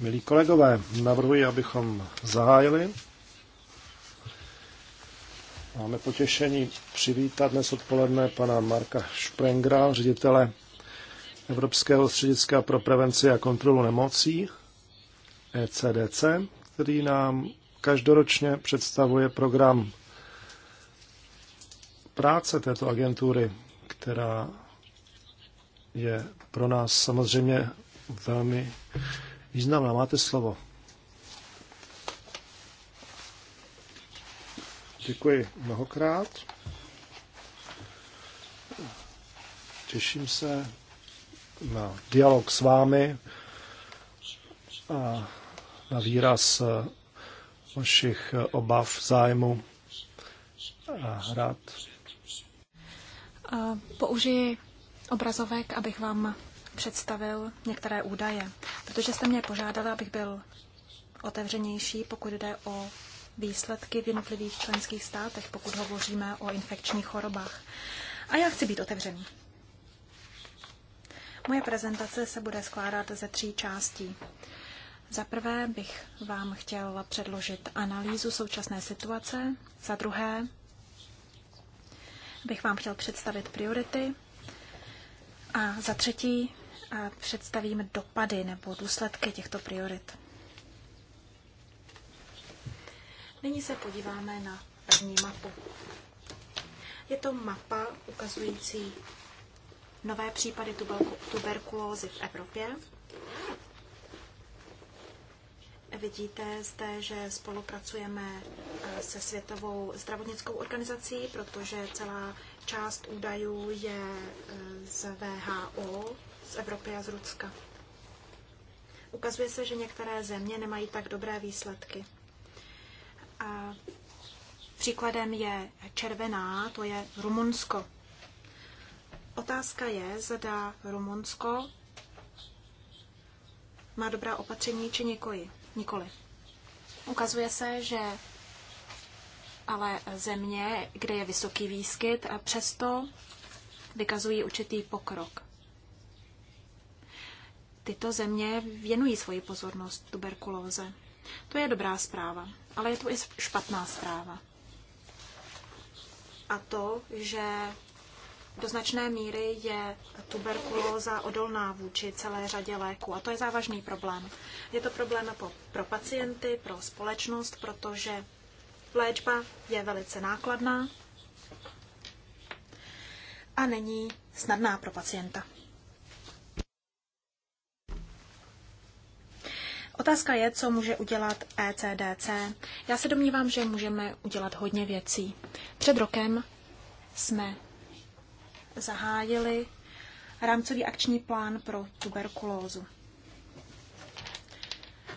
Milí kolegové, navrhuji, abychom zahájili. Máme potěšení přivítat dnes odpoledne pana Marka Šprengra, ředitele Evropského střediska pro prevenci a kontrolu nemocí, ECDC, který nám každoročně představuje program práce této agentury, která je pro nás samozřejmě velmi významná. Máte slovo. Děkuji mnohokrát. Těším se na dialog s vámi a na výraz vašich obav, zájmu a rád. Použiji obrazovek, abych vám představil některé údaje, protože jste mě požádala, abych byl otevřenější, pokud jde o výsledky v jednotlivých členských státech, pokud hovoříme o infekčních chorobách. A já chci být otevřený. Moje prezentace se bude skládat ze tří částí. Za prvé bych vám chtěl předložit analýzu současné situace. Za druhé bych vám chtěl představit priority. A za třetí představím dopady nebo důsledky těchto priorit. Nyní se podíváme na první mapu. Je to mapa ukazující nové případy tuberkulózy v Evropě. Vidíte zde, že spolupracujeme eh, se Světovou zdravotnickou organizací, protože celá část údajů je eh, z VHO, z Evropy a z Rucka. Ukazuje se, že některé země nemají tak dobré výsledky. A příkladem je červená, to je Rumunsko. Otázka je, zda Rumunsko má dobrá opatření či nikoli. nikoli. Ukazuje se, že ale země, kde je vysoký výskyt, a přesto vykazují určitý pokrok tyto země věnují svoji pozornost tuberkulóze. To je dobrá zpráva, ale je to i špatná zpráva. A to, že do značné míry je tuberkulóza odolná vůči celé řadě léků. A to je závažný problém. Je to problém pro, pro pacienty, pro společnost, protože léčba je velice nákladná a není snadná pro pacienta. Otázka je, co může udělat ECDC. Já se domnívám, že můžeme udělat hodně věcí. Před rokem jsme zahájili rámcový akční plán pro tuberkulózu.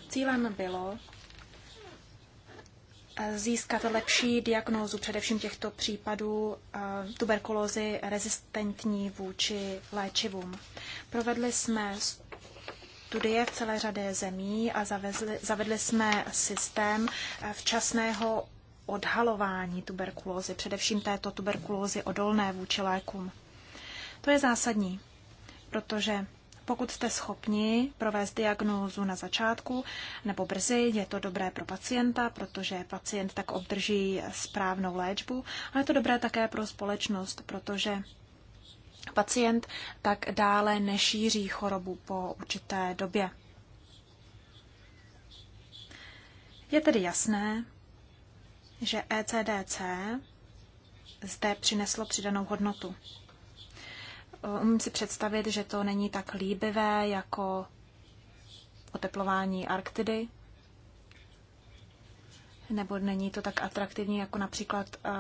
Cílem bylo získat lepší diagnózu především těchto případů eh, tuberkulózy rezistentní vůči léčivům. Provedli jsme studie v celé řadě zemí a zavezli, zavedli jsme systém eh, včasného odhalování tuberkulózy, především této tuberkulózy odolné vůči lékům. To je zásadní, protože pokud jste schopni provést diagnózu na začátku nebo brzy, je to dobré pro pacienta, protože pacient tak obdrží správnou léčbu, ale je to dobré také pro společnost, protože pacient, tak dále nešíří chorobu po určité době. Je tedy jasné, že ECDC zde přineslo přidanou hodnotu. Umím si představit, že to není tak líbivé jako oteplování Arktidy, nebo není to tak atraktivní jako například eh,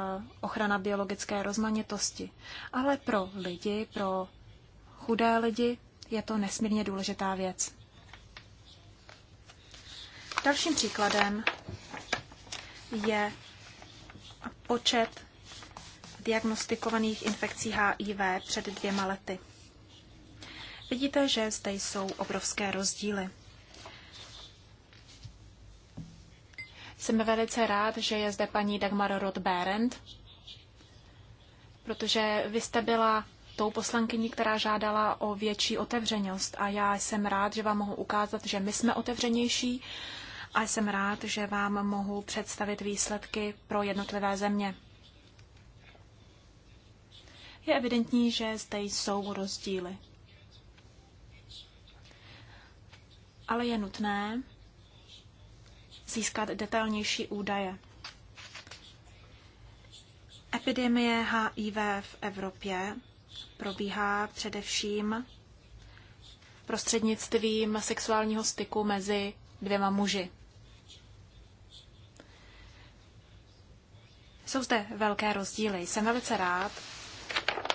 ochrana biologické rozmanitosti. Ale pro lidi, pro chudé lidi je to nesmírně důležitá věc. Dalším příkladem je počet diagnostikovaných infekcí HIV před dvěma lety. Vidíte, že zde jsou obrovské rozdíly. Jsem velice rád, že je zde paní Dagmar Roth-Berend, protože vy jste byla tou poslankyní, která žádala o větší otevřenost a já jsem rád, že vám mohu ukázat, že my jsme otevřenější a jsem rád, že vám mohu představit výsledky pro jednotlivé země. Je evidentní, že zde jsou rozdíly. Ale je nutné, získat detailnější údaje. Epidemie HIV v Evropě probíhá především prostřednictvím sexuálního styku mezi dvěma muži. Jsou zde velké rozdíly. Jsem velice rád,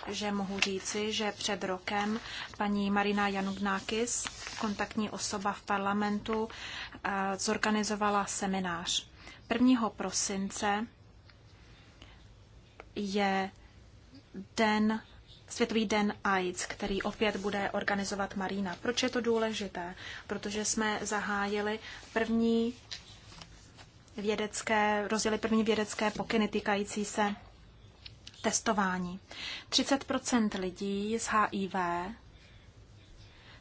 že mohu říci, že před rokem paní Marina Janubnákis, kontaktní osoba v parlamentu, eh, zorganizovala seminář. 1. prosince je den, Světový den AIDS, který opět bude organizovat Marina. Proč je to důležité? Protože jsme zahájili první vědecké, rozjeli první vědecké pokyny týkající se testování. 30 lidí s HIV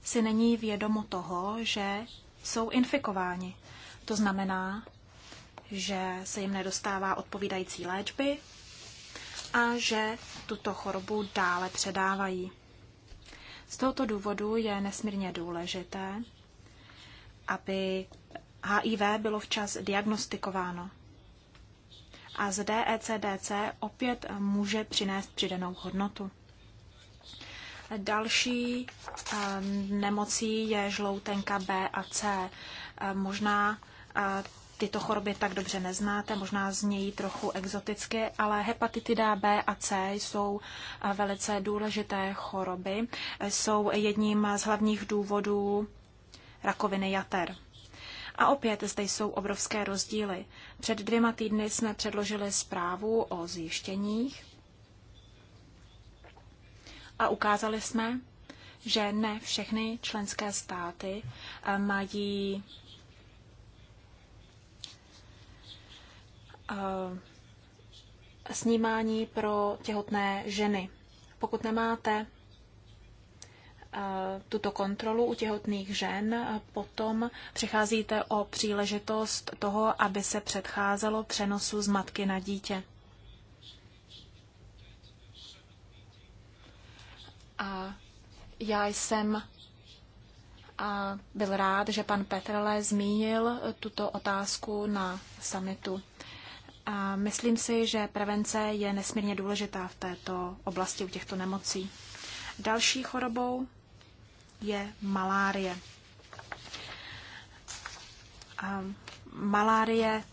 si není vědomo toho, že jsou infikováni. To znamená, že se jim nedostává odpovídající léčby a že tuto chorobu dále předávají. Z tohoto důvodu je nesmírně důležité, aby HIV bylo včas diagnostikováno a zde ECDC opět může přinést přidanou hodnotu. Další nemocí je žloutenka B a C. Možná e, tyto choroby tak dobře neznáte, možná znějí trochu exoticky, ale hepatitida B a C jsou e, velice důležité choroby. E, jsou jedním z hlavních důvodů rakoviny jater. A opět zde jsou obrovské rozdíly. Před dvěma týdny jsme předložili zprávu o zjištěních a ukázali jsme, že ne všechny členské státy eh, mají eh, snímání pro těhotné ženy. Pokud nemáte Eh, tuto kontrolu u těhotných žen, potom přicházíte o příležitost toho, aby se předcházelo přenosu z matky na dítě. A já jsem a byl rád, že pan Petrle zmínil tuto otázku na summitu. A myslím si, že prevence je nesmírně důležitá v této oblasti u těchto nemocí. Další chorobou je malárie. Malárie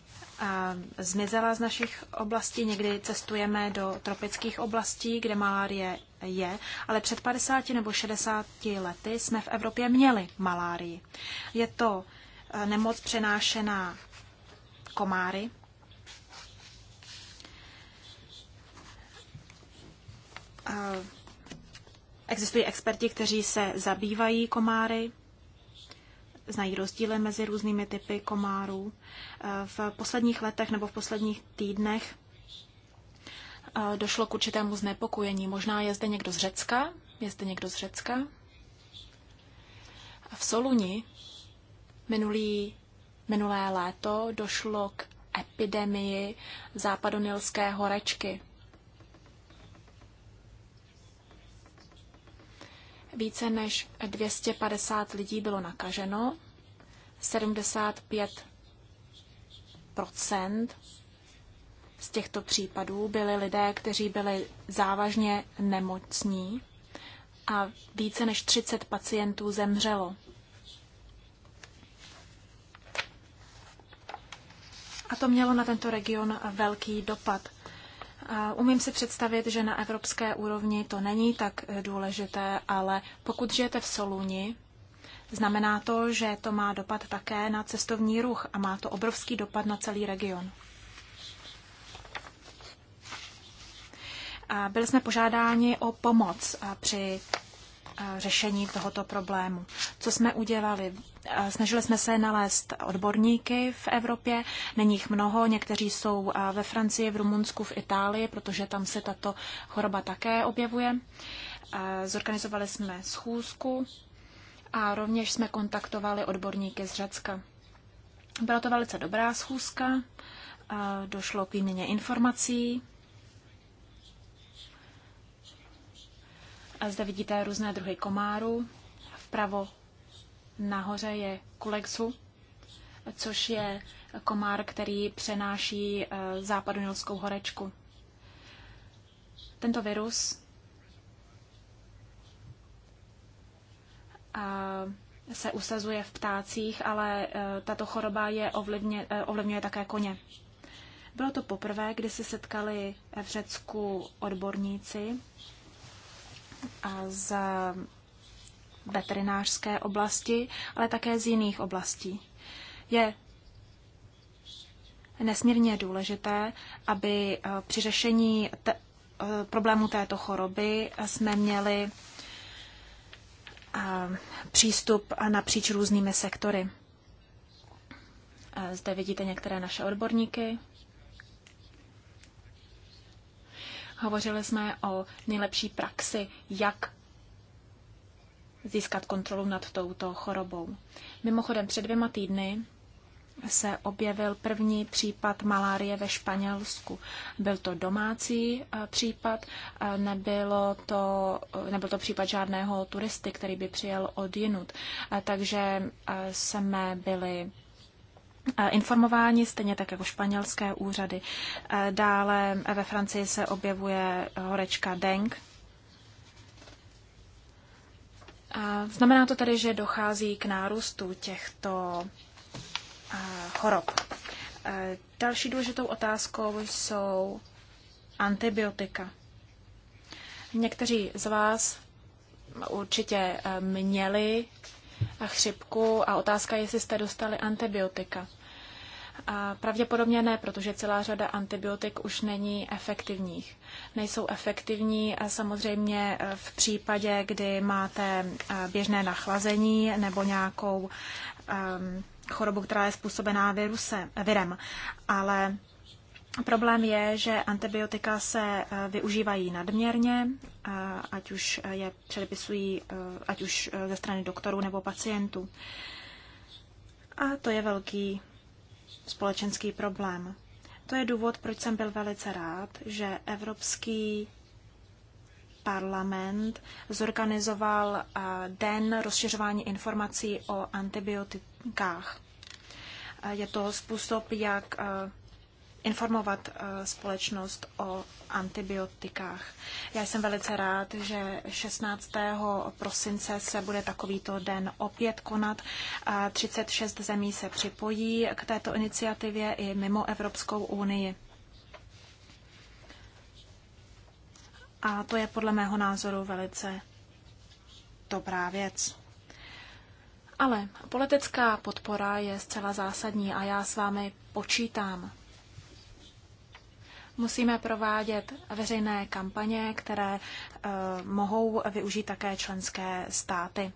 zmizela z našich oblastí. Někdy cestujeme do tropických oblastí, kde malárie je, ale před 50 nebo 60 lety jsme v Evropě měli malárii. Je to nemoc přenášená komáry. Existují experti, kteří se zabývají komáry, znají rozdíly mezi různými typy komárů. V posledních letech nebo v posledních týdnech eh, došlo k určitému znepokojení. Možná je zde někdo z Řecka? Je zde někdo z Řecka? V Soluni minulý, minulé léto došlo k epidemii západonilské horečky. Více než 250 lidí bylo nakaženo, 75 z těchto případů byli lidé, kteří byli závažně nemocní a více než 30 pacientů zemřelo. A to mělo na tento region velký dopad. Umím si představit, že na evropské úrovni to není tak důležité, ale pokud žijete v Soluni, znamená to, že to má dopad také na cestovní ruch a má to obrovský dopad na celý region. Byli jsme požádáni o pomoc při řešení tohoto problému. Co jsme udělali? Snažili jsme se nalézt odborníky v Evropě, není jich mnoho, někteří jsou ve Francii, v Rumunsku, v Itálii, protože tam se tato choroba také objevuje. Zorganizovali jsme schůzku a rovněž jsme kontaktovali odborníky z Řecka. Byla to velice dobrá schůzka, došlo k výměně informací. A zde vidíte různé druhy komáru Vpravo Nahoře je Kulexu, což je komár, který přenáší eh, západonilskou horečku. Tento virus eh, se usazuje v ptácích, ale eh, tato choroba je ovlivně, ovlivňuje také koně. Bylo to poprvé, kdy se setkali v Řecku odborníci z veterinářské oblasti, ale také z jiných oblastí. Je nesmírně důležité, aby eh, při řešení te- eh, problému této choroby jsme měli eh, přístup napříč různými sektory. Zde vidíte některé naše odborníky. Hovořili jsme o nejlepší praxi, jak získat kontrolu nad touto chorobou. Mimochodem před dvěma týdny se objevil první případ malárie ve Španělsku. Byl to domácí eh, případ, eh, nebylo to, eh, nebyl to případ žádného turisty, který by přijel od jinut. Takže jsme byli informováni, stejně tak jako španělské úřady. Dále ve Francii se objevuje horečka Deng, Znamená to tedy, že dochází k nárůstu těchto eh, chorob. Eh, další důležitou otázkou jsou antibiotika. Někteří z vás určitě eh, měli chřipku a otázka je, jestli jste dostali antibiotika. Pravděpodobně ne, protože celá řada antibiotik už není efektivních. Nejsou efektivní a samozřejmě e, v případě, kdy máte e, běžné nachlazení nebo nějakou chorobu, která je způsobená viruse, virem. Ale Problém je, že antibiotika se e, využívají nadměrně, ať už je předepisují, ať už ze strany doktorů nebo pacientů. A to je velký společenský problém. To je důvod, proč jsem byl velice rád, že Evropský parlament zorganizoval eh, Den rozšiřování informací o antibiotikách. Eh, je to způsob, jak eh, informovat eh, společnost o antibiotikách. Já jsem velice rád, že 16. prosince se bude takovýto den opět konat. 36 zemí se připojí k této iniciativě i mimo Evropskou unii. A to je podle mého názoru velice dobrá věc. Ale politická podpora je zcela zásadní a já s vámi počítám. Musíme provádět veřejné kampaně, které eh, mohou využít také členské státy.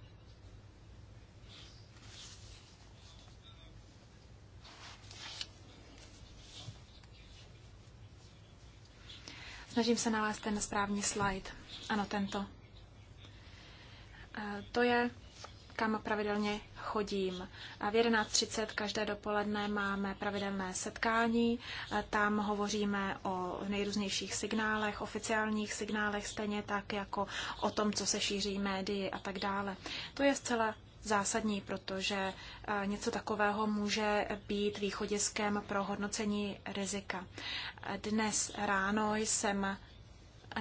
Snažím se nalézt ten správný slide. Ano, tento. Eh, to je kam pravidelně chodím. V 11.30 každé dopoledne máme pravidelné setkání, tam hovoříme o nejrůznějších signálech, oficiálních signálech, stejně tak jako o tom, co se šíří médii a tak dále. To je zcela zásadní, protože e, něco takového může být východiskem pro hodnocení rizika. Dnes ráno jsem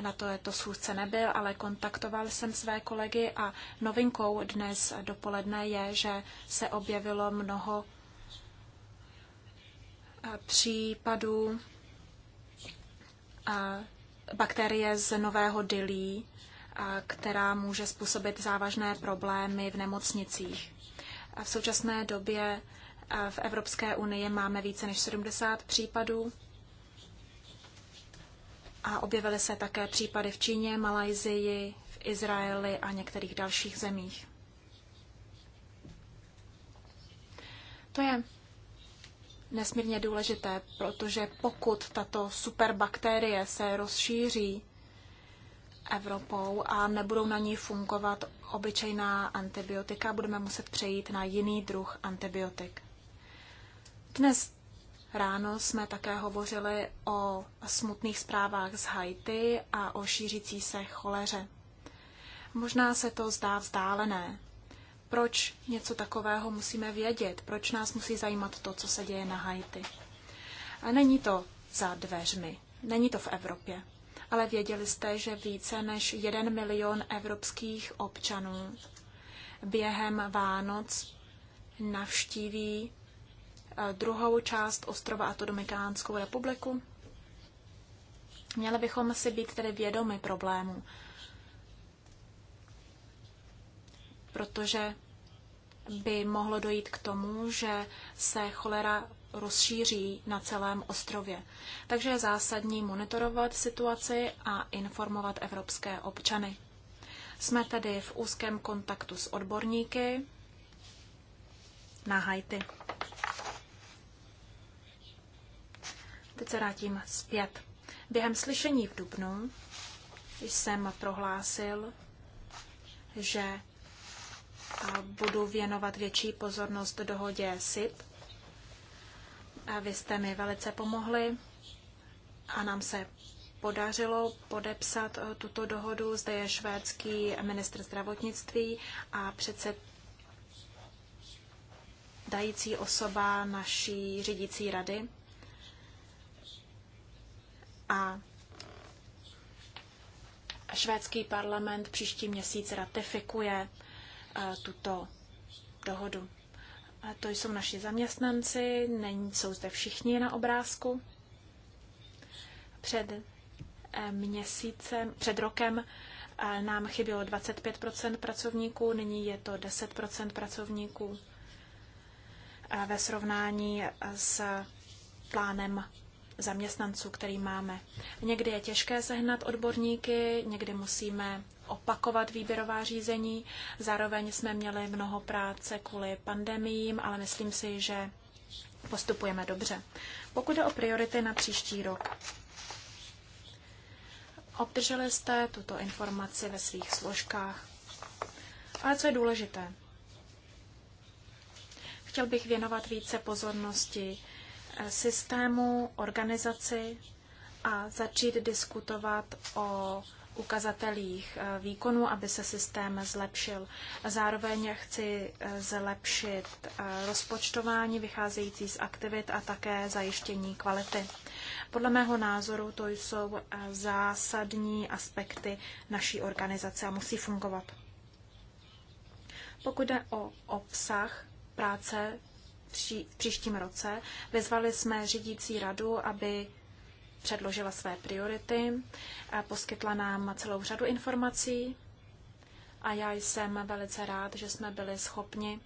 na to, to schůzce nebyl, ale kontaktoval jsem své kolegy a novinkou dnes dopoledne je, že se objevilo mnoho eh, případů eh, bakterie z nového dilí, eh, která může způsobit závažné problémy v nemocnicích. V současné době v Evropské unii máme více než 70 případů a objevily se také případy v Číně, Malajzii, v Izraeli a některých dalších zemích. To je nesmírně důležité, protože pokud tato superbakterie se rozšíří Evropou a nebudou na ní fungovat obyčejná antibiotika, budeme muset přejít na jiný druh antibiotik. Dnes Ráno jsme také hovořili o smutných zprávách z Haiti a o šířící se choleře. Možná se to zdá vzdálené. Proč něco takového musíme vědět? Proč nás musí zajímat to, co se děje na Haiti? A není to za dveřmi, není to v Evropě. Ale věděli jste, že více než jeden milion evropských občanů během Vánoc navštíví Eh, druhou část ostrova a to Dominikánskou republiku. Měli bychom si být tedy vědomi problému, protože by mohlo dojít k tomu, že se cholera rozšíří na celém ostrově. Takže je zásadní monitorovat situaci a informovat evropské občany. Jsme tedy v úzkém kontaktu s odborníky na Haiti. Teď se vrátím zpět. Během slyšení v Dubnu jsem prohlásil, že budu věnovat větší pozornost dohodě SIP. A vy jste mi velice pomohli a nám se podařilo podepsat tuto dohodu. Zde je švédský ministr zdravotnictví a dající osoba naší řídící rady. A švédský parlament příští měsíc ratifikuje e, tuto dohodu. A to jsou naši zaměstnanci, není, jsou zde všichni na obrázku. Před e, měsícem, před rokem e, nám chybělo 25 pracovníků, nyní je to 10 pracovníků ve srovnání s plánem zaměstnanců, který máme. Někdy je těžké sehnat odborníky, někdy musíme opakovat výběrová řízení. Zároveň jsme měli mnoho práce kvůli pandemiím, ale myslím si, že postupujeme dobře. Pokud jde o priority na příští rok, obdrželi jste tuto informaci ve svých složkách. Ale co je důležité? Chtěl bych věnovat více pozornosti systému, organizaci a začít diskutovat o ukazatelích eh, výkonu, aby se systém zlepšil. Zároveň chci eh, zlepšit eh, rozpočtování vycházející z aktivit a také zajištění kvality. Podle mého názoru to jsou zásadní aspekty naší organizace a musí fungovat. Pokud jde o obsah práce pří, v příštím roce. Vyzvali jsme řídící radu, aby předložila své priority, a poskytla nám celou řadu informací a já jsem velice rád, že jsme byli schopni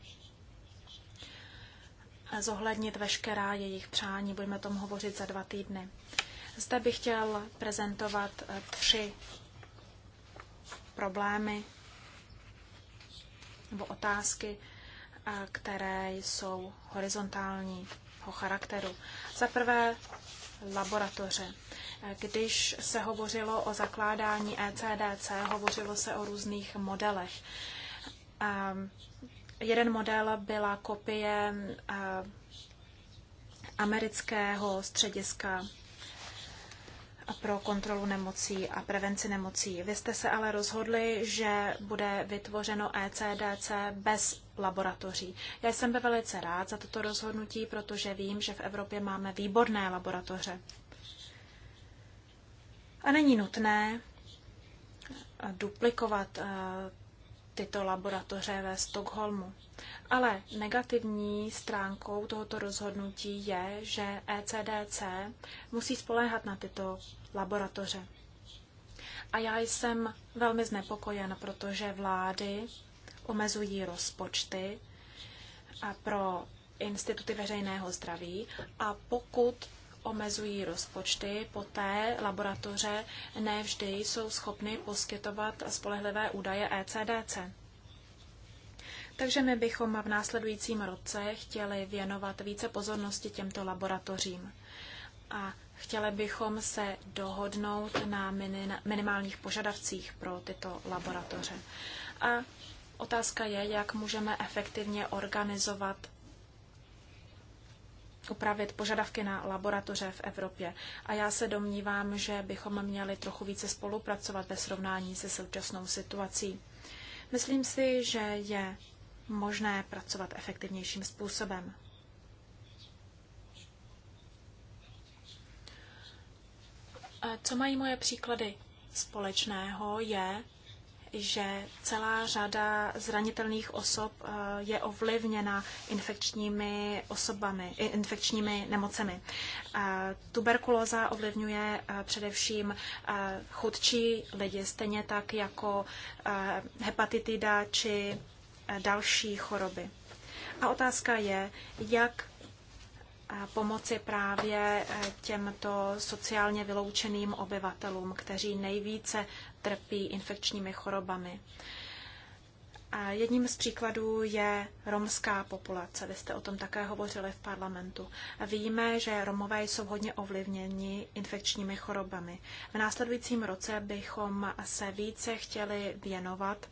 zohlednit veškerá jejich přání. Budeme tomu tom hovořit za dva týdny. Zde bych chtěl prezentovat eh, tři problémy nebo otázky, které jsou horizontálního charakteru. Za prvé laboratoře. Když se hovořilo o zakládání ECDC, hovořilo se o různých modelech. Jeden model byla kopie amerického střediska pro kontrolu nemocí a prevenci nemocí. Vy jste se ale rozhodli, že bude vytvořeno ECDC bez laboratoří. Já jsem byl velice rád za toto rozhodnutí, protože vím, že v Evropě máme výborné laboratoře. A není nutné duplikovat eh, tyto laboratoře ve Stockholmu. Ale negativní stránkou tohoto rozhodnutí je, že ECDC musí spoléhat na tyto laboratoře. A já jsem velmi znepokojen, protože vlády omezují rozpočty a pro instituty veřejného zdraví a pokud omezují rozpočty, poté laboratoře nevždy jsou schopny poskytovat spolehlivé údaje ECDC. Takže my bychom v následujícím roce chtěli věnovat více pozornosti těmto laboratořím. A chtěli bychom se dohodnout na minimálních požadavcích pro tyto laboratoře. A otázka je, jak můžeme efektivně organizovat upravit požadavky na laboratoře v Evropě. A já se domnívám, že bychom měli trochu více spolupracovat ve srovnání se současnou situací. Myslím si, že je možné pracovat efektivnějším způsobem. Co mají moje příklady společného je, že celá řada zranitelných osob eh, je ovlivněna infekčními osobami, infekčními nemocemi. Eh, tuberkulóza ovlivňuje eh, především chudší lidi, stejně tak jako hepatitida či další choroby. A otázka je, jak pomoci právě těmto sociálně vyloučeným obyvatelům, kteří nejvíce trpí infekčními chorobami. A jedním z příkladů je romská populace. Vy jste o tom také hovořili v parlamentu. Víme, že Romové jsou hodně ovlivněni infekčními chorobami. V následujícím roce bychom se více chtěli věnovat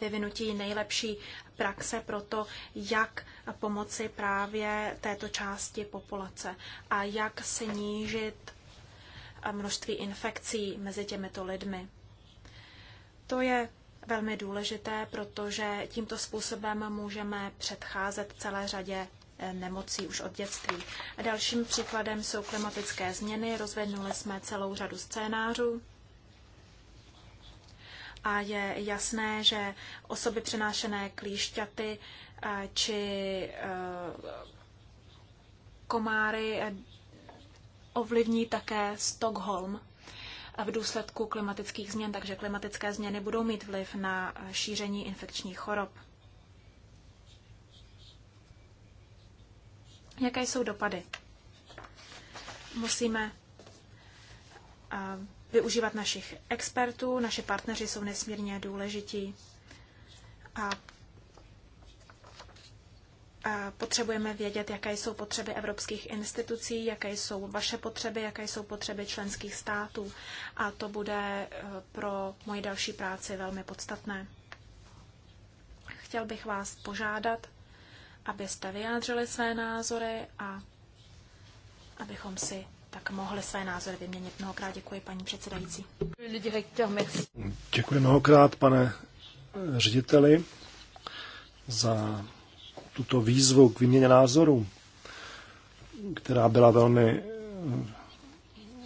vyvinutí nejlepší praxe pro to, jak pomoci právě této části populace a jak snížit a množství infekcí mezi těmito lidmi. To je velmi důležité, protože tímto způsobem můžeme předcházet celé řadě eh, nemocí už od dětství. A dalším příkladem jsou klimatické změny. Rozvednuli jsme celou řadu scénářů. A je jasné, že osoby přenášené klíšťaty eh, či eh, komáry ovlivní také Stockholm v důsledku klimatických změn, takže klimatické změny budou mít vliv na šíření infekčních chorob. Jaké jsou dopady? Musíme eh, využívat našich expertů, naše partneři jsou nesmírně důležití a potřebujeme vědět, jaké jsou potřeby evropských institucí, jaké jsou vaše potřeby, jaké jsou potřeby členských států. A to bude eh, pro moji další práci velmi podstatné. Chtěl bych vás požádat, abyste vyjádřili své názory a abychom si tak mohli své názory vyměnit. Mnohokrát děkuji, paní předsedající. Děkuji mnohokrát, pane řediteli, za tuto výzvu k výměně názorů, která byla velmi eh,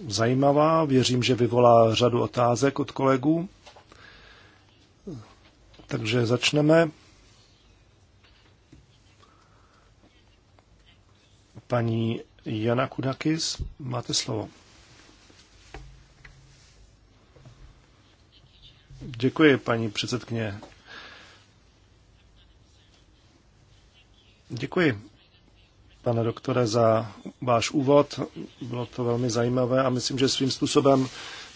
zajímavá. Věřím, že vyvolá řadu otázek od kolegů. Takže začneme. Paní Jana Kudakis, máte slovo. Děkuji, paní předsedkyně. Děkuji, pane doktore, za váš úvod. Bylo to velmi zajímavé a myslím, že svým způsobem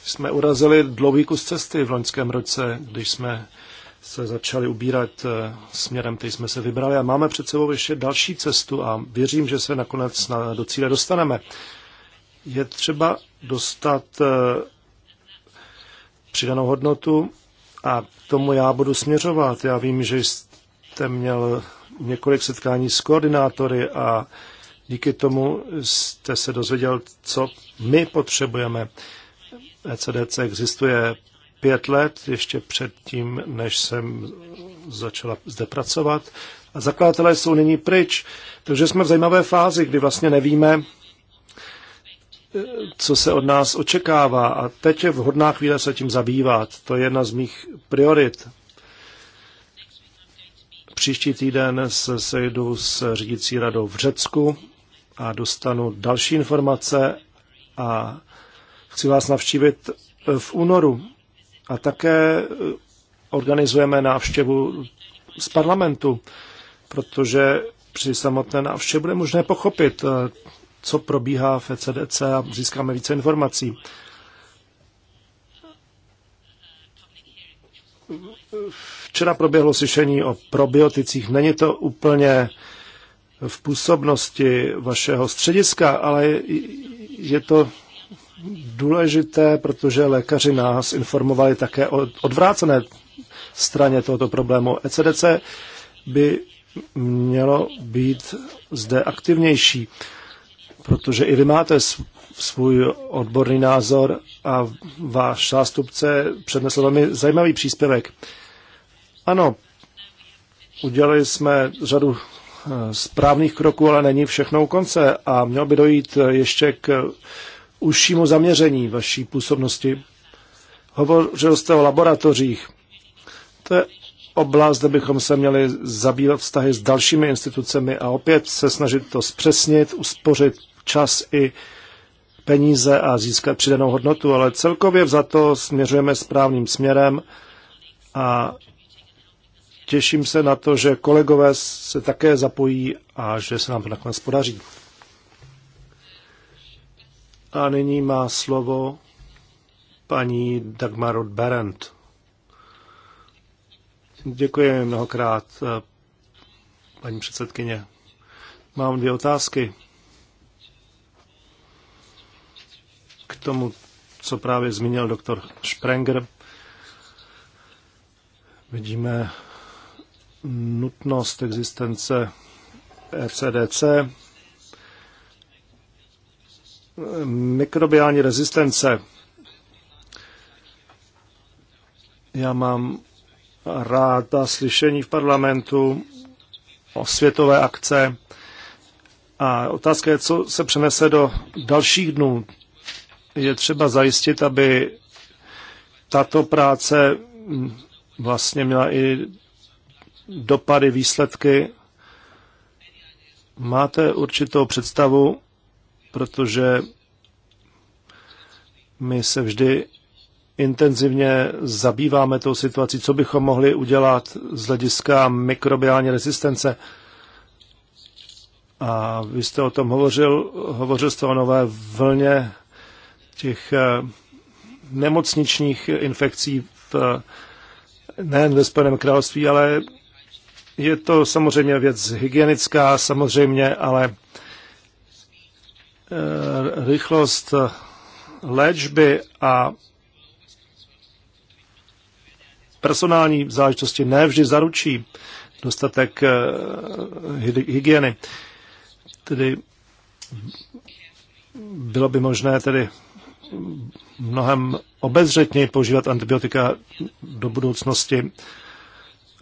jsme urazili dlouhý kus cesty v loňském roce, když jsme se začali ubírat eh, směrem, který jsme se vybrali a máme před sebou ještě další cestu a věřím, že se nakonec na, do cíle dostaneme. Je třeba dostat eh, přidanou hodnotu a k tomu já budu směřovat. Já vím, že jste měl několik setkání s koordinátory a díky tomu jste se dozvěděl, co my potřebujeme. ECDC existuje pět let, ještě předtím, než jsem začala zde pracovat. A zakladatelé jsou nyní pryč, takže jsme v zajímavé fázi, kdy vlastně nevíme, co se od nás očekává. A teď je vhodná chvíle se tím zabývat. To je jedna z mých priorit Příští týden se sejdu s řídící radou v Řecku a dostanu další informace a chci vás navštívit v únoru. A také eh, organizujeme návštěvu z parlamentu, protože při samotné návštěvě bude možné pochopit, eh, co probíhá v ECDC a získáme více informací. Včera proběhlo slyšení o probioticích. Není to úplně v působnosti vašeho střediska, ale je to důležité, protože lékaři nás informovali také o odvrácené straně tohoto problému. ECDC by mělo být zde aktivnější, protože i vy máte svůj odborný názor a váš zástupce přednesl velmi zajímavý příspěvek. Ano, udělali jsme řadu eh, správných kroků, ale není všechno u konce a mělo by dojít eh, ještě k užšímu zaměření vaší působnosti. Hovořil jste o laboratořích. To je oblast, kde bychom se měli zabývat vztahy s dalšími institucemi a opět se snažit to zpřesnit, uspořit čas i peníze a získat přidanou hodnotu, ale celkově za to směřujeme správným směrem a těším se na to, že kolegové se také zapojí a že se nám to nakonec podaří. A nyní má slovo paní Dagmar Berend. Děkuji mnohokrát, paní předsedkyně. Mám dvě otázky. tomu, co právě zmínil doktor Sprenger. Vidíme nutnost existence ECDC, mikrobiální rezistence. Já mám ráda slyšení v parlamentu o světové akce a otázka je, co se přenese do dalších dnů je třeba zajistit, aby tato práce vlastně měla i dopady, výsledky. Máte určitou představu, protože my se vždy intenzivně zabýváme tou situací, co bychom mohli udělat z hlediska mikrobiální rezistence. A vy jste o tom hovořil, hovořil jste o nové vlně těch eh, nemocničních infekcí v, eh, nejen ve Spojeném království, ale je to samozřejmě věc hygienická, samozřejmě, ale eh, rychlost léčby a personální záležitosti nevždy zaručí dostatek hygieny. Tedy bylo by možné tedy mnohem obezřetněji používat antibiotika do budoucnosti.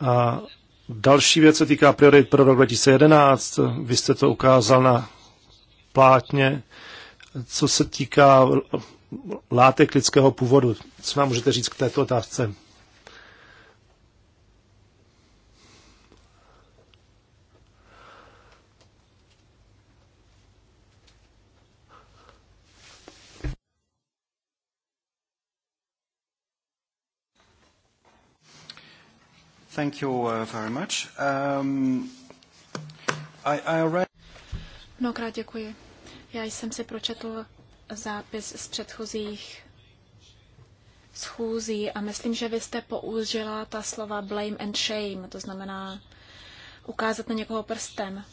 A další věc se týká priorit pro rok 2011. Vy jste to ukázal na plátně. Co se týká látek lidského původu, co nám můžete říct k této otázce? Thank you uh, very much. Um, I, I Mnohokrát děkuji. Já jsem si pročetl zápis z předchozích schůzí a myslím, že vy jste použila ta slova blame and shame, to znamená ukázat na někoho prstem.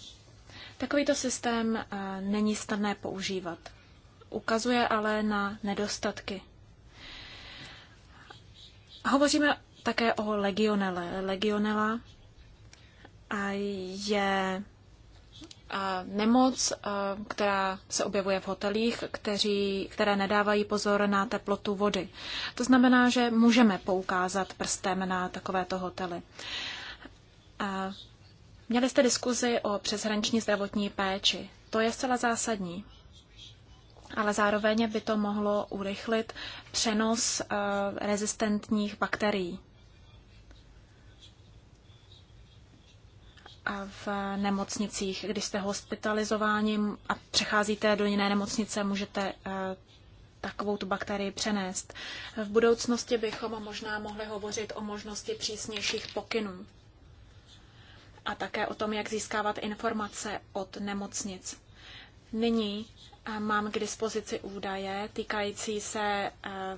Takovýto systém uh, není snadné používat. Ukazuje ale na nedostatky. Hovoříme také o legionele. Legionela je nemoc, která se objevuje v hotelích, kteří, které nedávají pozor na teplotu vody. To znamená, že můžeme poukázat prstem na takovéto hotely. A měli jste diskuzi o přeshraniční zdravotní péči. To je zcela zásadní. Ale zároveň by to mohlo urychlit přenos rezistentních bakterií. v nemocnicích. Když jste hospitalizováni a přecházíte do jiné nemocnice, můžete eh, takovou tu bakterii přenést. V budoucnosti bychom možná mohli hovořit o možnosti přísnějších pokynů a také o tom, jak získávat informace od nemocnic. Nyní eh, mám k dispozici údaje týkající se eh,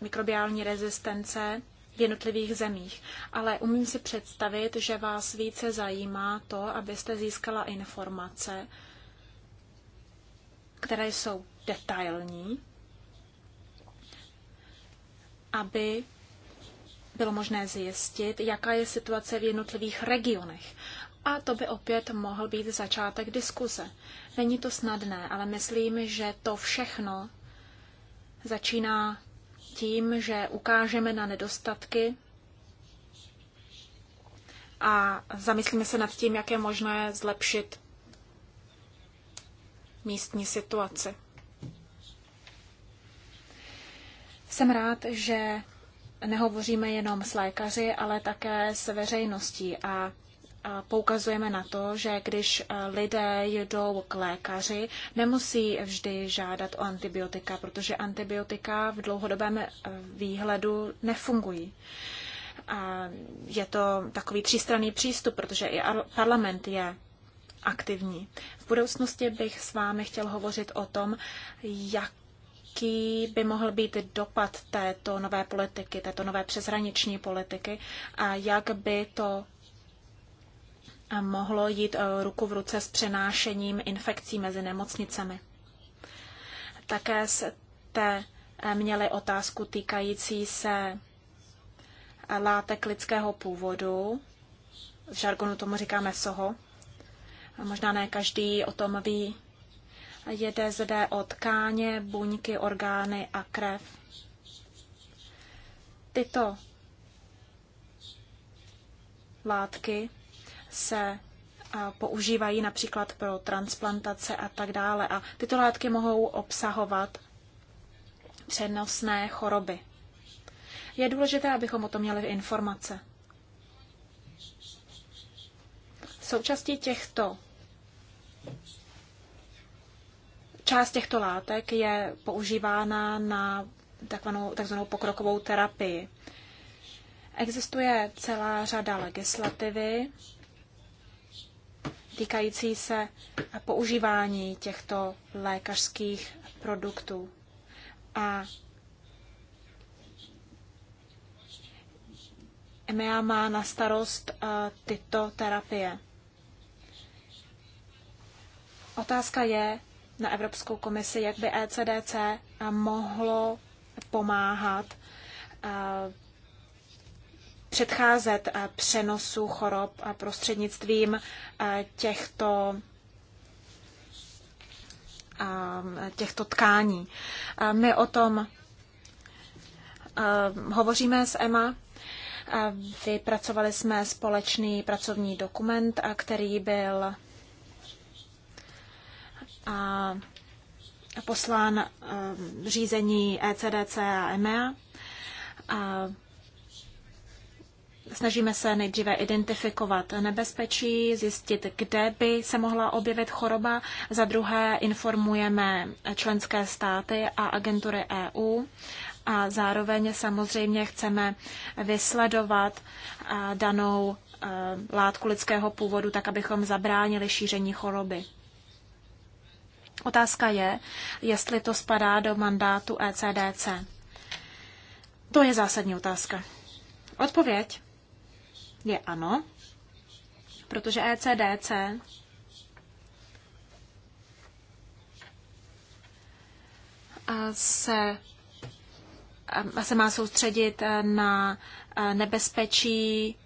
mikrobiální rezistence jednotlivých zemích. Ale umím si představit, že vás více zajímá to, abyste získala informace, které jsou detailní, aby bylo možné zjistit, jaká je situace v jednotlivých regionech. A to by opět mohl být začátek diskuze. Není to snadné, ale myslím, že to všechno začíná tím, že ukážeme na nedostatky a zamyslíme se nad tím, jak je možné zlepšit místní situaci. Jsem rád, že nehovoříme jenom s lékaři, ale také se veřejností a poukazujeme na to, že když eh, lidé jdou k lékaři, nemusí vždy žádat o antibiotika, protože antibiotika v dlouhodobém eh, výhledu nefungují. A je to takový třístranný přístup, protože i parlament je aktivní. V budoucnosti bych s vámi chtěl hovořit o tom, jak jaký by mohl být dopad této nové politiky, této nové přeshraniční politiky a jak by to mohlo jít eh, ruku v ruce s přenášením infekcí mezi nemocnicemi. Také jste eh, měli otázku týkající se eh, látek lidského původu. V žargonu tomu říkáme soho. Možná ne každý o tom ví. Jede zde o tkáně, buňky, orgány a krev. Tyto látky se používají například pro transplantace a tak dále. A tyto látky mohou obsahovat přenosné choroby. Je důležité, abychom o tom měli informace. Součástí těchto část těchto látek je používána na takzvanou, takzvanou pokrokovou terapii. Existuje celá řada legislativy, týkající se používání těchto lékařských produktů. A EMEA má na starost eh, tyto terapie. Otázka je na Evropskou komisi, jak by ECDC mohlo pomáhat eh, předcházet eh, přenosu chorob eh, prostřednictvím eh, těchto těchto tkání. My o tom hovoříme s EMA. Vypracovali jsme společný pracovní dokument, který byl poslán řízení ECDC a EMEA. Snažíme se nejdříve identifikovat nebezpečí, zjistit, kde by se mohla objevit choroba. Za druhé informujeme členské státy a agentury EU a zároveň samozřejmě chceme vysledovat danou látku lidského původu, tak abychom zabránili šíření choroby. Otázka je, jestli to spadá do mandátu ECDC. To je zásadní otázka. Odpověď je ano, protože ECDC se, se má soustředit na nebezpečí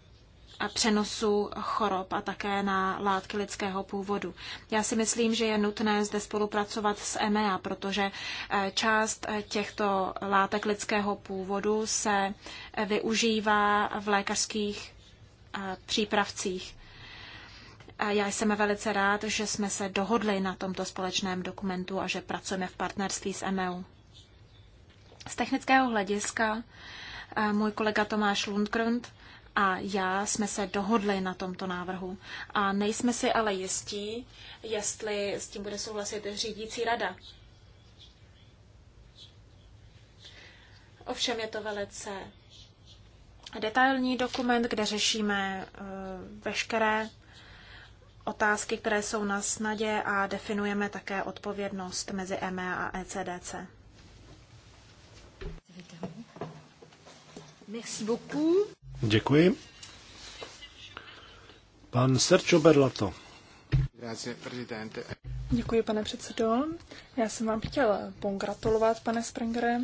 a přenosu chorob a také na látky lidského původu. Já si myslím, že je nutné zde spolupracovat s EMEA, protože e, část e, těchto látek lidského původu se e, využívá v lékařských přípravcích. Já jsem velice rád, že jsme se dohodli na tomto společném dokumentu a že pracujeme v partnerství s MEU. Z technického hlediska eh, můj kolega Tomáš Lundgrund a já jsme se dohodli na tomto návrhu. A nejsme si ale jistí, jestli s tím bude souhlasit řídící rada. Ovšem je to velice detailní dokument, kde řešíme eh, veškeré otázky, které jsou na snadě a definujeme také odpovědnost mezi EME e a ECDC. Merci beaucoup. Děkuji. Pan Sergio Berlato. Děkuji, pane předsedo. Já jsem vám chtěla pongratulovat, pane Springere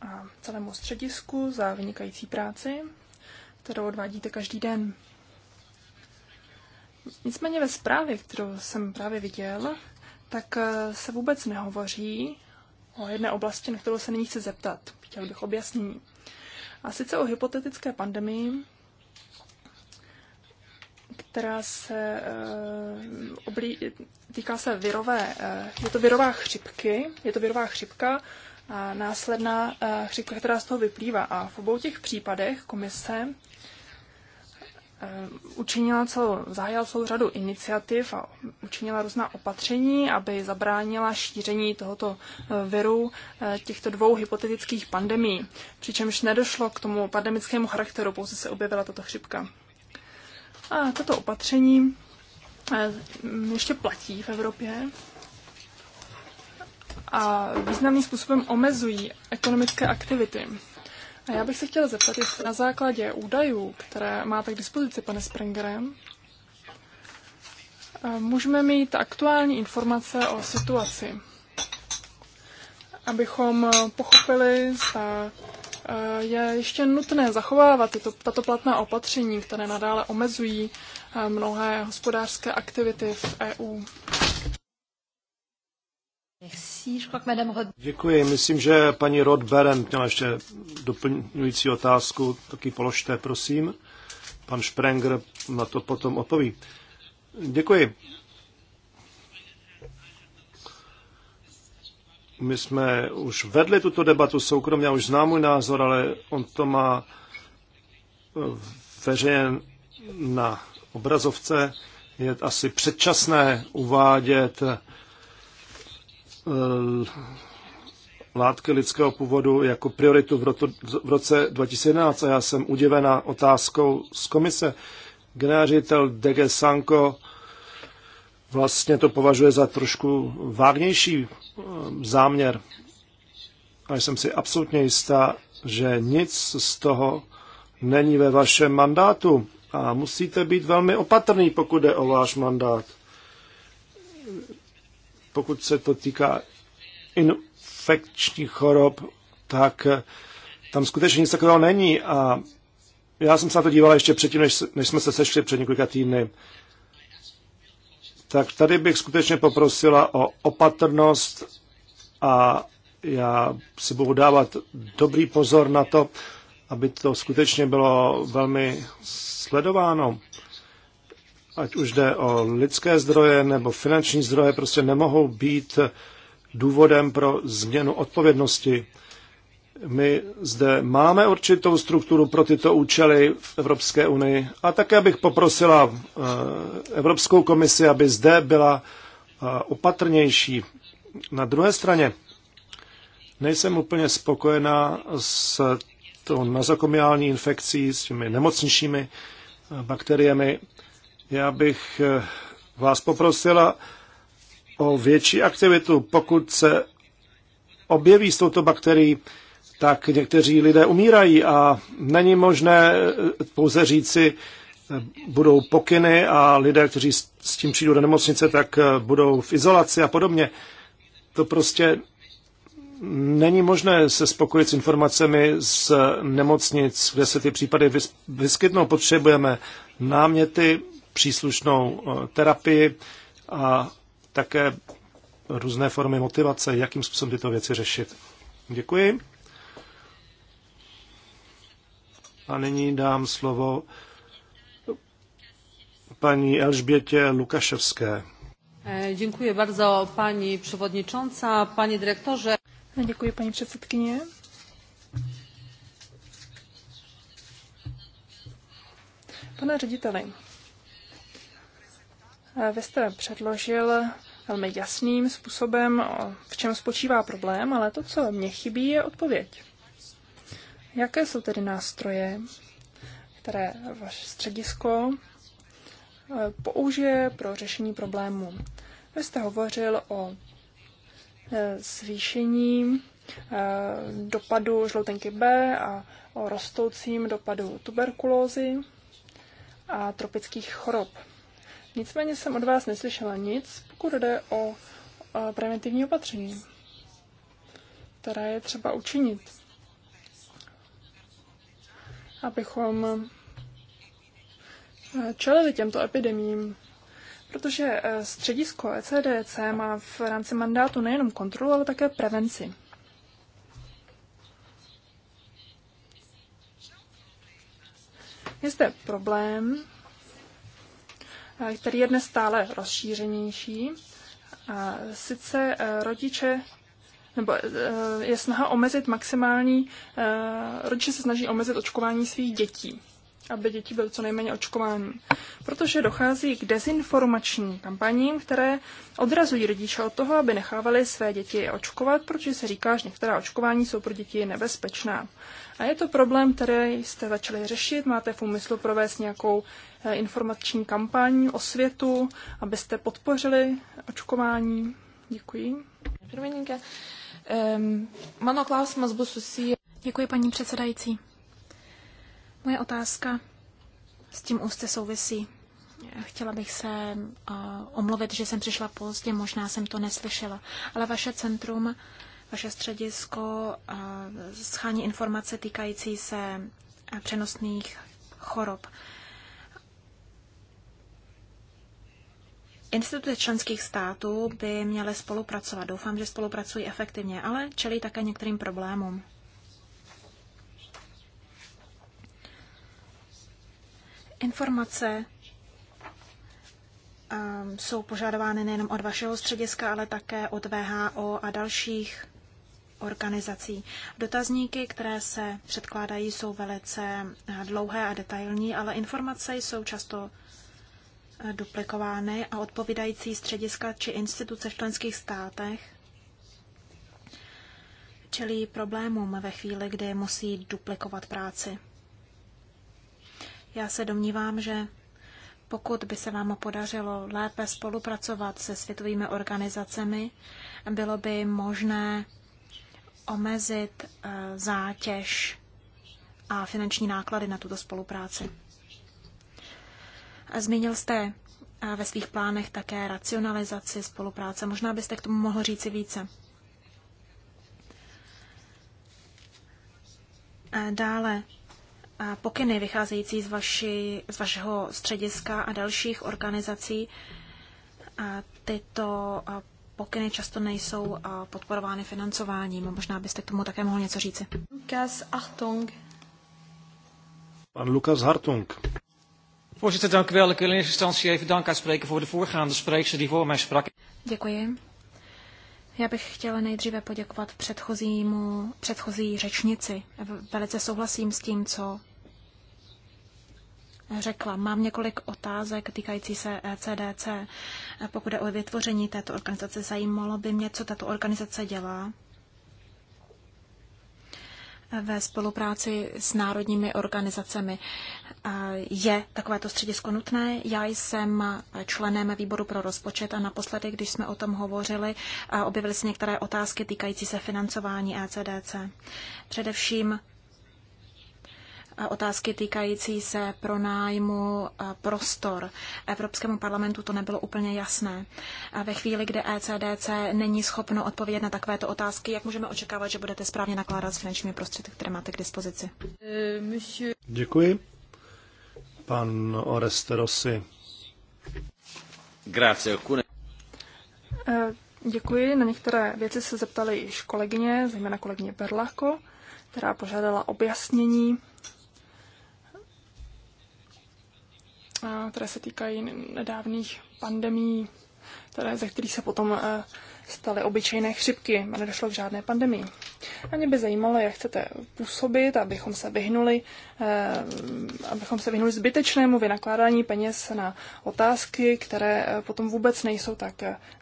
a celému středisku za vynikající práci, kterou odvádíte každý den. Nicméně ve zprávě, kterou jsem právě viděl, tak eh, se vůbec nehovoří o jedné oblasti, na kterou se nyní chci zeptat. Chtěl bych objasnění. A sice o hypotetické pandemii, která se uh, oblí, týká se virové, uh, je to virová chřipky, je to virová chřipka, následná eh, chřipka, která z toho vyplývá. A v obou těch případech komise eh, učinila celou, zahájila celou řadu iniciativ a učinila různá opatření, aby zabránila šíření tohoto eh, viru těchto dvou hypotetických pandemí. Přičemž nedošlo k tomu pandemickému charakteru, pouze se objevila tato chřipka. A toto opatření ještě platí v Evropě a významným způsobem omezují ekonomické aktivity. A já bych se chtěla zeptat, jestli na základě údajů, které máte k dispozici, pane Sprengere, eh, můžeme mít aktuální informace o situaci, abychom eh, pochopili, zda eh, je ještě nutné zachovávat tyto, tato platná opatření, které nadále omezují mnohé hospodářské aktivity v EU. Děkuji. Myslím, že paní Rod Berend měla ještě doplňující otázku. Taky položte, prosím. Pan Sprenger na to potom odpoví. Děkuji. My jsme už vedli tuto debatu soukromě, já už znám můj názor, ale on to má eh, veřejně na obrazovce. Je asi předčasné uvádět Eh, látky lidského původu jako prioritu v, roto, v roce 2011 a já jsem udivena otázkou z komise. Generářitel DG Sanko vlastně to považuje za trošku vágnější eh, záměr. A jsem si absolutně jistá, že nic z toho není ve vašem mandátu. A musíte být velmi opatrný, pokud jde o váš mandát pokud se to týká infekčních chorob, tak eh, tam skutečně nic takového není. A já jsem se na to díval ještě předtím, než, než jsme se sešli před několika týdny. Tak tady bych skutečně poprosila o opatrnost a já si budu dávat dobrý pozor na to, aby to skutečně bylo velmi sledováno ať už jde o lidské zdroje nebo finanční zdroje, prostě nemohou být důvodem pro změnu odpovědnosti. My zde máme určitou strukturu pro tyto účely v Evropské unii a také bych poprosila eh, Evropskou komisi, aby zde byla eh, opatrnější. Na druhé straně nejsem úplně spokojená s tou nazokomiální infekcí, s těmi nemocničními bakteriemi, já bych eh, vás poprosila o větší aktivitu. Pokud se objeví s touto bakterií, tak někteří lidé umírají a není možné eh, pouze říci, eh, budou pokyny a lidé, kteří s tím přijdou do nemocnice, tak budou v izolaci a podobně. To prostě není možné se spokojit s informacemi z nemocnic, kde se ty případy vyskytnou. Potřebujeme náměty, příslušnou eh, terapii a také různé formy motivace, jakým způsobem tyto věci řešit. Děkuji. A nyní dám slovo paní Elžbětě Lukaševské. E, Děkuji bardzo paní převodničonca, paní direktorze. E, Děkuji paní předsedkyně. Pane řediteli, vy jste předložil velmi jasným způsobem, v čem spočívá problém, ale to, co mě chybí, je odpověď. Jaké jsou tedy nástroje, které vaše středisko eh, použije pro řešení problému? Vy jste hovořil o eh, zvýšení eh, dopadu žloutenky B a o rostoucím dopadu tuberkulózy a tropických chorob. Nicméně jsem od vás neslyšela nic, pokud jde o preventivní opatření, která je třeba učinit, abychom čelili těmto epidemím. Protože e, středisko ECDC má v rámci mandátu nejenom kontrolu, ale také prevenci. Je zde problém, který je dnes stále rozšířenější. A sice eh, rodiče nebo eh, je snaha omezit maximální, eh, rodiče se snaží omezit očkování svých dětí, aby děti byly co nejméně očkování. Protože dochází k dezinformačním kampaním, které odrazují rodiče od toho, aby nechávali své děti očkovat, protože se říká, že některá očkování jsou pro děti nebezpečná. A je to problém, který jste začali řešit, máte v úmyslu provést nějakou Eh, informační kampaň o světu, abyste podpořili očkování. Děkuji. Mano klausimas bus susiję. Děkuji, paní předsedající. Moje otázka s tím úzce souvisí. Chtěla bych se uh, omluvit, že jsem přišla pozdě, možná jsem to neslyšela. Ale vaše centrum, vaše středisko uh, schání informace týkající se přenosných chorob. Instituce členských států by měly spolupracovat. Doufám, že spolupracují efektivně, ale čelí také některým problémům. Informace um, jsou požadovány nejenom od vašeho střediska, ale také od VHO a dalších organizací. Dotazníky, které se předkládají, jsou velice eh, dlouhé a detailní, ale informace jsou často duplikovány a odpovídající střediska či instituce v členských státech čelí problémům ve chvíli, kdy musí duplikovat práci. Já se domnívám, že pokud by se vám podařilo lépe spolupracovat se světovými organizacemi, bylo by možné omezit eh, zátěž a finanční náklady na tuto spolupráci. Zmínil jste ve svých plánech také racionalizaci spolupráce. Možná byste k tomu mohl říci více. Dále pokyny vycházející z, vaši, z vašeho střediska a dalších organizací. Tyto pokyny často nejsou podporovány financováním. Možná byste k tomu také mohl něco říci. Lukas Hartung. Pan Lukas Hartung. Voorzitter, dank u wel. Ik wil in eerste instantie even dank uitspreken voor de voorgaande spreekster die voor mij sprak. Děkuji. Já bych chtěla nejdříve poděkovat předchozímu, předchozí řečnici. Velice souhlasím s tím, co řekla. Mám několik otázek týkající se CDC, e Pokud je o vytvoření této organizace, zajímalo by mě, co tato organizace dělá ve spolupráci s národními organizacemi. Je takovéto středisko nutné? Já jsem členem výboru pro rozpočet a naposledy, když jsme o tom hovořili, objevily se některé otázky týkající se financování ECDC. Především otázky týkající se pronájmu prostor. Evropskému parlamentu to nebylo úplně jasné. Ve chvíli, kdy ECDC není schopno odpovědět na takovéto otázky, jak můžeme očekávat, že budete správně nakládat s finančními prostředky, které máte k dispozici? Děkuji. Pan Oreste Rossi. Grazie. E, děkuji. Na některé věci se zeptali již kolegyně, zejména kolegyně Berlako, která požádala objasnění které se týkají nedávných pandemí, které, ze kterých se potom e, staly obyčejné chřipky a nedošlo k žádné pandemii. A mě by zajímalo, jak chcete působit, abychom se vyhnuli, e, abychom se vyhnuli zbytečnému vynakládání peněz na otázky, které e, potom vůbec nejsou tak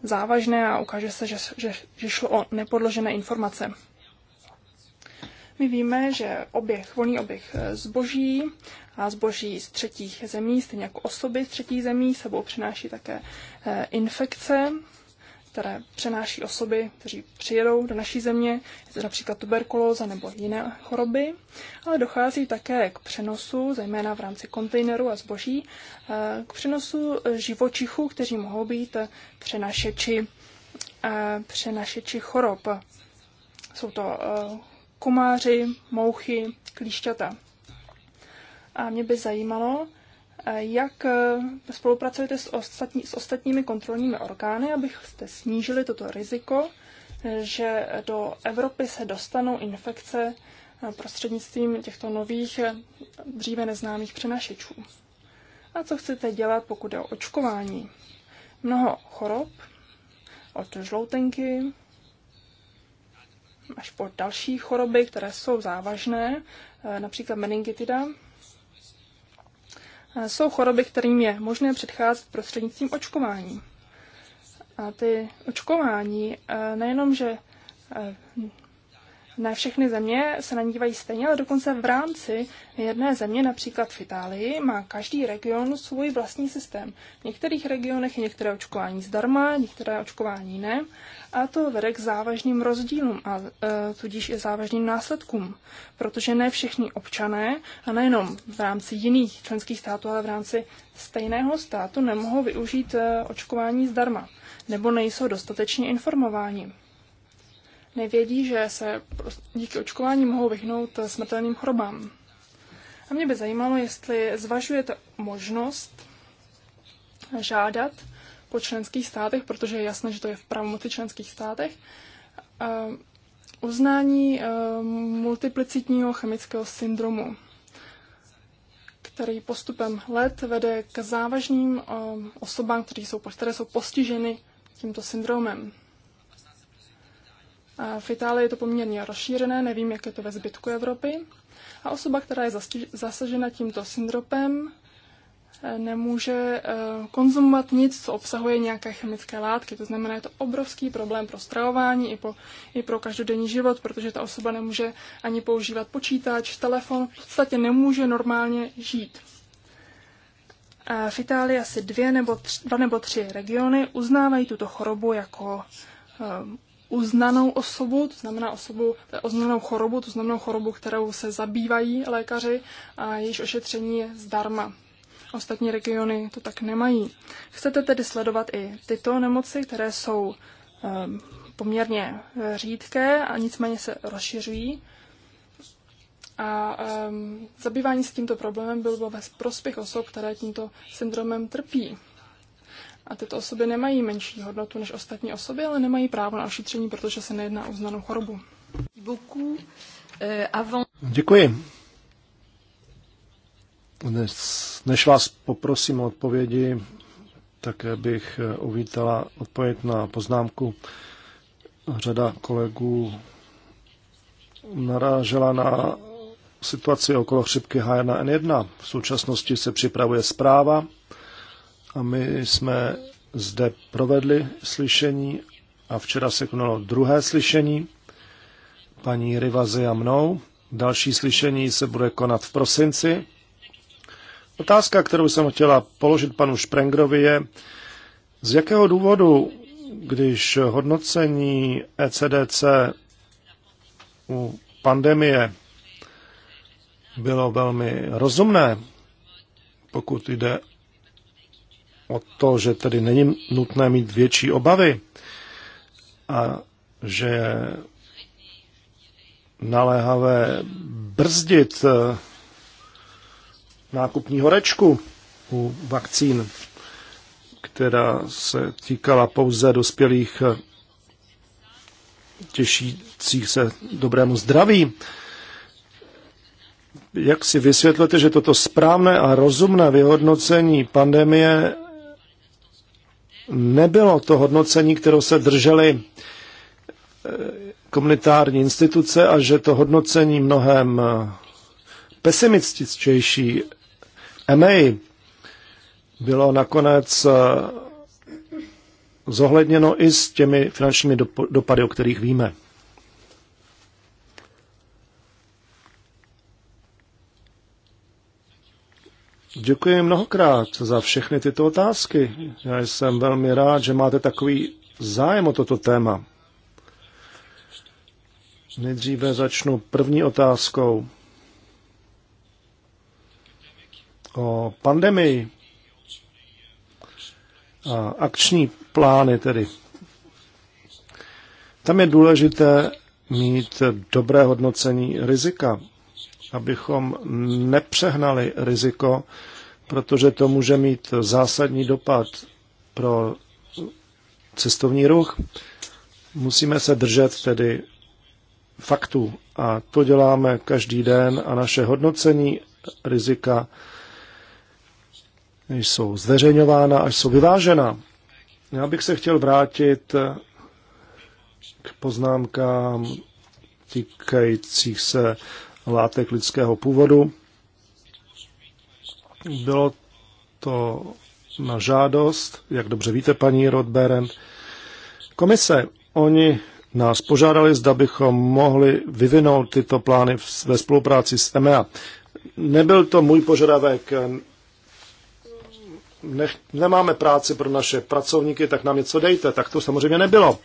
závažné a ukáže se, že, že, že šlo o nepodložené informace. My víme, že oběh, volný oběh zboží zboží z třetích zemí, stejně jako osoby z třetích zemí, sebou přináší také eh, infekce, které přenáší osoby, kteří přijedou do naší země, je to například tuberkulóza nebo jiné choroby, ale dochází také k přenosu, zejména v rámci kontejneru a zboží, eh, k přenosu eh, živočichů, kteří mohou být přenašeči, přenašeči chorob. Jsou to komáři, mouchy, klíšťata. A mě by zajímalo, eh, jak eh, spolupracujete s, ostatní, s ostatními kontrolními orgány, abyste snížili toto riziko, eh, že do Evropy se dostanou infekce prostřednictvím těchto nových, dříve neznámých přenašečů. A co chcete dělat, pokud je o očkování? Mnoho chorob, od žloutenky až po další choroby, které jsou závažné, například meningitida, jsou choroby, kterým je možné předcházet prostřednictvím očkování. A ty očkování eh, nejenom, že eh, ne všechny země se na ní dívají stejně, ale dokonce v rámci jedné země, například v Itálii, má každý region svůj vlastní systém. V některých regionech je některé očkování zdarma, některé očkování ne, a to vede k závažným rozdílům a e, tudíž i závažným následkům, protože ne všichni občané, a nejenom v rámci jiných členských států, ale v rámci stejného státu nemohou využít e, očkování zdarma, nebo nejsou dostatečně informováni nevědí, že se díky očkování mohou vyhnout eh, smrtelným chorobám. A mě by zajímalo, jestli zvažujete možnost žádat po členských státech, protože je jasné, že to je v pravomoci členských státech, eh, uznání eh, multiplicitního chemického syndromu, který postupem let vede k závažným osobám, které jsou, které jsou postiženy tímto syndromem. V Itálii je to poměrně rozšířené, nevím, jak je to ve zbytku Evropy. A osoba, která je zasažena tímto syndropem, eh, nemůže eh, konzumovat nic, co obsahuje nějaké chemické látky. To znamená, je to obrovský problém pro stravování i, po, i pro každodenní život, protože ta osoba nemůže ani používat počítač, telefon, v podstatě nemůže normálně žít. V Itálii asi dvě nebo tři, dva nebo tři regiony uznávají tuto chorobu jako eh, uznanou osobu, to znamená osobu, eh, uznanou chorobu, to znamená chorobu, kterou se zabývají lékaři a jejíž ošetření je zdarma. Ostatní regiony to tak nemají. Chcete tedy sledovat i tyto nemoci, které jsou um, poměrně eh, řídké a nicméně se rozšiřují. A um, zabývání s tímto problémem bylo ve prospěch osob, které tímto syndromem trpí. A tyto osoby nemají menší hodnotu než ostatní osoby, ale nemají právo na ošetření, protože se nejedná o uznanou chorobu. Děkuji. Než vás poprosím o odpovědi, také bych eh, uvítala odpověď na poznámku. Řada kolegů narážela na situaci okolo chřipky H1N1. V současnosti se připravuje zpráva a my jsme zde provedli slyšení a včera se konalo druhé slyšení paní Rivazy a mnou. Další slyšení se bude konat v prosinci. Otázka, kterou jsem chtěla položit panu Šprengrovi, je, z jakého důvodu, když hodnocení ECDC u pandemie bylo velmi rozumné, pokud jde o to, že tedy není nutné mít větší obavy a že je naléhavé brzdit eh, nákupní horečku u vakcín, která se týkala pouze dospělých eh, těšících se dobrému zdraví. Jak si vysvětlete, že toto správné a rozumné vyhodnocení pandemie nebylo to hodnocení, kterou se drželi eh, komunitární instituce a že to hodnocení mnohem eh, pesimističtější EMEI bylo nakonec eh, zohledněno i s těmi finančními dopady, o kterých víme. Děkuji mnohokrát za všechny tyto otázky. Já jsem velmi rád, že máte takový zájem o toto téma. Nejdříve začnu první otázkou o pandemii a akční plány tedy. Tam je důležité mít dobré hodnocení rizika abychom nepřehnali riziko, protože to může mít zásadní dopad pro cestovní ruch. Musíme se držet tedy faktů a to děláme každý den a naše hodnocení rizika jsou zveřejňována až jsou vyvážena. Já bych se chtěl vrátit k poznámkám týkajících se látek lidského původu. Bylo to na žádost, jak dobře víte, paní Rodberen. komise. Oni nás požádali, zda bychom mohli vyvinout tyto plány ve spolupráci s EMEA. Nebyl to můj požadavek. Nech, nemáme práci pro naše pracovníky, tak nám něco dejte. Tak to samozřejmě nebylo.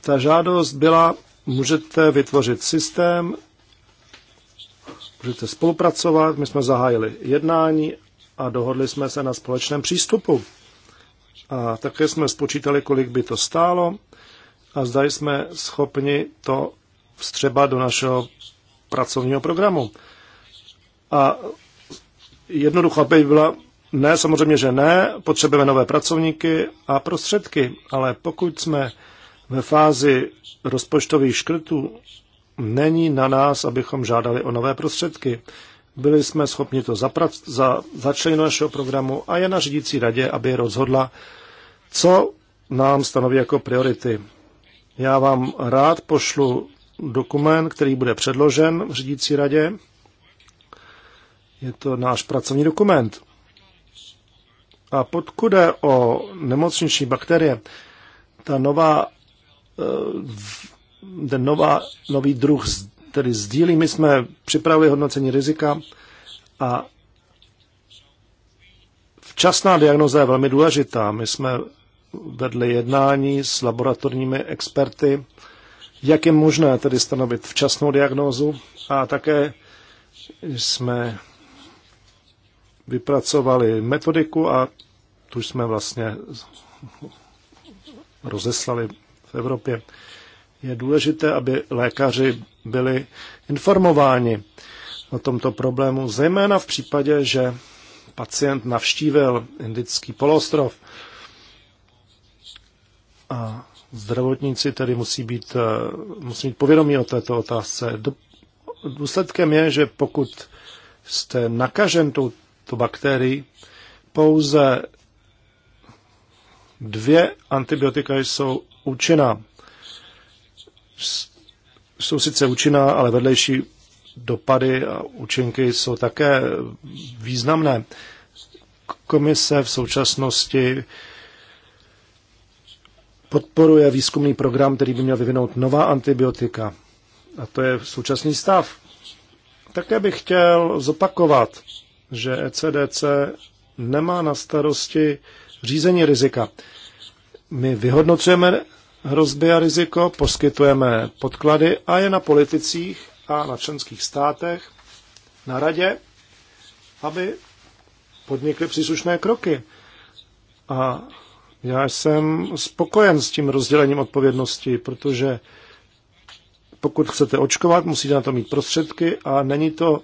Ta žádost byla, můžete vytvořit systém, můžete spolupracovat. My jsme zahájili jednání a dohodli jsme se na společném přístupu. A také jsme spočítali, kolik by to stálo a zda jsme schopni to vstřebat do našeho pracovního programu. A jednoduchá by byla ne, samozřejmě, že ne, potřebujeme nové pracovníky a prostředky, ale pokud jsme ve fázi rozpočtových škrtů Není na nás, abychom žádali o nové prostředky. Byli jsme schopni to zaprac- za, začlenit do našeho programu a je na řídící radě, aby rozhodla, co nám stanoví jako priority. Já vám rád pošlu dokument, který bude předložen v řídící radě. Je to náš pracovní dokument. A pokud jde o nemocniční bakterie, ta nová eh, ten nová, nový druh tedy sdílí. My jsme připravili hodnocení rizika a včasná diagnoza je velmi důležitá. My jsme vedli jednání s laboratorními experty, jak je možné tedy stanovit včasnou diagnózu a také jsme vypracovali metodiku a tu jsme vlastně rozeslali v Evropě je důležité, aby lékaři byli informováni o tomto problému, zejména v případě, že pacient navštívil indický polostrov. A zdravotníci tedy musí být, eh, musí mít povědomí o této otázce. Důsledkem je, že pokud jste nakažen touto bakterií, pouze dvě antibiotika jsou účinná jsou sice účinná, ale vedlejší dopady a účinky jsou také významné. Komise v současnosti podporuje výzkumný program, který by měl vyvinout nová antibiotika. A to je současný stav. Také bych chtěl zopakovat, že ECDC nemá na starosti řízení rizika. My vyhodnocujeme hrozby a riziko, poskytujeme podklady a je na politicích a na členských státech, na radě, aby podnikly příslušné kroky. A já jsem spokojen s tím rozdělením odpovědnosti, protože pokud chcete očkovat, musíte na to mít prostředky a není to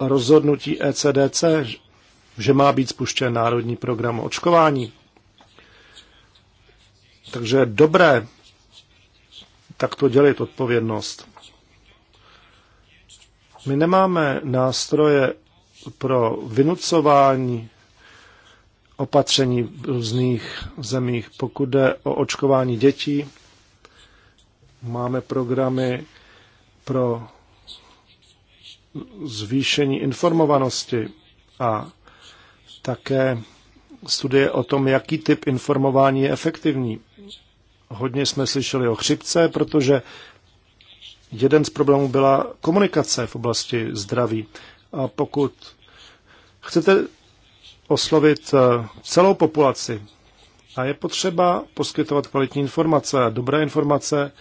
rozhodnutí ECDC, že má být spuštěn národní program očkování. Takže je dobré takto dělit odpovědnost. My nemáme nástroje pro vynucování opatření v různých zemích. Pokud jde o očkování dětí, máme programy pro zvýšení informovanosti a také studie o tom, jaký typ informování je efektivní. Hodně jsme slyšeli o chřipce, protože jeden z problémů byla komunikace v oblasti zdraví. A pokud chcete oslovit eh, celou populaci, a je potřeba poskytovat kvalitní informace. A dobré informace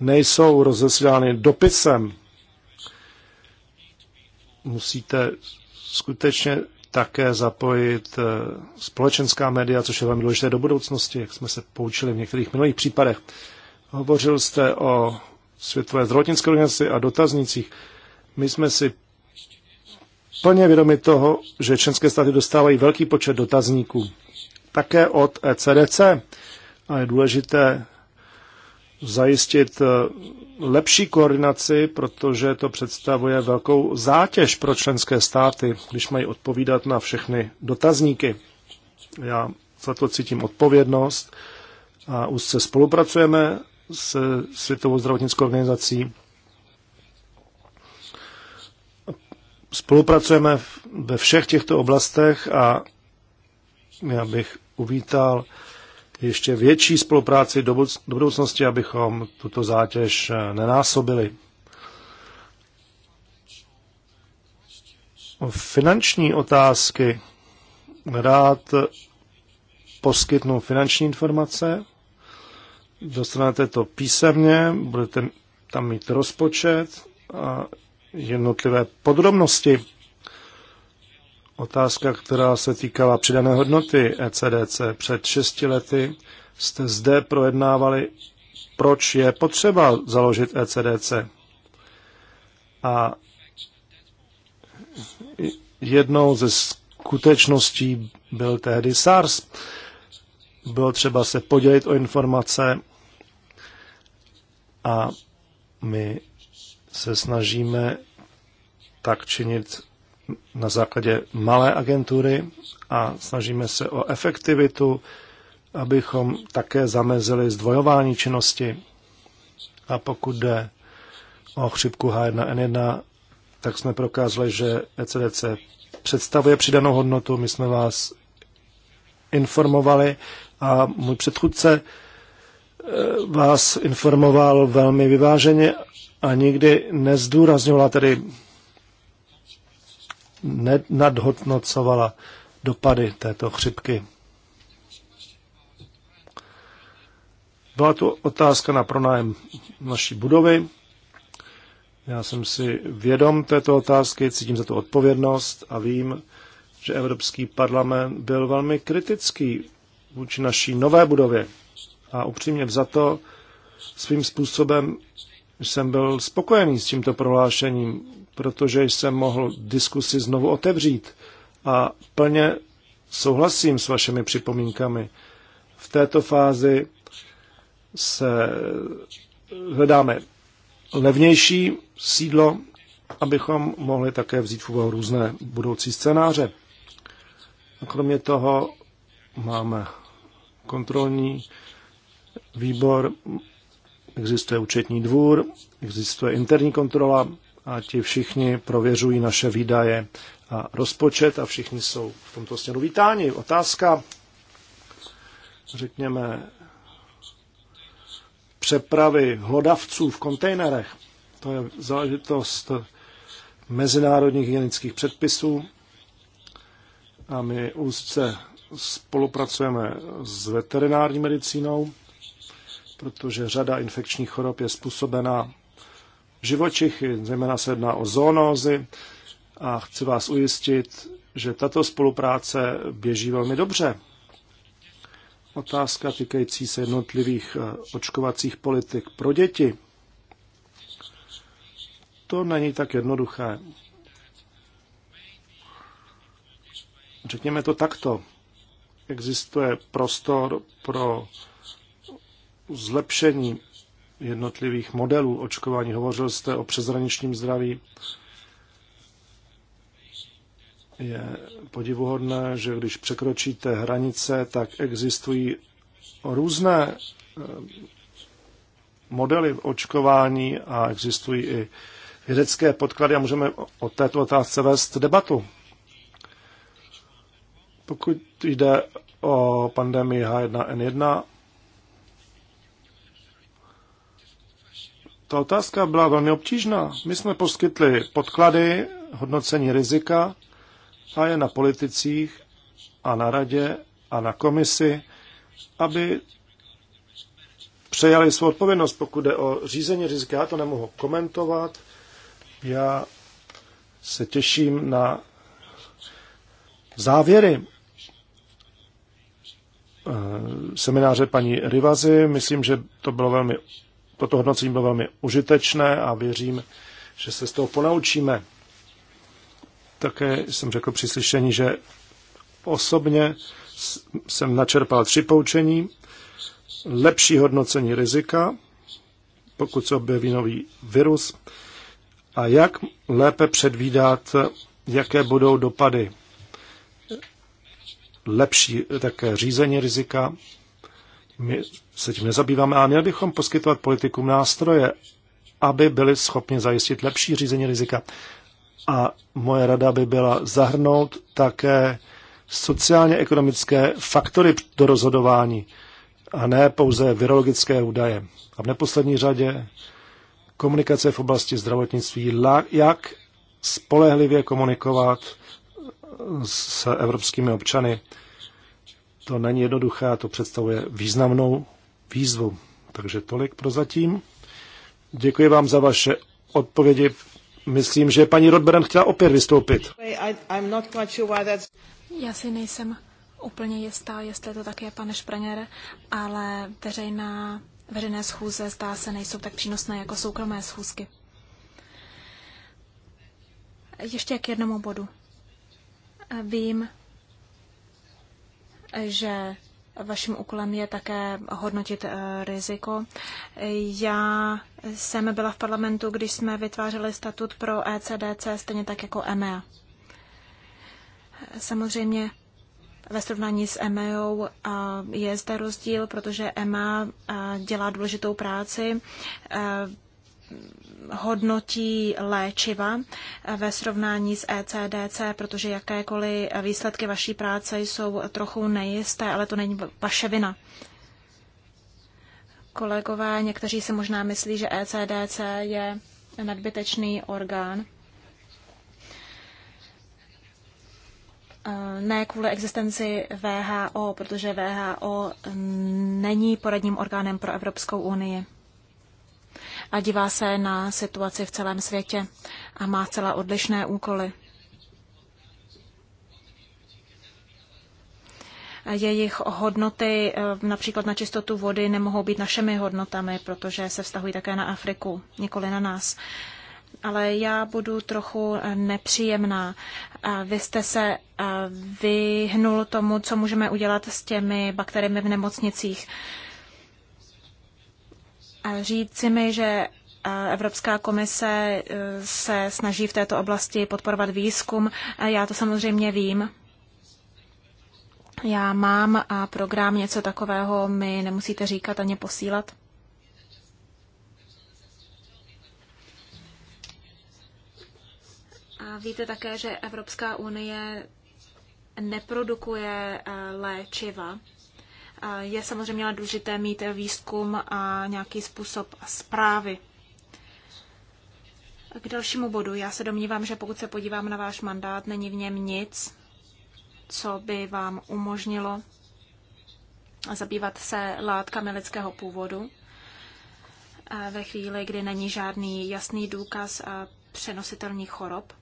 nejsou rozesílány dopisem. Musíte skutečně také zapojit eh, společenská média, což je velmi důležité do budoucnosti, jak jsme se poučili v některých minulých případech. Hovořil jste o Světové zdravotnické organizaci a dotaznicích. My jsme si plně vědomi toho, že členské státy dostávají velký počet dotazníků, také od ECDC. A je důležité zajistit eh, lepší koordinaci, protože to představuje velkou zátěž pro členské státy, když mají odpovídat na všechny dotazníky. Já za to cítím odpovědnost a už se spolupracujeme se Světovou zdravotnickou organizací. Spolupracujeme ve všech těchto oblastech a já bych uvítal ještě větší spolupráci do budoucnosti, abychom tuto zátěž eh, nenásobili. Finanční otázky rád eh, poskytnu finanční informace. Dostanete to písemně, budete tam mít rozpočet a jednotlivé podrobnosti otázka, která se týkala přidané hodnoty ECDC. Před šesti lety jste zde projednávali, proč je potřeba založit ECDC. A jednou ze skutečností byl tehdy SARS. Bylo třeba se podělit o informace a my se snažíme tak činit na základě malé agentury a snažíme se o efektivitu, abychom také zamezili zdvojování činnosti. A pokud jde o chřipku H1N1, tak jsme prokázali, že ECDC představuje přidanou hodnotu. My jsme vás informovali a můj předchůdce eh, vás informoval velmi vyváženě a nikdy nezdůrazňovala tedy nadhodnocovala dopady této chřipky. Byla tu otázka na pronájem naší budovy. Já jsem si vědom této otázky, cítím za tu odpovědnost a vím, že Evropský parlament byl velmi kritický vůči naší nové budově. A upřímně za to svým způsobem jsem byl spokojený s tímto prohlášením protože jsem mohl diskusi znovu otevřít a plně souhlasím s vašimi připomínkami. V této fázi se hledáme levnější sídlo, abychom mohli také vzít v úvahu různé budoucí scénáře. A kromě toho máme kontrolní výbor, existuje účetní dvůr, existuje interní kontrola, a ti všichni prověřují naše výdaje a rozpočet a všichni jsou v tomto směru vítáni. Otázka, řekněme, přepravy hlodavců v kontejnerech. To je záležitost mezinárodních hygienických předpisů a my úzce spolupracujeme s veterinární medicínou, protože řada infekčních chorob je způsobena živočichy, zejména se jedná o zoonózy a chci vás ujistit, že tato spolupráce běží velmi dobře. Otázka týkající se jednotlivých eh, očkovacích politik pro děti. To není tak jednoduché. Řekněme to takto. Existuje prostor pro zlepšení jednotlivých modelů očkování. Hovořil jste o přezraničním zdraví. Je podivuhodné, že když překročíte hranice, tak existují různé eh, modely očkování a existují i vědecké podklady a můžeme o této otázce vést debatu. Pokud jde o pandemii H1N1, Ta otázka byla velmi obtížná. My jsme poskytli podklady, hodnocení rizika a je na politicích a na radě a na komisi, aby přejali svou odpovědnost, pokud jde o řízení rizika. Já to nemohu komentovat. Já se těším na závěry eh, semináře paní Rivazy. Myslím, že to bylo velmi Toto hodnocení bylo velmi užitečné a věřím, že se z toho ponaučíme. Také jsem řekl při slyšení, že osobně jsem načerpal tři poučení. Lepší hodnocení rizika, pokud se objeví nový virus, a jak lépe předvídat, jaké budou dopady. Lepší také řízení rizika, my se tím nezabýváme, ale měli bychom poskytovat politikům nástroje, aby byli schopni zajistit lepší řízení rizika. A moje rada by byla zahrnout také sociálně-ekonomické faktory do rozhodování a ne pouze virologické údaje. A v neposlední řadě komunikace v oblasti zdravotnictví, jak spolehlivě komunikovat s evropskými občany to není jednoduché, to představuje významnou výzvu. Takže tolik prozatím. Děkuji vám za vaše odpovědi. Myslím, že paní Rodberen chtěla opět vystoupit. Já si nejsem úplně jistá, jestli to tak je, pane Špraněr, ale veřejná, veřejné schůze zdá se nejsou tak přínosné jako soukromé schůzky. Ještě k jednomu bodu. Vím, že vaším úkolem je také hodnotit eh, riziko. Já jsem byla v parlamentu, když jsme vytvářeli statut pro ECDC, stejně tak jako EMEA. Samozřejmě ve srovnání s EMEou je zde rozdíl, protože EMA e eh, dělá důležitou práci, eh, hodnotí léčiva ve srovnání s ECDC, protože jakékoliv výsledky vaší práce jsou trochu nejisté, ale to není vaše vina. Kolegové, někteří si možná myslí, že ECDC je nadbytečný orgán. Ne kvůli existenci VHO, protože VHO není poradním orgánem pro Evropskou unii a dívá se na situaci v celém světě a má celá odlišné úkoly. Jejich hodnoty, eh, například na čistotu vody, nemohou být našimi hodnotami, protože se vztahují také na Afriku, nikoli na nás. Ale já budu trochu eh, nepříjemná. Eh, vy jste se vyhnul tomu, co můžeme udělat s těmi bakteriemi v nemocnicích. Říci mi, že eh, Evropská komise eh, se snaží v této oblasti podporovat výzkum, eh, já to samozřejmě vím. Já mám a program něco takového mi nemusíte říkat ani posílat. A víte také, že Evropská unie neprodukuje léčiva. Je samozřejmě ale důležité mít výzkum a nějaký způsob zprávy. K dalšímu bodu. Já se domnívám, že pokud se podívám na váš mandát, není v něm nic, co by vám umožnilo zabývat se látkami lidského původu eh, ve chvíli, kdy není žádný jasný důkaz eh, přenositelných chorob.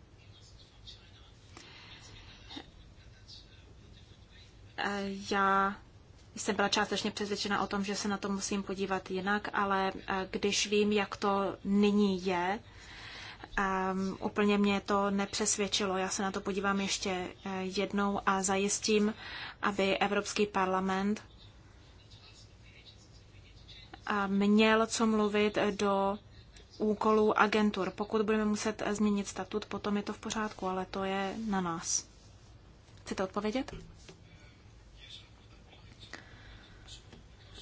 Eh, já jsem byla částečně přesvědčena o tom, že se na to musím podívat jinak, ale eh, když vím, jak to nyní je, um, úplně mě to nepřesvědčilo. Já se na to podívám ještě eh, jednou a zajistím, aby Evropský parlament eh, měl co mluvit do úkolů agentur. Pokud budeme muset změnit statut, potom je to v pořádku, ale to je na nás. Chcete odpovědět?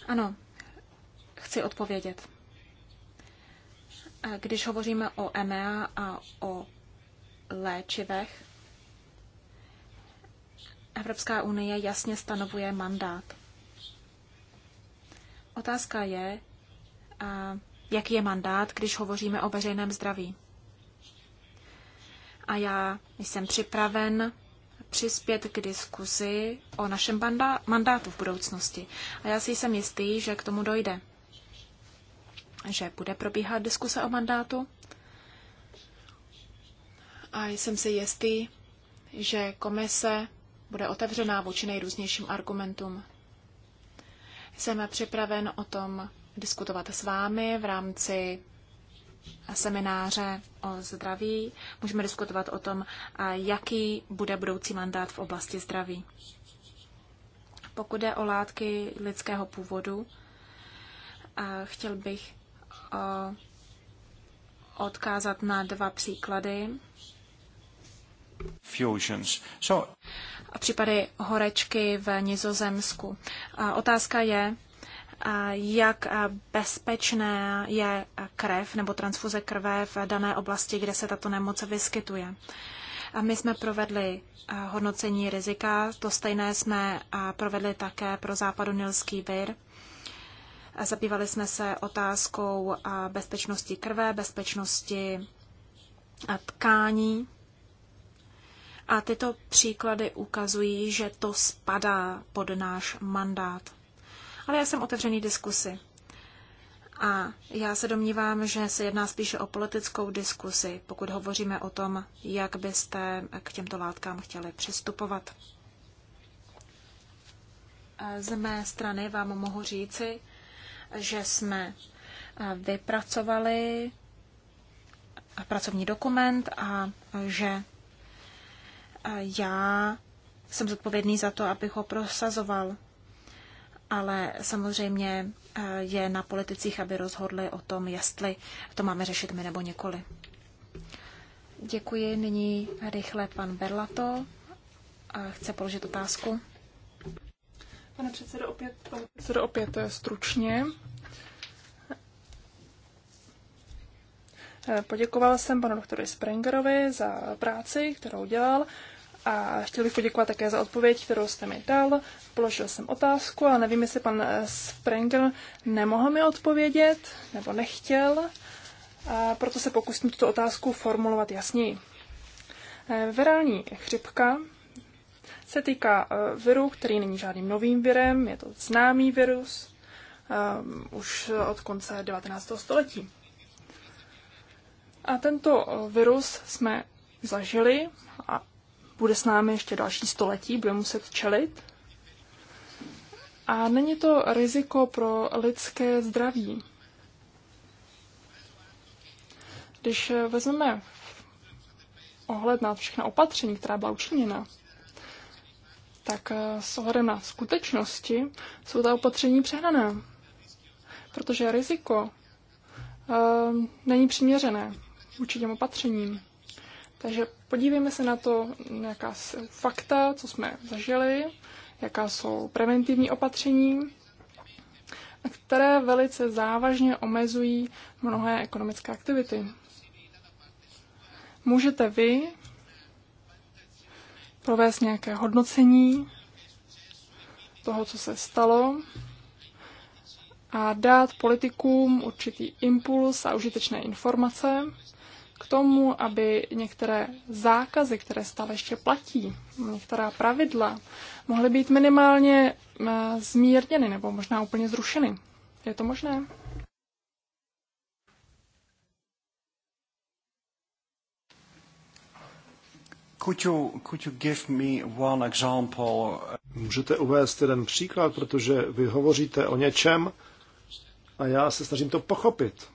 Ano, chci odpovědět. Když hovoříme o EMEA a o léčivech, Evropská unie jasně stanovuje mandát. Otázka je, jaký je mandát, když hovoříme o veřejném zdraví. A já jsem připraven přispět k diskuzi o našem mandátu v budoucnosti. A já si jsem jistý, že k tomu dojde. Že bude probíhat diskuse o mandátu. A jsem si jistý, že komise bude otevřená vůči nejrůznějším argumentům. Jsem připraven o tom diskutovat s vámi v rámci semináře o zdraví. Můžeme diskutovat o tom, jaký bude budoucí mandát v oblasti zdraví. Pokud jde o látky lidského původu, chtěl bych odkázat na dva příklady. Fusions. So... Případy horečky v Nizozemsku. Otázka je, jak bezpečné je krev nebo transfuze krve v dané oblasti, kde se tato nemoc vyskytuje. A my jsme provedli eh, hodnocení rizika, to stejné jsme eh, provedli také pro Nilský vir. Zabývali jsme se otázkou eh, bezpečnosti krve, bezpečnosti tkání. A tyto příklady ukazují, že to spadá pod náš mandát ale já jsem otevřený diskusi. A já se domnívám, že se jedná spíše o politickou diskusi, pokud hovoříme o tom, jak byste k těmto látkám chtěli přistupovat. Z mé strany vám mohu říci, že jsme vypracovali pracovní dokument a že já jsem zodpovědný za to, abych ho prosazoval ale samozřejmě eh, je na politicích, aby rozhodli o tom, jestli to máme řešit my nebo nikoli. Děkuji. Nyní rychle pan Berlato eh, chce položit otázku. Pane předsedo, opět, pane předsedo, opět eh, stručně. Poděkovala jsem panu doktoru Sprengerovi za práci, kterou dělal. A chtěl bych poděkovat také za odpověď, kterou jste mi dal. Položil jsem otázku, ale nevím, jestli pan eh, Sprenger nemohl mi odpovědět, nebo nechtěl. A proto se pokusím tuto otázku formulovat jasněji. Eh, virální chřipka se týká eh, viru, který není žádným novým virem, je to známý virus už od konce 19. století. A tento virus jsme zažili a bude s námi ještě další století, bude muset čelit. A není to riziko pro lidské zdraví. Když vezmeme ohled na všechna opatření, která byla učiněna, tak eh, s ohledem na skutečnosti jsou ta opatření přehnaná. Protože riziko e, není přiměřené určitým opatřením. Takže podívejme se na to, jaká jsou fakta, co jsme zažili, jaká jsou preventivní opatření, které velice závažně omezují mnohé ekonomické aktivity. Můžete vy provést nějaké hodnocení toho, co se stalo, a dát politikům určitý impuls a užitečné informace, k tomu, aby některé zákazy, které stále ještě platí, některá pravidla, mohly být minimálně eh, zmírněny nebo možná úplně zrušeny. Je to možné? Could you, could you give me one example? Můžete uvést jeden příklad, protože vy hovoříte o něčem a já se snažím to pochopit.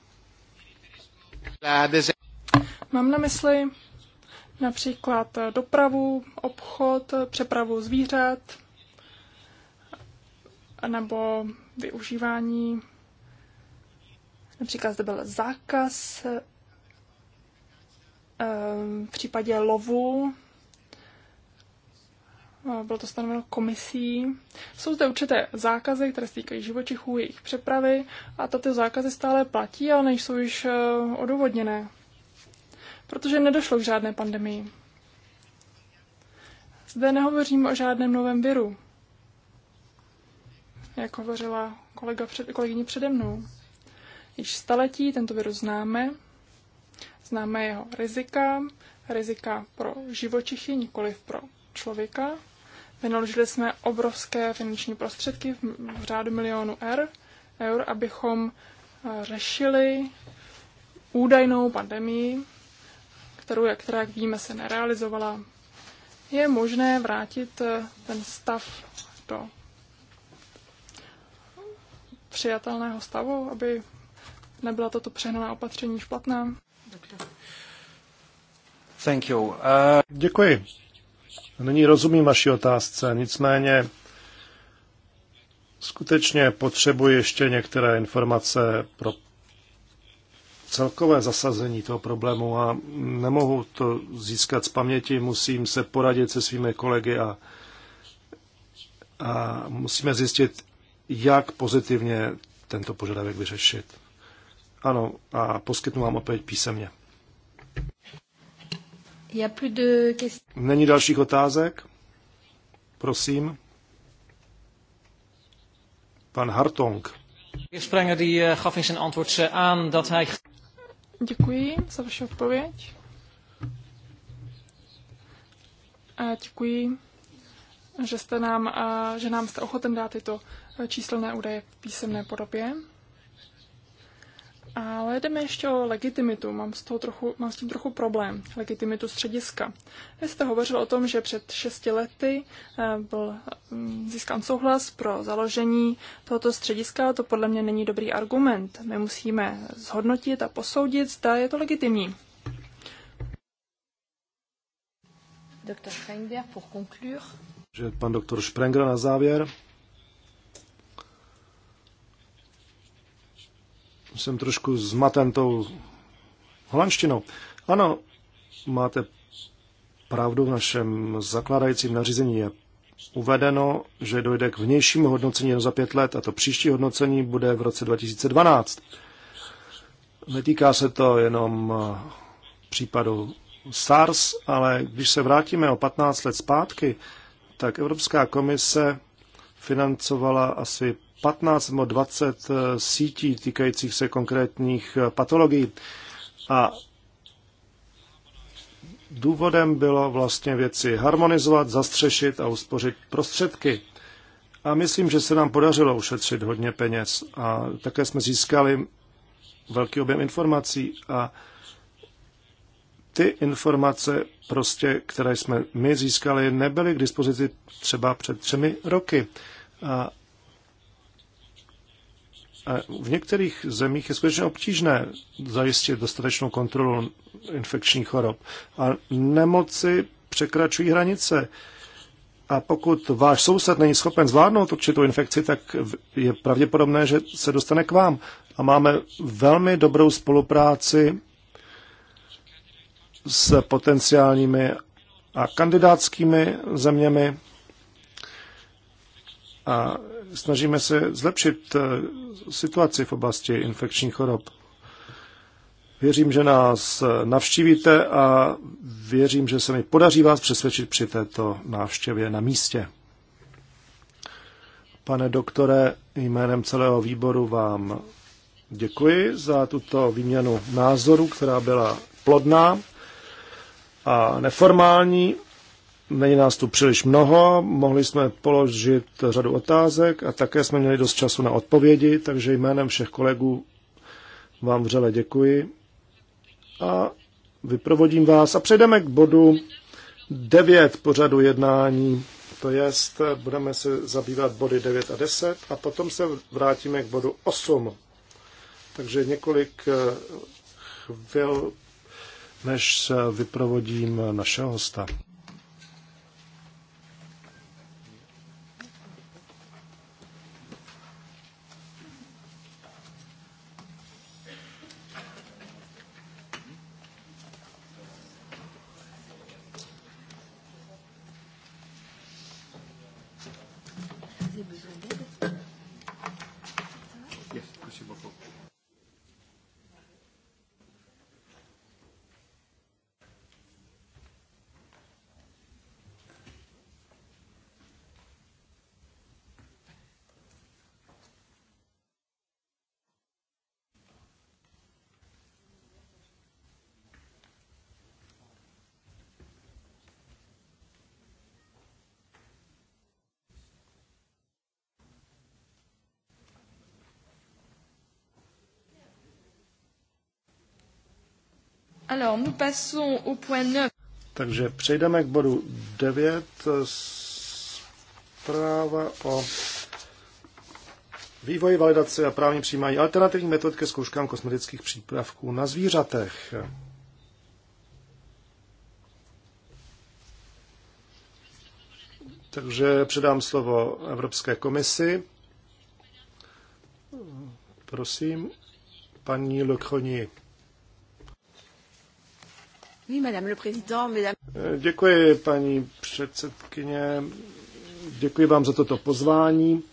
Mám na mysli například dopravu, obchod, přepravu zvířat nebo využívání. Například zde byl zákaz ehm, v případě lovu. Bylo to stanoveno komisí. Jsou zde určité zákazy, které se týkají živočichů, jejich přepravy a tato zákazy stále platí, ale nejsou již eh, odůvodněné protože nedošlo k žádné pandemii. Zde nehovoříme o žádném novém viru, jak hovořila kolega před, kolegyně přede mnou. Již staletí tento virus známe, známe jeho rizika, rizika pro živočichy, nikoliv pro člověka. Vynaložili jsme obrovské finanční prostředky v, v řádu milionů R, er, eur, abychom eh, řešili údajnou pandemii, kterou, jak, která, jak víme, se nerealizovala, je možné vrátit eh, ten stav do přijatelného stavu, aby nebyla toto přehnaná opatření špatná? Thank you. Uh... Děkuji. Nyní rozumím vaší otázce, nicméně skutečně potřebuji ještě některé informace pro celkové zasazení toho problému a nemohu to získat z paměti, musím se poradit se svými kolegy a, a musíme zjistit, jak pozitivně tento požadavek vyřešit. Ano, a poskytnu vám opět písemně. Není dalších otázek? Prosím. Pan Hartong. Děkuji za vaši odpověď. A děkuji, že, jste nám, a že nám jste ochoten dát tyto číselné údaje v písemné podobě. Ale jdeme ještě o legitimitu. Mám s, toho trochu, mám s tím trochu problém. Legitimitu střediska. Vy jste hovořil o tom, že před šesti lety eh, byl mm, získán souhlas pro založení tohoto střediska, ale to podle mě není dobrý argument. My musíme zhodnotit a posoudit, zda je to legitimní. Doktor pour conclure. pan doktor Sprenger na závěr. jsem trošku zmaten tou holandštinou. Ano, máte pravdu, v našem zakládajícím nařízení je uvedeno, že dojde k vnějšímu hodnocení jen za pět let a to příští hodnocení bude v roce 2012. Netýká se to jenom eh, případu SARS, ale když se vrátíme o 15 let zpátky, tak Evropská komise financovala asi 15 nebo 20 eh, sítí týkajících se konkrétních eh, patologií. A důvodem bylo vlastně věci harmonizovat, zastřešit a uspořit prostředky. A myslím, že se nám podařilo ušetřit hodně peněz a také jsme získali velký objem informací a ty informace, prostě, které jsme my získali, nebyly k dispozici třeba před třemi roky. A v některých zemích je skutečně obtížné zajistit dostatečnou kontrolu infekčních chorob. A nemoci překračují hranice. A pokud váš soused není schopen zvládnout určitou infekci, tak je pravděpodobné, že se dostane k vám. A máme velmi dobrou spolupráci s potenciálními a kandidátskými zeměmi. A snažíme se zlepšit eh, situaci v oblasti infekčních chorob. Věřím, že nás eh, navštívíte a věřím, že se mi podaří vás přesvědčit při této návštěvě na místě. Pane doktore, jménem celého výboru vám děkuji za tuto výměnu názorů, která byla plodná a neformální Není nás tu příliš mnoho, mohli jsme položit řadu otázek a také jsme měli dost času na odpovědi, takže jménem všech kolegů vám vřele děkuji a vyprovodím vás a přejdeme k bodu 9 pořadu jednání, to jest budeme se zabývat body 9 a 10 a potom se vrátíme k bodu 8. Takže několik eh, chvil, než vyprovodím našeho hosta. Alors, nous passons au point 9. Takže přejdeme k bodu 9, zpráva o vývoji, validaci a právní přijímání alternativních metod ke zkouškám kosmetických přípravků na zvířatech. Takže předám slovo Evropské komisi. Prosím, paní Lochoni. Eh, děkuji, paní předsedkyně. Děkuji vám za toto pozvání,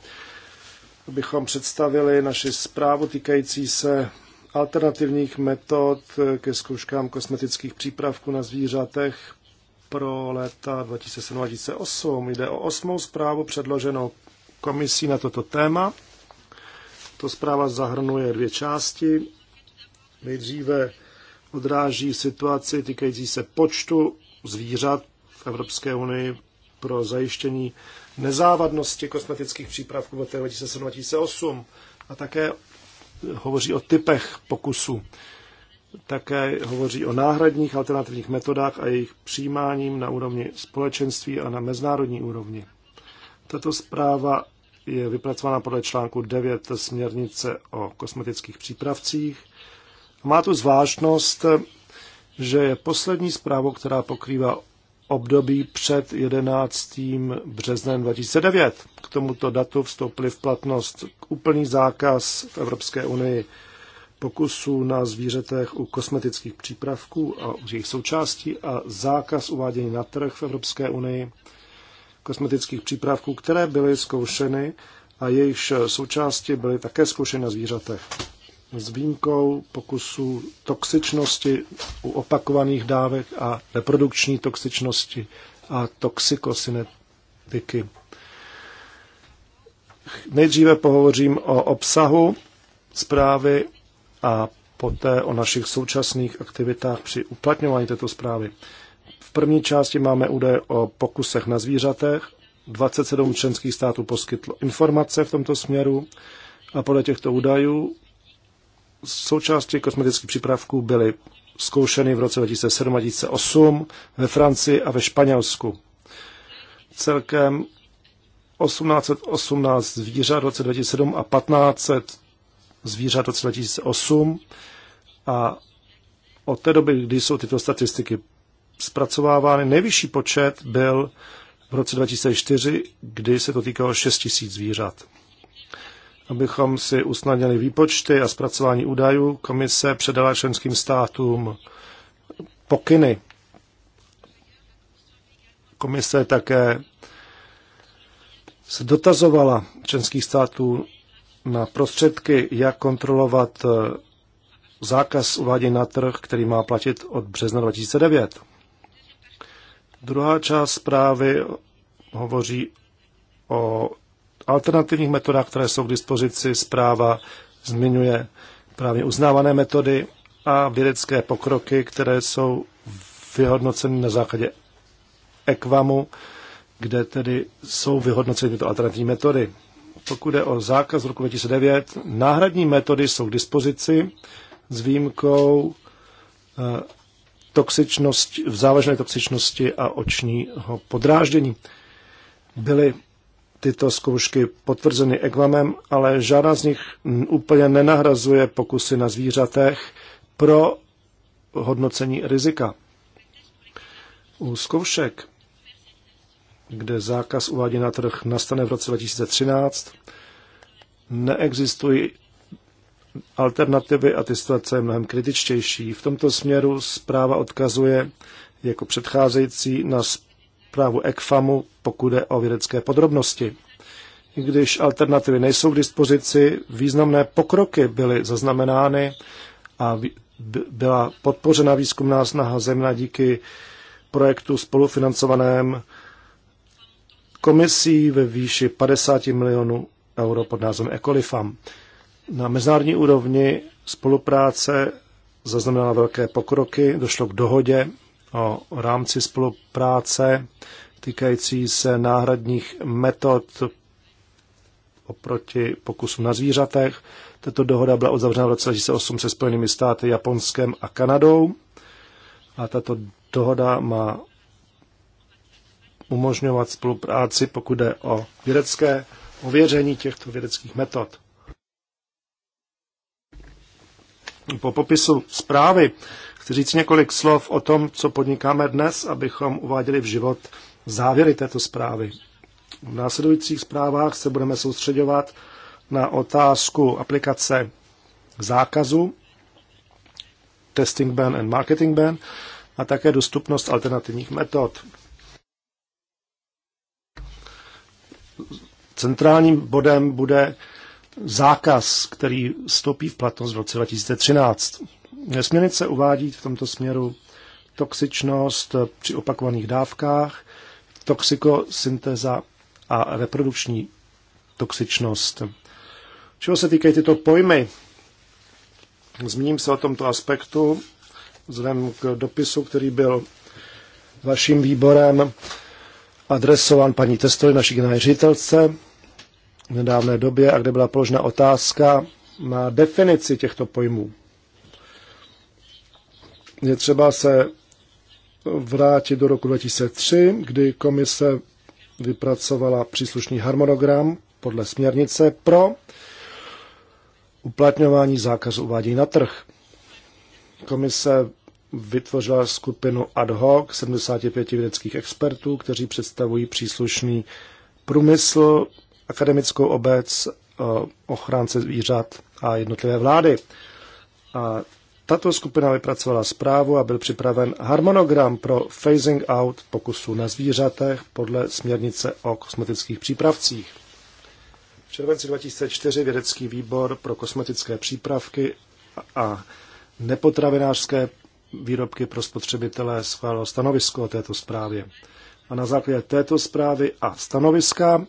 abychom představili naši zprávu týkající se alternativních metod ke zkouškám kosmetických přípravků na zvířatech pro léta 2007-2008. Jde o osmou zprávu předloženou komisí na toto téma. To zpráva zahrnuje dvě části. Nejdříve odráží situaci týkající se počtu zvířat v Evropské unii pro zajištění nezávadnosti kosmetických přípravků v roce 2007-2008 a také hovoří o typech pokusů. Také hovoří o náhradních alternativních metodách a jejich přijímáním na úrovni společenství a na mezinárodní úrovni. Tato zpráva je vypracována podle článku 9 směrnice o kosmetických přípravcích má tu zvláštnost, že je poslední zprávou, která pokrývá období před 11. březnem 2009. K tomuto datu vstoupily v platnost úplný zákaz v Evropské unii pokusů na zvířatech u kosmetických přípravků a u jejich součástí a zákaz uvádění na trh v Evropské unii kosmetických přípravků, které byly zkoušeny a jejichž součásti byly také zkoušeny na zvířatech s výjimkou pokusů toxičnosti u opakovaných dávek a reprodukční toxičnosti a toxikosynetiky. Nejdříve pohovořím o obsahu zprávy a poté o našich současných aktivitách při uplatňování této zprávy. V první části máme údaje o pokusech na zvířatech. 27 členských států poskytlo informace v tomto směru a podle těchto údajů Součástí kosmetických přípravků byly zkoušeny v roce 2007 a 2008 ve Francii a ve Španělsku. Celkem 1818 zvířat v roce 2007 a 1500 zvířat v roce 2008 a od té doby, kdy jsou tyto statistiky zpracovávány, nejvyšší počet byl v roce 2004, kdy se to týkalo 6 000 zvířat. Abychom si usnadnili výpočty a zpracování údajů, komise předala členským státům pokyny. Komise také se dotazovala členských států na prostředky, jak kontrolovat eh, zákaz uvádění na trh, který má platit od března 2009. Druhá část zprávy hovoří o alternativních metodách, které jsou k dispozici. Zpráva zmiňuje právě uznávané metody a vědecké pokroky, které jsou vyhodnoceny na základě ekvamu, kde tedy jsou vyhodnoceny tyto alternativní metody. Pokud je o zákaz roku 2009, náhradní metody jsou k dispozici s výjimkou eh, toxičnosti, v závažné toxičnosti a očního podráždění. Byly tyto zkoušky potvrzeny ekvamem, ale žádná z nich úplně nenahrazuje pokusy na zvířatech pro hodnocení rizika. U zkoušek, kde zákaz uvádí na trh nastane v roce 2013, neexistují alternativy a ty situace je mnohem kritičtější. V tomto směru zpráva odkazuje jako předcházející na právu ECFAMu, pokud jde o vědecké podrobnosti. I když alternativy nejsou k dispozici, významné pokroky byly zaznamenány a byla podpořena výzkumná snaha zemna díky projektu spolufinancovaném komisí ve výši 50 milionů euro pod názvem Ecolifam. Na mezinárodní úrovni spolupráce zaznamenala velké pokroky, došlo k dohodě o rámci spolupráce týkající se náhradních metod oproti pokusům na zvířatech. Tato dohoda byla uzavřena v roce 2008 se Spojenými státy, Japonskem a Kanadou. A tato dohoda má umožňovat spolupráci, pokud jde o vědecké ověření těchto vědeckých metod. Po popisu zprávy Chci říct několik slov o tom, co podnikáme dnes, abychom uváděli v život závěry této zprávy. V následujících zprávách se budeme soustředovat na otázku aplikace zákazu, testing ban and marketing ban, a také dostupnost alternativních metod. Centrálním bodem bude zákaz, který vstoupí v platnost v roce 2013. Směrnice uvádí v tomto směru toxičnost při opakovaných dávkách, toxikosyntéza a reprodukční toxičnost. Čeho se týkají tyto pojmy? Zmíním se o tomto aspektu vzhledem k dopisu, který byl vaším výborem adresován paní Testovi, naší generální ředitelce, v nedávné době a kde byla položena otázka na definici těchto pojmů je třeba se vrátit do roku 2003, kdy komise vypracovala příslušný harmonogram podle směrnice pro uplatňování zákazu uvádění na trh. Komise vytvořila skupinu ad hoc 75 vědeckých expertů, kteří představují příslušný průmysl, akademickou obec, eh, ochránce zvířat a jednotlivé vlády. A tato skupina vypracovala zprávu a byl připraven harmonogram pro phasing out pokusů na zvířatech podle směrnice o kosmetických přípravcích. V červenci 2004 vědecký výbor pro kosmetické přípravky a nepotravinářské výrobky pro spotřebitele schválil stanovisko o této zprávě. A na základě této zprávy a stanoviska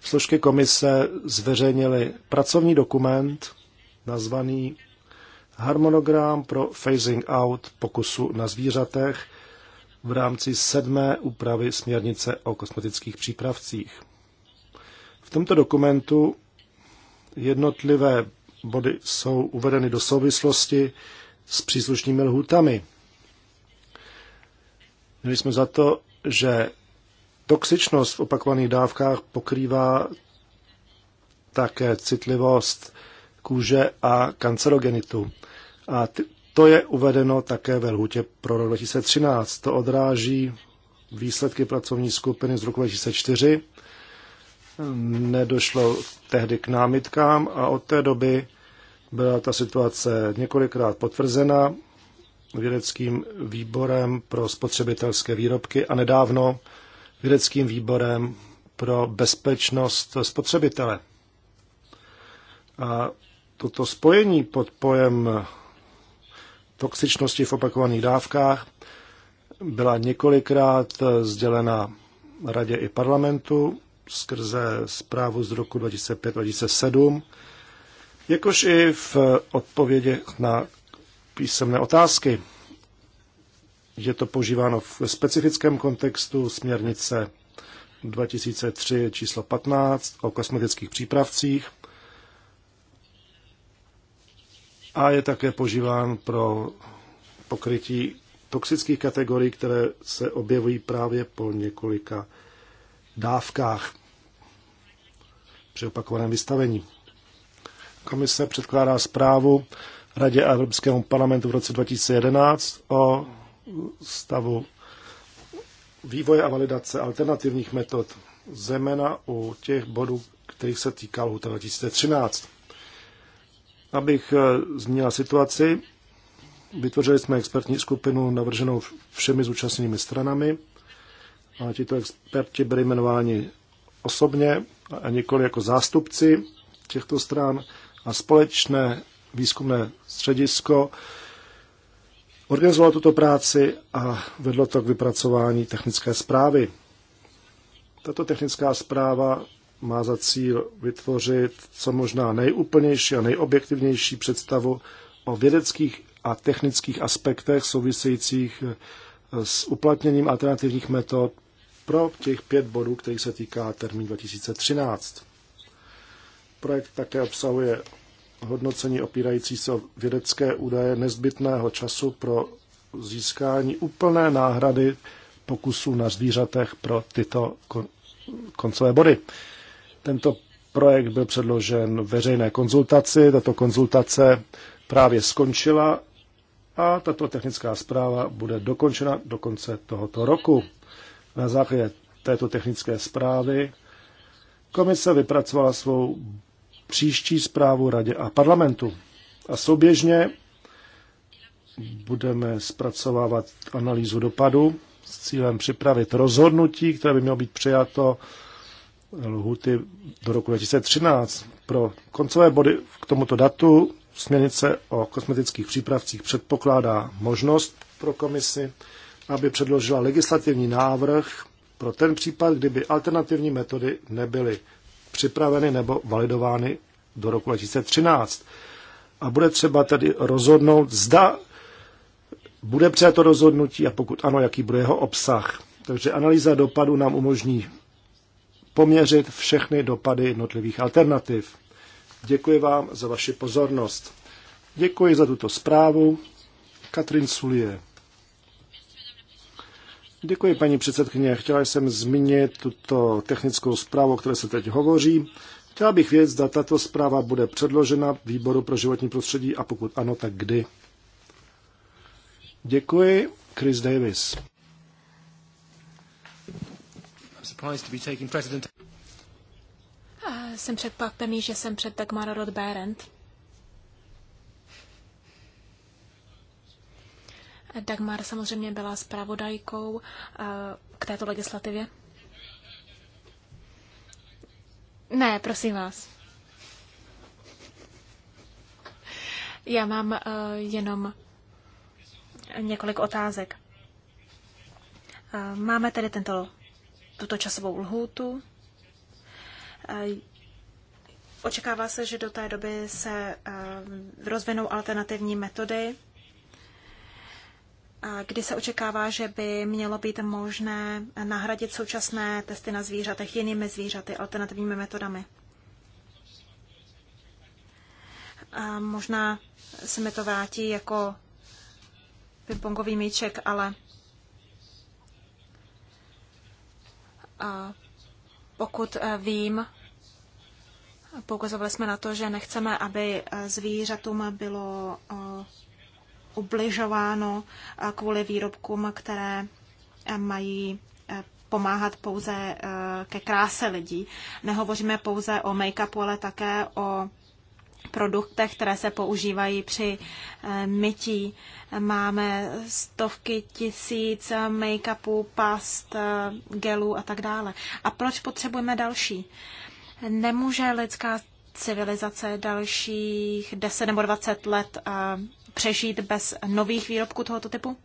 složky komise zveřejnily pracovní dokument nazvaný harmonogram pro phasing out pokusu na zvířatech v rámci sedmé úpravy směrnice o kosmetických přípravcích. V tomto dokumentu jednotlivé body jsou uvedeny do souvislosti s příslušnými lhůtami. Měli jsme za to, že toxičnost v opakovaných dávkách pokrývá také citlivost kůže a kancerogenitu. A to je uvedeno také ve lhutě pro rok 2013. To odráží výsledky pracovní skupiny z roku 2004. Nedošlo tehdy k námitkám a od té doby byla ta situace několikrát potvrzena vědeckým výborem pro spotřebitelské výrobky a nedávno vědeckým výborem pro bezpečnost spotřebitele. A toto spojení pod pojem toxičnosti v opakovaných dávkách byla několikrát sdělena radě i parlamentu skrze zprávu z roku 2005-2007, jakož i v odpovědi na písemné otázky. Je to používáno v specifickém kontextu směrnice 2003 číslo 15 o kosmetických přípravcích, a je také požíván pro pokrytí toxických kategorií, které se objevují právě po několika dávkách při opakovaném vystavení. Komise předkládá zprávu Radě a Evropskému parlamentu v roce 2011 o stavu vývoje a validace alternativních metod, zejména u těch bodů, kterých se týká lhuta 2013. Abych eh, zmínila situaci, vytvořili jsme expertní skupinu navrženou všemi zúčastněnými stranami a tito experti byli jmenováni osobně a nikoli jako zástupci těchto stran a společné výzkumné středisko organizovalo tuto práci a vedlo to k vypracování technické zprávy. Tato technická zpráva má za cíl vytvořit co možná nejúplnější a nejobjektivnější představu o vědeckých a technických aspektech souvisejících eh, s uplatněním alternativních metod pro těch pět bodů, kterých se týká termín 2013. Projekt také obsahuje hodnocení opírající se o vědecké údaje nezbytného času pro získání úplné náhrady pokusů na zvířatech pro tyto koncové body. Tento projekt byl předložen veřejné konzultaci. Tato konzultace právě skončila a tato technická zpráva bude dokončena do konce tohoto roku. Na základě této technické zprávy komise vypracovala svou příští zprávu radě a parlamentu. A souběžně budeme zpracovávat analýzu dopadu s cílem připravit rozhodnutí, které by mělo být přijato lhuty do roku 2013 pro koncové body k tomuto datu směrnice o kosmetických přípravcích předpokládá možnost pro komisi, aby předložila legislativní návrh pro ten případ, kdyby alternativní metody nebyly připraveny nebo validovány do roku 2013. A bude třeba tedy rozhodnout, zda bude přijato rozhodnutí a pokud ano, jaký bude jeho obsah. Takže analýza dopadu nám umožní poměřit všechny dopady jednotlivých alternativ. Děkuji vám za vaši pozornost. Děkuji za tuto zprávu. Katrin Sulie. Děkuji, paní předsedkyně. Chtěla jsem zmínit tuto technickou zprávu, o které se teď hovoří. Chtěla bych vědět, zda tato zpráva bude předložena výboru pro životní prostředí a pokud ano, tak kdy. Děkuji. Chris Davis. Jsem překvapený, že jsem před Dagmar roth Dagmar samozřejmě byla zpravodajkou eh, k této legislativě. Ne, prosím vás. Já mám uh, jenom několik otázek. Uh, máme tedy tento tuto časovou lhůtu. Očekává se, že do té doby se eh, rozvinou alternativní metody, kdy se očekává, že by mělo být možné nahradit současné testy na zvířatech jinými zvířaty, alternativními metodami. A možná se mi to vrátí jako pingpongový míček, ale pokud eh, vím, poukazovali jsme na to, že nechceme, aby eh, zvířatům bylo eh, ubližováno kvůli výrobkům, které mají pomáhat pouze ke kráse lidí. Nehovoříme pouze o make-upu, ale také o produktech, které se používají při eh, mytí. Máme stovky tisíc make-upů, past, eh, gelů a tak dále. A proč potřebujeme další? Nemůže lidská civilizace dalších 10 nebo 20 let eh, přežít bez nových výrobků tohoto typu?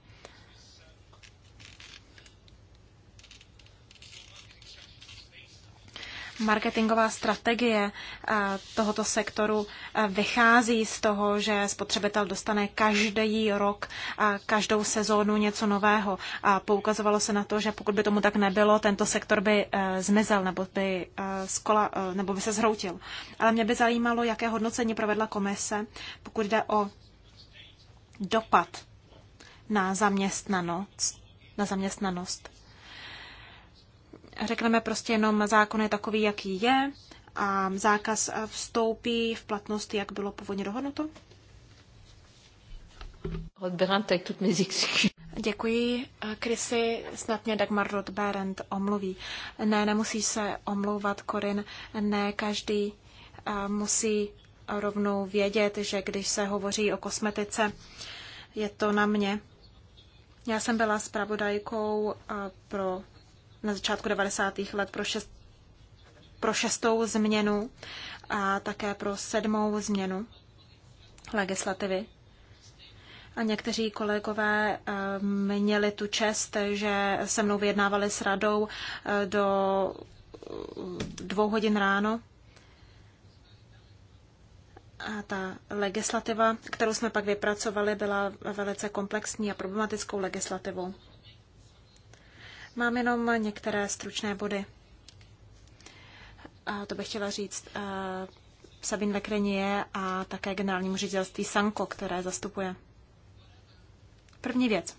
marketingová strategie eh, tohoto sektoru eh, vychází z toho, že spotřebitel dostane každý rok, a eh, každou sezónu něco nového. A poukazovalo se na to, že pokud by tomu tak nebylo, tento sektor by zmizel nebo by, skola, nebo by se zhroutil. Ale mě by zajímalo, jaké hodnocení provedla komise, pokud jde o dopad na zaměstnanost. Na zaměstnanost. Řekneme prostě jenom, zákon je takový, jaký je a zákaz vstoupí v platnost, jak bylo původně dohodnuto? Děkuji, Krysy. Snad mě Dagmar Rodberend omluví. Ne, nemusí se omlouvat, Korin. Ne, každý eh, musí rovnou vědět, že když se hovoří o kosmetice, je to na mě. Já jsem byla zpravodajkou eh, pro na začátku 90. let pro, šest, pro šestou změnu a také pro sedmou změnu legislativy. A někteří kolegové eh, měli tu čest, že se mnou vyjednávali s radou eh, do dvou hodin ráno. A ta legislativa, kterou jsme pak vypracovali, byla velice komplexní a problematickou legislativou. Mám jenom některé stručné body. A to bych chtěla říct eh, Sabine Lekrenie a také generálnímu ředitelství Sanko, které zastupuje. První věc.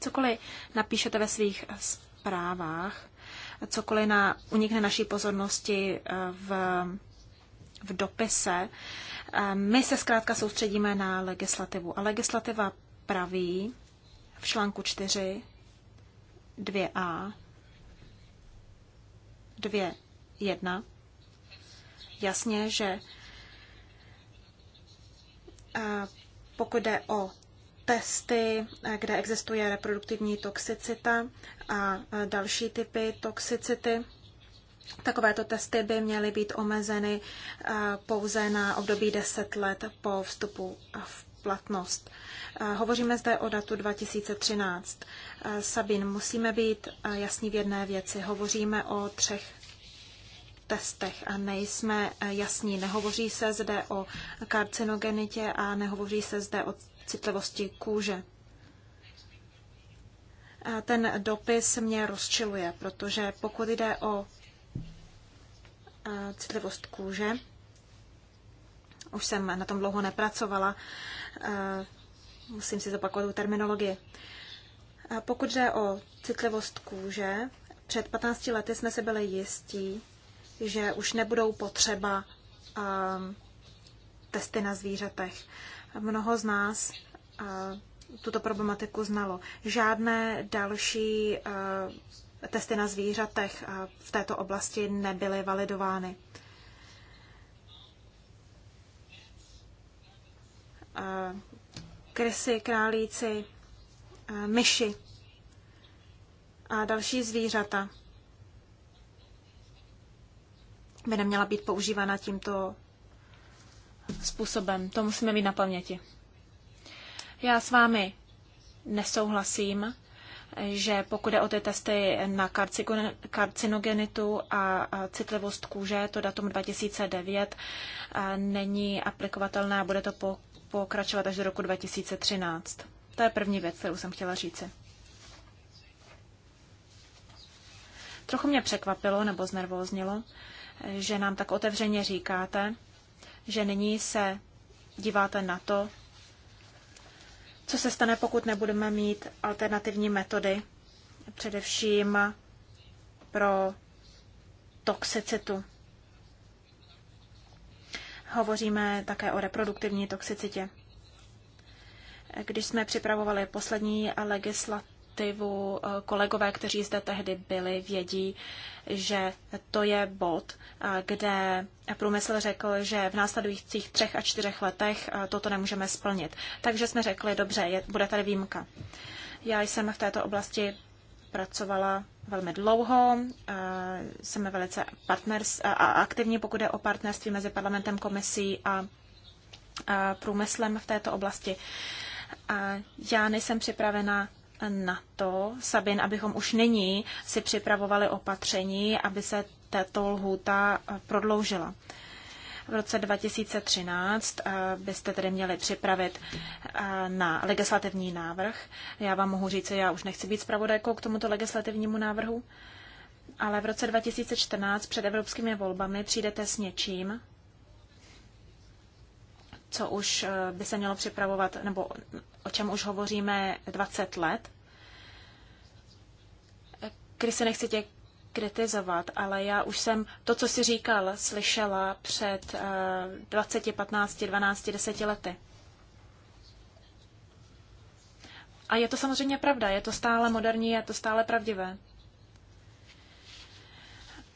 Cokoliv napíšete ve svých zprávách, cokoliv na, unikne naší pozornosti eh, v, v dopise, eh, my se zkrátka soustředíme na legislativu. A legislativa praví v článku 4, 2a, 2.1. Jasně, že eh, pokud jde o testy, eh, kde existuje reproduktivní toxicita a eh, další typy toxicity, Takovéto testy by měly být omezeny pouze na období 10 let po vstupu v platnost. Eh, hovoříme zde o datu 2013. Eh, Sabin, musíme být eh, jasní v jedné věci. Hovoříme o třech testech a nejsme jasní. Nehovoří se zde o karcinogenitě a nehovoří se zde o citlivosti kůže. Ten dopis mě rozčiluje, protože pokud jde o citlivost kůže, už jsem na tom dlouho nepracovala, musím si zopakovat tu terminologii. Pokud jde o citlivost kůže, před 15 lety jsme si byli jistí, že už nebudou potřeba um, testy na zvířatech. Mnoho z nás uh, tuto problematiku znalo. Žádné další uh, testy na zvířatech uh, v této oblasti nebyly validovány. krysy, králíci, myši a další zvířata by neměla být používána tímto způsobem. To musíme mít na paměti. Já s vámi nesouhlasím, že pokud je o ty testy na karcinogenitu a citlivost kůže, to datum 2009 není aplikovatelné a bude to po pokračovat až do roku 2013. To je první věc, kterou jsem chtěla říci. Trochu mě překvapilo nebo znervóznilo, že nám tak otevřeně říkáte, že nyní se díváte na to, co se stane, pokud nebudeme mít alternativní metody, především pro toxicitu hovoříme také o reproduktivní toxicitě. Když jsme připravovali poslední legislativu, eh, kolegové, kteří zde tehdy byli, vědí, že to je bod, eh, kde průmysl řekl, že v následujících třech a čtyřech letech eh, toto nemůžeme splnit. Takže jsme řekli, dobře, je, bude tady výjimka. Já jsem v této oblasti pracovala velmi dlouho. Eh, Jsme velice partners, eh, a aktivní, pokud je o partnerství mezi parlamentem, komisí a eh, průmyslem v této oblasti. Já nejsem připravena na to, Sabin, abychom už nyní si připravovali opatření, aby se tato lhůta prodloužila. V roce 2013 eh, byste tedy měli připravit eh, na legislativní návrh. Já vám mohu říct, že já už nechci být zpravodajkou k tomuto legislativnímu návrhu, ale v roce 2014 před evropskými volbami přijdete s něčím, co už eh, by se mělo připravovat, nebo o čem už hovoříme 20 let. Krysy, nechci tě kritizovat, ale já už jsem to, co si říkal, slyšela před 20, 15, 12, 10 lety. A je to samozřejmě pravda, je to stále moderní, je to stále pravdivé.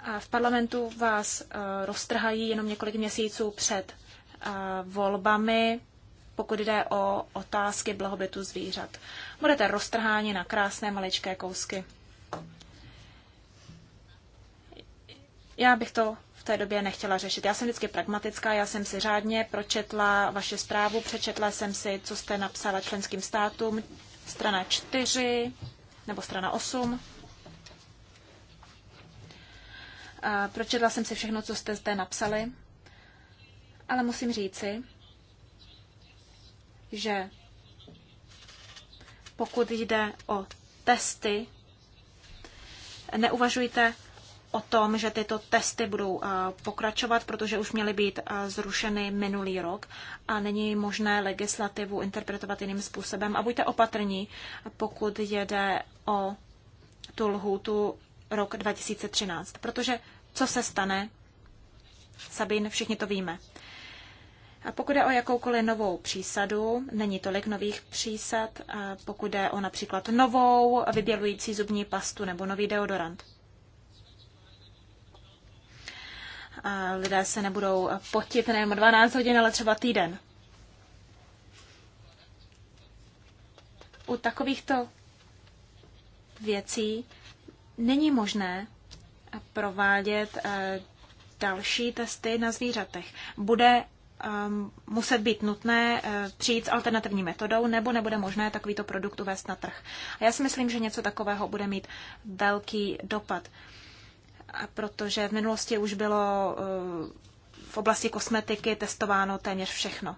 A v parlamentu vás eh, roztrhají jenom několik měsíců před eh, volbami, pokud jde o otázky blahobytu zvířat. Budete roztrháni na krásné maličké kousky. Já bych to v té době nechtěla řešit. Já jsem vždycky pragmatická, já jsem si řádně pročetla vaši zprávu, přečetla jsem si, co jste napsala členským státům, strana 4 nebo strana 8. A pročetla jsem si všechno, co jste zde napsali, ale musím říci, že pokud jde o testy, neuvažujte o tom, že tyto testy budou eh, pokračovat, protože už měly být eh, zrušeny minulý rok a není možné legislativu interpretovat jiným způsobem. A buďte opatrní, pokud jede o tu lhůtu rok 2013, protože co se stane, Sabin, všichni to víme. A pokud je o jakoukoliv novou přísadu, není tolik nových přísad, pokud je o například novou vybělující zubní pastu nebo nový deodorant. lidé se nebudou potit nejenom 12 hodin, ale třeba týden. U takovýchto věcí není možné provádět eh, další testy na zvířatech. Bude ehm, muset být nutné eh, přijít s alternativní metodou, nebo nebude možné takovýto produkt uvést na trh. A já si myslím, že něco takového bude mít velký dopad protože v minulosti už bylo eh, v oblasti kosmetiky testováno téměř všechno.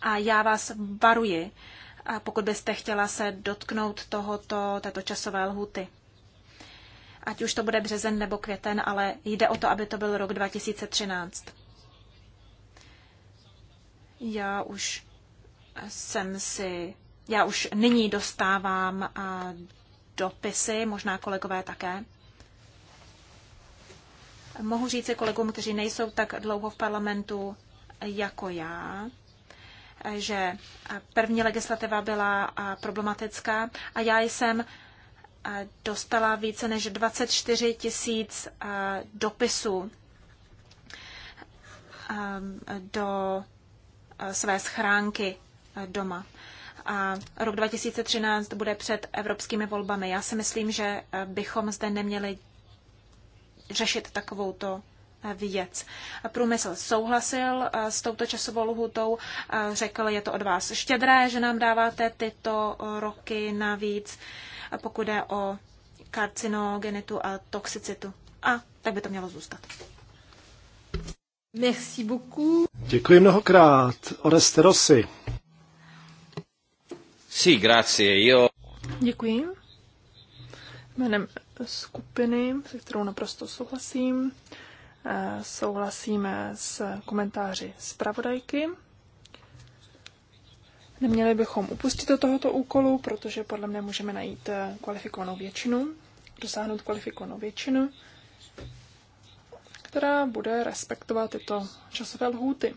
A já vás varuji, pokud byste chtěla se dotknout tohoto, této časové lhuty. Ať už to bude březen nebo květen, ale jde o to, aby to byl rok 2013. Já už jsem si, já už nyní dostávám dopisy, možná kolegové také. Mohu říci kolegům, kteří nejsou tak dlouho v parlamentu jako já, že první legislativa byla problematická a já jsem dostala více než 24 tisíc dopisů do své schránky doma a rok 2013 bude před evropskými volbami. Já si myslím, že eh, bychom zde neměli řešit takovouto eh, věc. Průmysl souhlasil eh, s touto časovou lhutou, řekl, je to od vás štědré, že nám dáváte tyto roky navíc, pokud je o karcinogenitu a toxicitu. A tak by to mělo zůstat. Merci beaucoup. Děkuji mnohokrát, Oreste Rossi. Sí, grazie, io... Děkuji. Jménem skupiny, se kterou naprosto souhlasím, eh, souhlasíme s komentáři zpravodajky. Neměli bychom upustit do tohoto úkolu, protože podle mě můžeme najít eh, kvalifikovanou většinu, dosáhnout kvalifikovanou většinu, která bude respektovat tyto časové lhůty.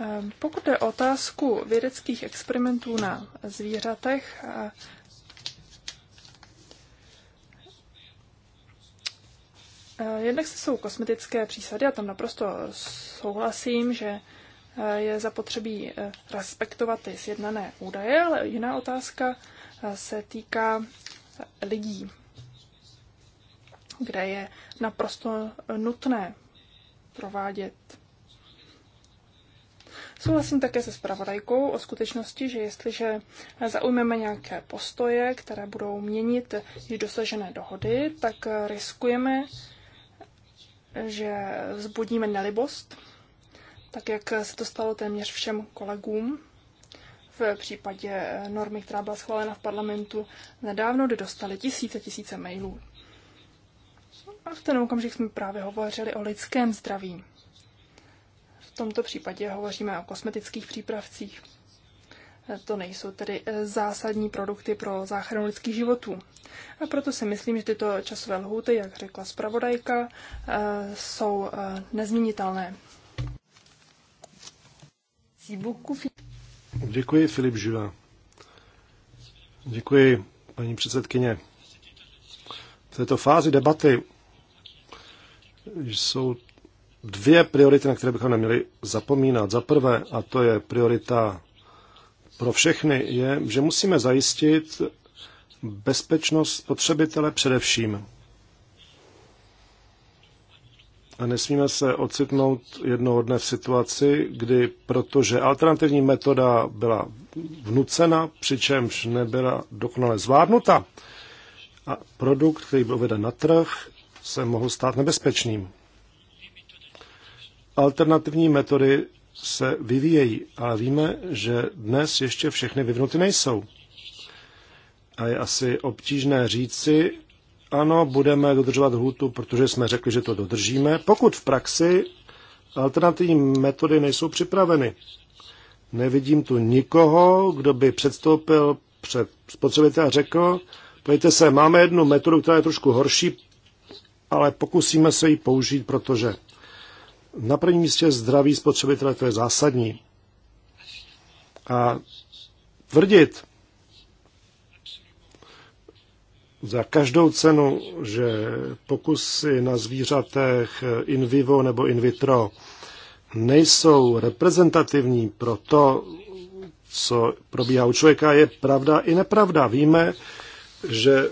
Ehm, pokud je otázku vědeckých experimentů na zvířatech, ehm, jednak jsou kosmetické přísady, a tam naprosto souhlasím, že ehm, je zapotřebí respektovat ty sjednané údaje, ale jiná otázka se týká lidí, kde je naprosto nutné provádět Souhlasím také se zpravodajkou o skutečnosti, že jestliže zaujmeme nějaké postoje, které budou měnit již dosažené dohody, tak riskujeme, že vzbudíme nelibost, tak jak se to stalo téměř všem kolegům v případě normy, která byla schválena v parlamentu nedávno, kdy dostali tisíce, tisíce mailů. A v ten okamžik jsme právě hovořili o lidském zdraví tomto případě hovoříme o kosmetických přípravcích. To nejsou tedy eh, zásadní produkty pro záchranu lidských životů. A proto si myslím, že tyto časové lhůty, jak řekla zpravodajka, eh, jsou eh, nezměnitelné. Děkuji, Filip Žila. Děkuji, paní předsedkyně. V této fázi debaty jsou dvě priority, na které bychom neměli zapomínat. Za prvé, a to je priorita pro všechny, je, že musíme zajistit bezpečnost spotřebitele především. A nesmíme se ocitnout jednoho dne v situaci, kdy protože alternativní metoda byla vnucena, přičemž nebyla dokonale zvládnuta, a produkt, který byl uveden na trh, se mohl stát nebezpečným alternativní metody se vyvíjejí, ale víme, že dnes ještě všechny vyvnuty nejsou. A je asi obtížné říci, ano, budeme dodržovat hůtu, protože jsme řekli, že to dodržíme, pokud v praxi alternativní metody nejsou připraveny. Nevidím tu nikoho, kdo by předstoupil před spotřebitel a řekl, pojďte se, máme jednu metodu, která je trošku horší, ale pokusíme se ji použít, protože na prvním místě zdraví spotřebitele, to je zásadní. A tvrdit za každou cenu, že pokusy na zvířatech in vivo nebo in vitro nejsou reprezentativní pro to, co probíhá u člověka, je pravda i nepravda. Víme, že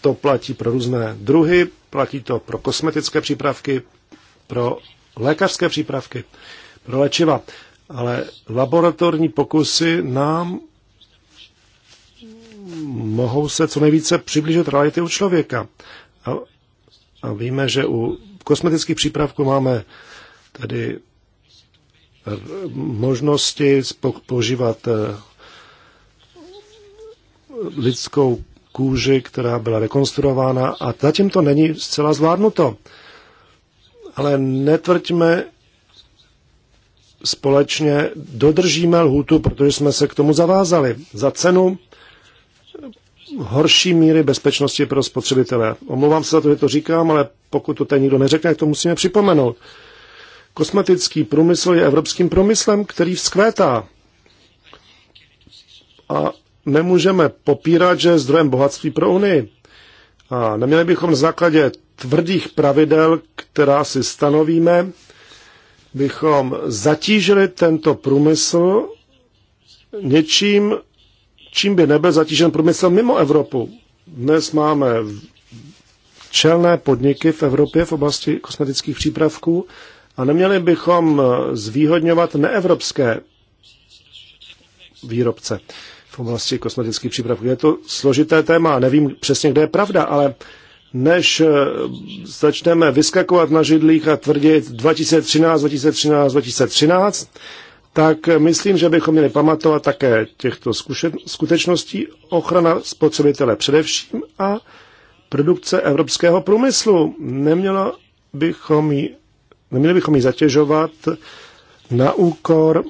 to platí pro různé druhy, platí to pro kosmetické přípravky, pro lékařské přípravky, pro léčiva. Ale laboratorní pokusy nám mohou se co nejvíce přiblížit realitě u člověka. A, a víme, že u kosmetických přípravků máme tedy možnosti používat eh, lidskou kůži, která byla rekonstruována a zatím to není zcela zvládnuto ale netvrďme společně, dodržíme lhůtu, protože jsme se k tomu zavázali za cenu horší míry bezpečnosti pro spotřebitele. Omlouvám se za to, že to říkám, ale pokud to tady nikdo neřekne, to musíme připomenout. Kosmetický průmysl je evropským průmyslem, který vzkvétá. A nemůžeme popírat, že je zdrojem bohatství pro Unii. A neměli bychom na základě tvrdých pravidel, která si stanovíme, bychom zatížili tento průmysl něčím, čím by nebyl zatížen průmysl mimo Evropu. Dnes máme čelné podniky v Evropě v oblasti kosmetických přípravků a neměli bychom zvýhodňovat neevropské výrobce oblasti kosmetických přípravků. Je to složité téma, nevím přesně, kde je pravda, ale než eh, začneme vyskakovat na židlích a tvrdit 2013, 2013, 2013, tak myslím, že bychom měli pamatovat také těchto skutečností ochrana spotřebitele především a produkce evropského průmyslu. Nemělo bychom ji, neměli bychom ji zatěžovat na úkor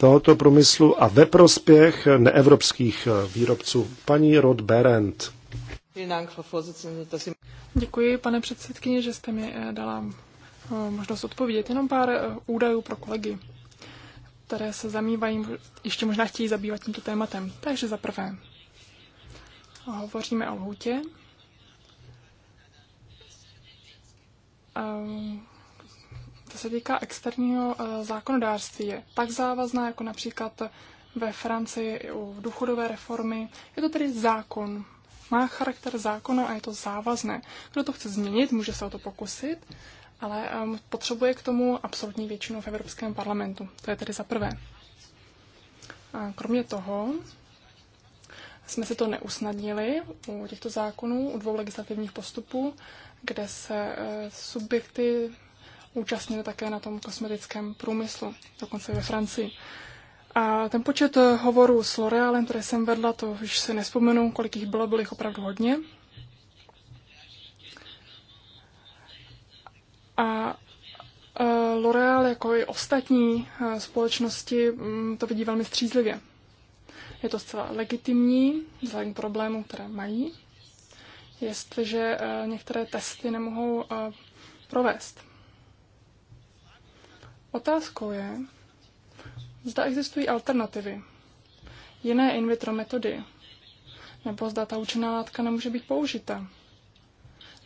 tohoto průmyslu a ve prospěch neevropských výrobců. Paní Rod Berendt. Děkuji, pane předsedkyně, že jste mi eh, dala eh, možnost odpovědět. Jenom pár eh, údajů pro kolegy, které se zamývají, ještě možná chtějí zabývat tímto tématem. Takže za prvé, hovoříme o lhůtě. To se týká externího eh, zákonodárství. Je tak závazná, jako například ve Francii i u důchodové reformy. Je to tedy zákon. Má charakter zákona a je to závazné. Kdo to chce změnit, může se o to pokusit, ale ehm, potřebuje k tomu absolutní většinu v Evropském parlamentu. To je tedy za prvé. A kromě toho jsme si to neusnadnili u těchto zákonů, u dvou legislativních postupů, kde se eh, subjekty účastnili také na tom kosmetickém průmyslu, dokonce ve Francii. A ten počet hovorů s L'Orealem, které jsem vedla, to už se nespomenu, kolik jich bylo, bylo jich opravdu hodně. A e, L'Oreal, jako i ostatní e, společnosti, mm, to vidí velmi střízlivě. Je to zcela legitimní vzhledem k problémům, které mají, jestliže e, některé testy nemohou provést. Otázkou je, zda existují alternativy, jiné in vitro metody, nebo zda ta účinná látka nemůže být použita,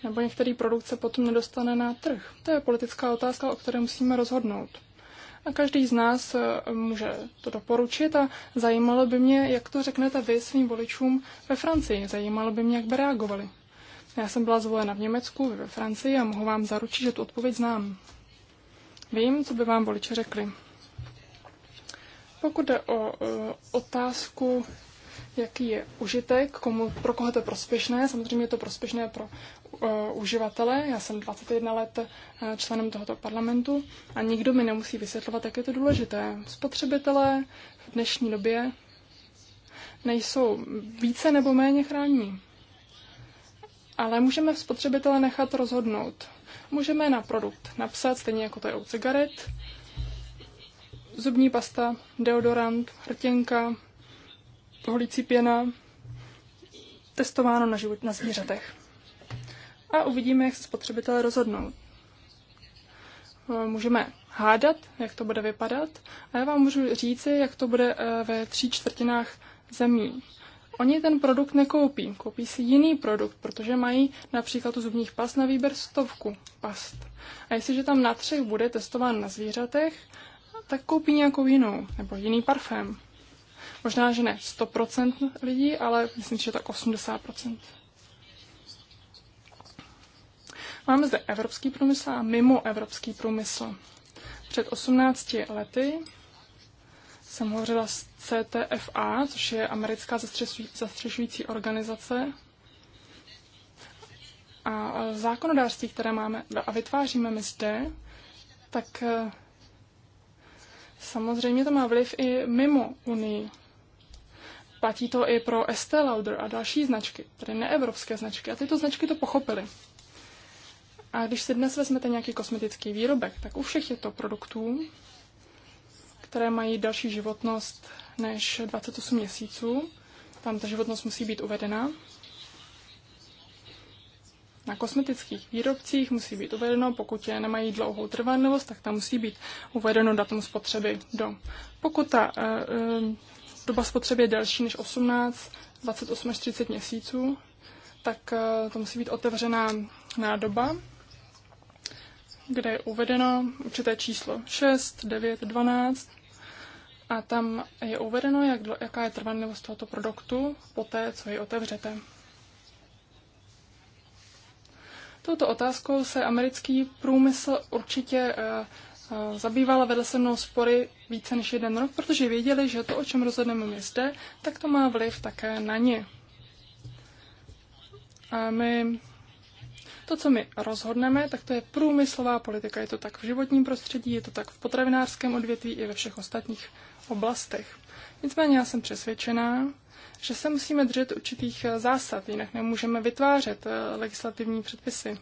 nebo některý produkt se potom nedostane na trh. To je politická otázka, o které musíme rozhodnout. A každý z nás eh, může to doporučit a zajímalo by mě, jak to řeknete vy svým voličům ve Francii. Zajímalo by mě, jak by reagovali. Já jsem byla zvolena v Německu, ve Francii a mohu vám zaručit, že tu odpověď znám. Vím, co by vám voliči řekli. Pokud jde o e, otázku, jaký je užitek, komu, pro koho to je prospěšné, samozřejmě je to prospěšné pro e, uživatele. Já jsem 21 let e, členem tohoto parlamentu a nikdo mi nemusí vysvětlovat, jak je to důležité. Spotřebitelé v dnešní době nejsou více nebo méně chrání, Ale můžeme spotřebitele nechat rozhodnout můžeme na produkt napsat, stejně jako to je u cigaret, zubní pasta, deodorant, hrtěnka, holící pěna, testováno na, život, na zvířatech. A uvidíme, jak se spotřebitelé rozhodnou. Eh, můžeme hádat, jak to bude vypadat, a já vám můžu říci, jak to bude eh, ve tří čtvrtinách zemí oni ten produkt nekoupí. Koupí si jiný produkt, protože mají například u zubních past na výběr stovku past. A jestliže tam na třech bude testován na zvířatech, tak koupí nějakou jinou nebo jiný parfém. Možná, že ne 100% lidí, ale myslím, že tak 80%. Máme zde evropský průmysl a mimo evropský průmysl. Před 18 lety jsem hovořila s CTFA, což je americká zastřešující organizace. A e, zákonodárství, které máme a vytváříme my zde, tak e, samozřejmě to má vliv i mimo Unii. Platí to i pro Estée Lauder a další značky, tedy neevropské značky. A tyto značky to pochopily. A když si dnes vezmete nějaký kosmetický výrobek, tak u všech je to produktů, které mají další životnost než 28 měsíců. Tam ta životnost musí být uvedena. Na kosmetických výrobcích musí být uvedeno, pokud je nemají dlouhou trvanlivost, tak tam musí být uvedeno datum spotřeby do. Pokud ta e, e, doba spotřeby je delší než 18, 28 až 30 měsíců, tak e, to musí být otevřená nádoba, kde je uvedeno určité číslo 6, 9, 12 a tam je uvedeno, jak, jaká je trvanlivost tohoto produktu po té, co ji otevřete. Touto otázkou se americký průmysl určitě eh, eh, zabýval a vedl se mnou spory více než jeden rok, protože věděli, že to, o čem rozhodneme my zde, tak to má vliv také na ně. A my, to, co my rozhodneme, tak to je průmyslová politika. Je to tak v životním prostředí, je to tak v potravinářském odvětví i ve všech ostatních oblastech. Nicméně já jsem přesvědčená, že se musíme držet určitých eh, zásad, jinak nemůžeme vytvářet eh, legislativní předpisy.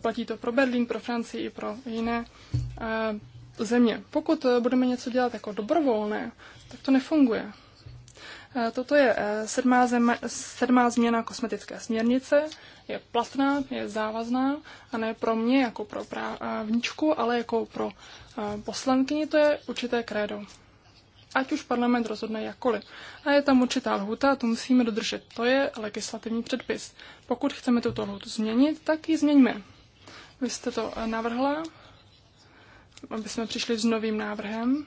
Platí to pro Berlín, pro Francii i pro jiné eh, země. Pokud budeme něco dělat jako dobrovolné, tak to nefunguje. Eh, toto je eh, sedmá, zem, sedmá změna kosmetické směrnice, je platná, je závazná a ne pro mě jako pro právničku, ale jako pro eh, poslankyni, to je určité krédo. Ať už parlament rozhodne jakkoliv. A je tam určitá lhuta a musíme dodržet. To je legislativní předpis. Pokud chceme tuto lhutu změnit, tak ji změňme. Vy jste to navrhla, aby jsme přišli s novým návrhem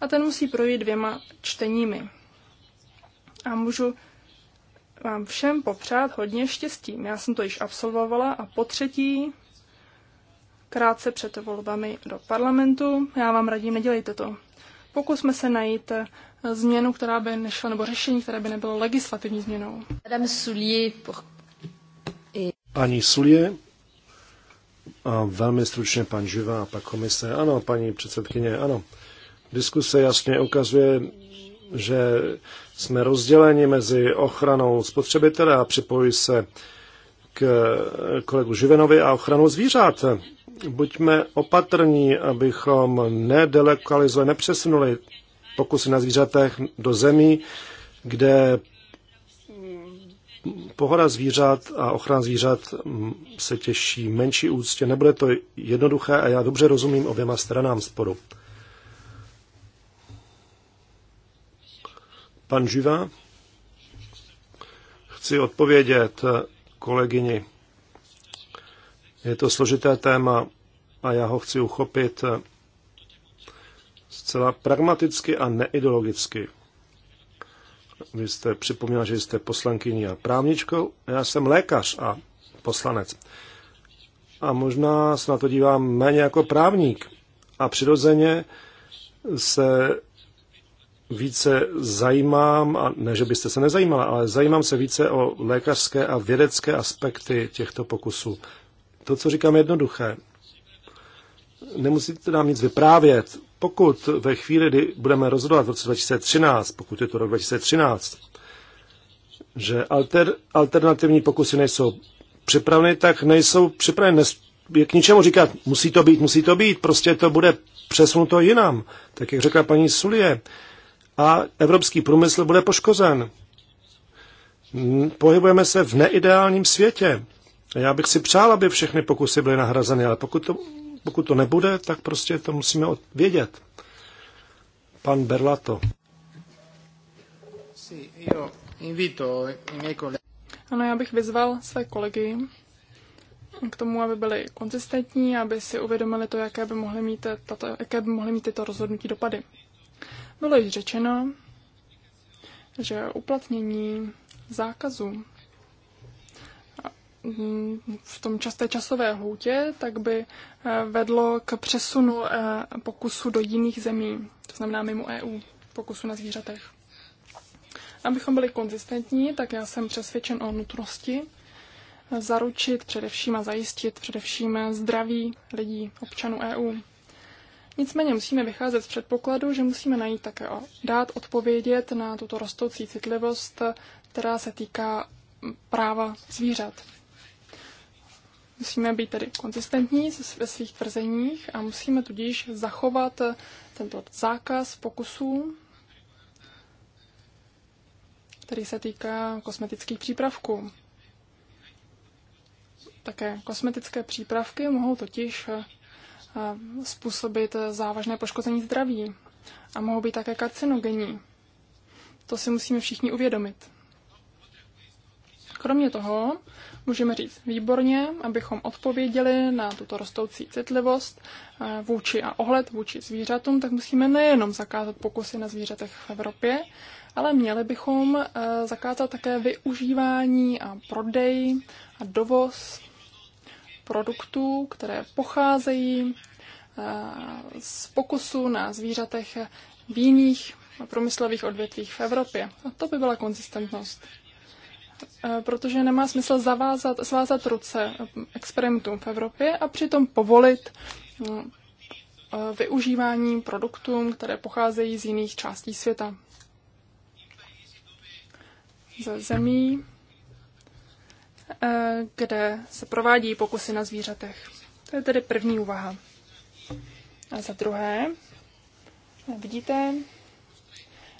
a ten musí projít dvěma čteními a můžu vám všem popřát hodně štěstí. Já jsem to již absolvovala a po třetí, krátce před volbami do parlamentu, já vám radím, nedělejte to. Pokusme se najít eh, změnu, která by nešla, nebo řešení, které by nebylo legislativní změnou. Paní Sulie, a velmi stručně pan Živá a pak komise. Ano, paní předsedkyně, ano. Diskuse jasně ukazuje, že jsme rozděleni mezi ochranou spotřebitele a připojí se k kolegu Živenovi a ochranou zvířat. Buďme opatrní, abychom nedelokalizovali, nepřesunuli pokusy na zvířatech do zemí, kde pohoda zvířat a ochrana zvířat se těší menší úctě. Nebude to jednoduché a já dobře rozumím oběma stranám sporu. Pan Živa? Chci odpovědět kolegyni. Je to složité téma a já ho chci uchopit zcela pragmaticky a neideologicky. Vy jste připomněla, že jste poslankyní a právničkou. Já jsem lékař a poslanec. A možná se na to dívám méně jako právník. A přirozeně se více zajímám, a ne, že byste se nezajímala, ale zajímám se více o lékařské a vědecké aspekty těchto pokusů. To, co říkám, je jednoduché. Nemusíte nám nic vyprávět. Pokud ve chvíli, kdy budeme rozhodovat v roce 2013, pokud je to rok 2013, že alter, alternativní pokusy nejsou připraveny, tak nejsou připraveny. Je k ničemu říkat, musí to být, musí to být, prostě to bude přesunuto jinam. Tak jak řekla paní Sulie, a evropský průmysl bude poškozen. Pohybujeme se v neideálním světě. Já bych si přál, aby všechny pokusy byly nahrazeny, ale pokud to, pokud to nebude, tak prostě to musíme vědět. Pan Berlato. Ano, já bych vyzval své kolegy k tomu, aby byli konzistentní, aby si uvědomili to, jaké by mohly mít, tato, jaké by mohly mít tyto rozhodnutí dopady. Bylo již řečeno, že uplatnění zákazu v tom časté časové hloutě, tak by eh, vedlo k přesunu eh, pokusu do jiných zemí, to znamená mimo EU, pokusu na zvířatech. Abychom byli konzistentní, tak já jsem přesvědčen o nutnosti eh, zaručit především a zajistit především zdraví lidí, občanů EU. Nicméně musíme vycházet z předpokladu, že musíme najít také o, dát odpovědět na tuto rostoucí citlivost, která se týká práva zvířat. Musíme být tedy konzistentní ve svých tvrzeních a musíme tudíž zachovat tento zákaz pokusů, který se týká kosmetických přípravků. Také kosmetické přípravky mohou totiž Eh, způsobit závažné poškození zdraví a mohou být také karcinogenní. To si musíme všichni uvědomit. Kromě toho můžeme říct výborně, abychom odpověděli na tuto rostoucí citlivost eh, vůči a ohled vůči zvířatům, tak musíme nejenom zakázat pokusy na zvířatech v Evropě, ale měli bychom eh, zakázat také využívání a prodej a dovoz produktů, které pocházejí eh, z pokusu na zvířatech v jiných průmyslových odvětvích v Evropě. A to by byla konzistentnost. Eh, protože nemá smysl zavázat, svázat ruce experimentům v Evropě a přitom povolit eh, využívání produktům, které pocházejí z jiných částí světa. Ze zemí, Eh, kde se provádí pokusy na zvířatech. To je tedy první úvaha. A za druhé, vidíte,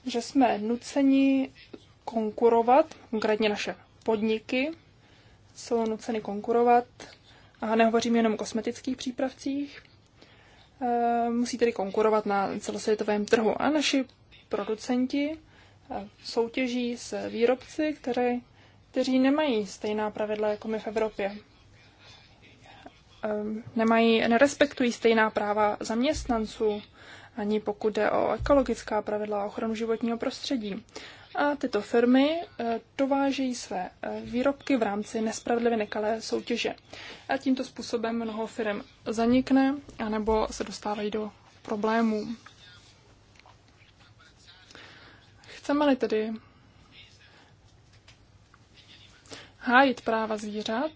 že jsme nuceni konkurovat, konkrétně naše podniky jsou nuceny konkurovat, a nehovořím jenom o kosmetických přípravcích, eh, musí tedy konkurovat na celosvětovém trhu. A naši producenti eh, soutěží s výrobci, které, kteří nemají stejná pravidla jako my v Evropě. Ehm, nemají, nerespektují stejná práva zaměstnanců, ani pokud jde o ekologická pravidla a ochranu životního prostředí. A tyto firmy eh, dovážejí své eh, výrobky v rámci nespravedlivě nekalé soutěže. A tímto způsobem mnoho firm zanikne, anebo se dostávají do problémů. Chceme-li tedy hájit práva zvířat,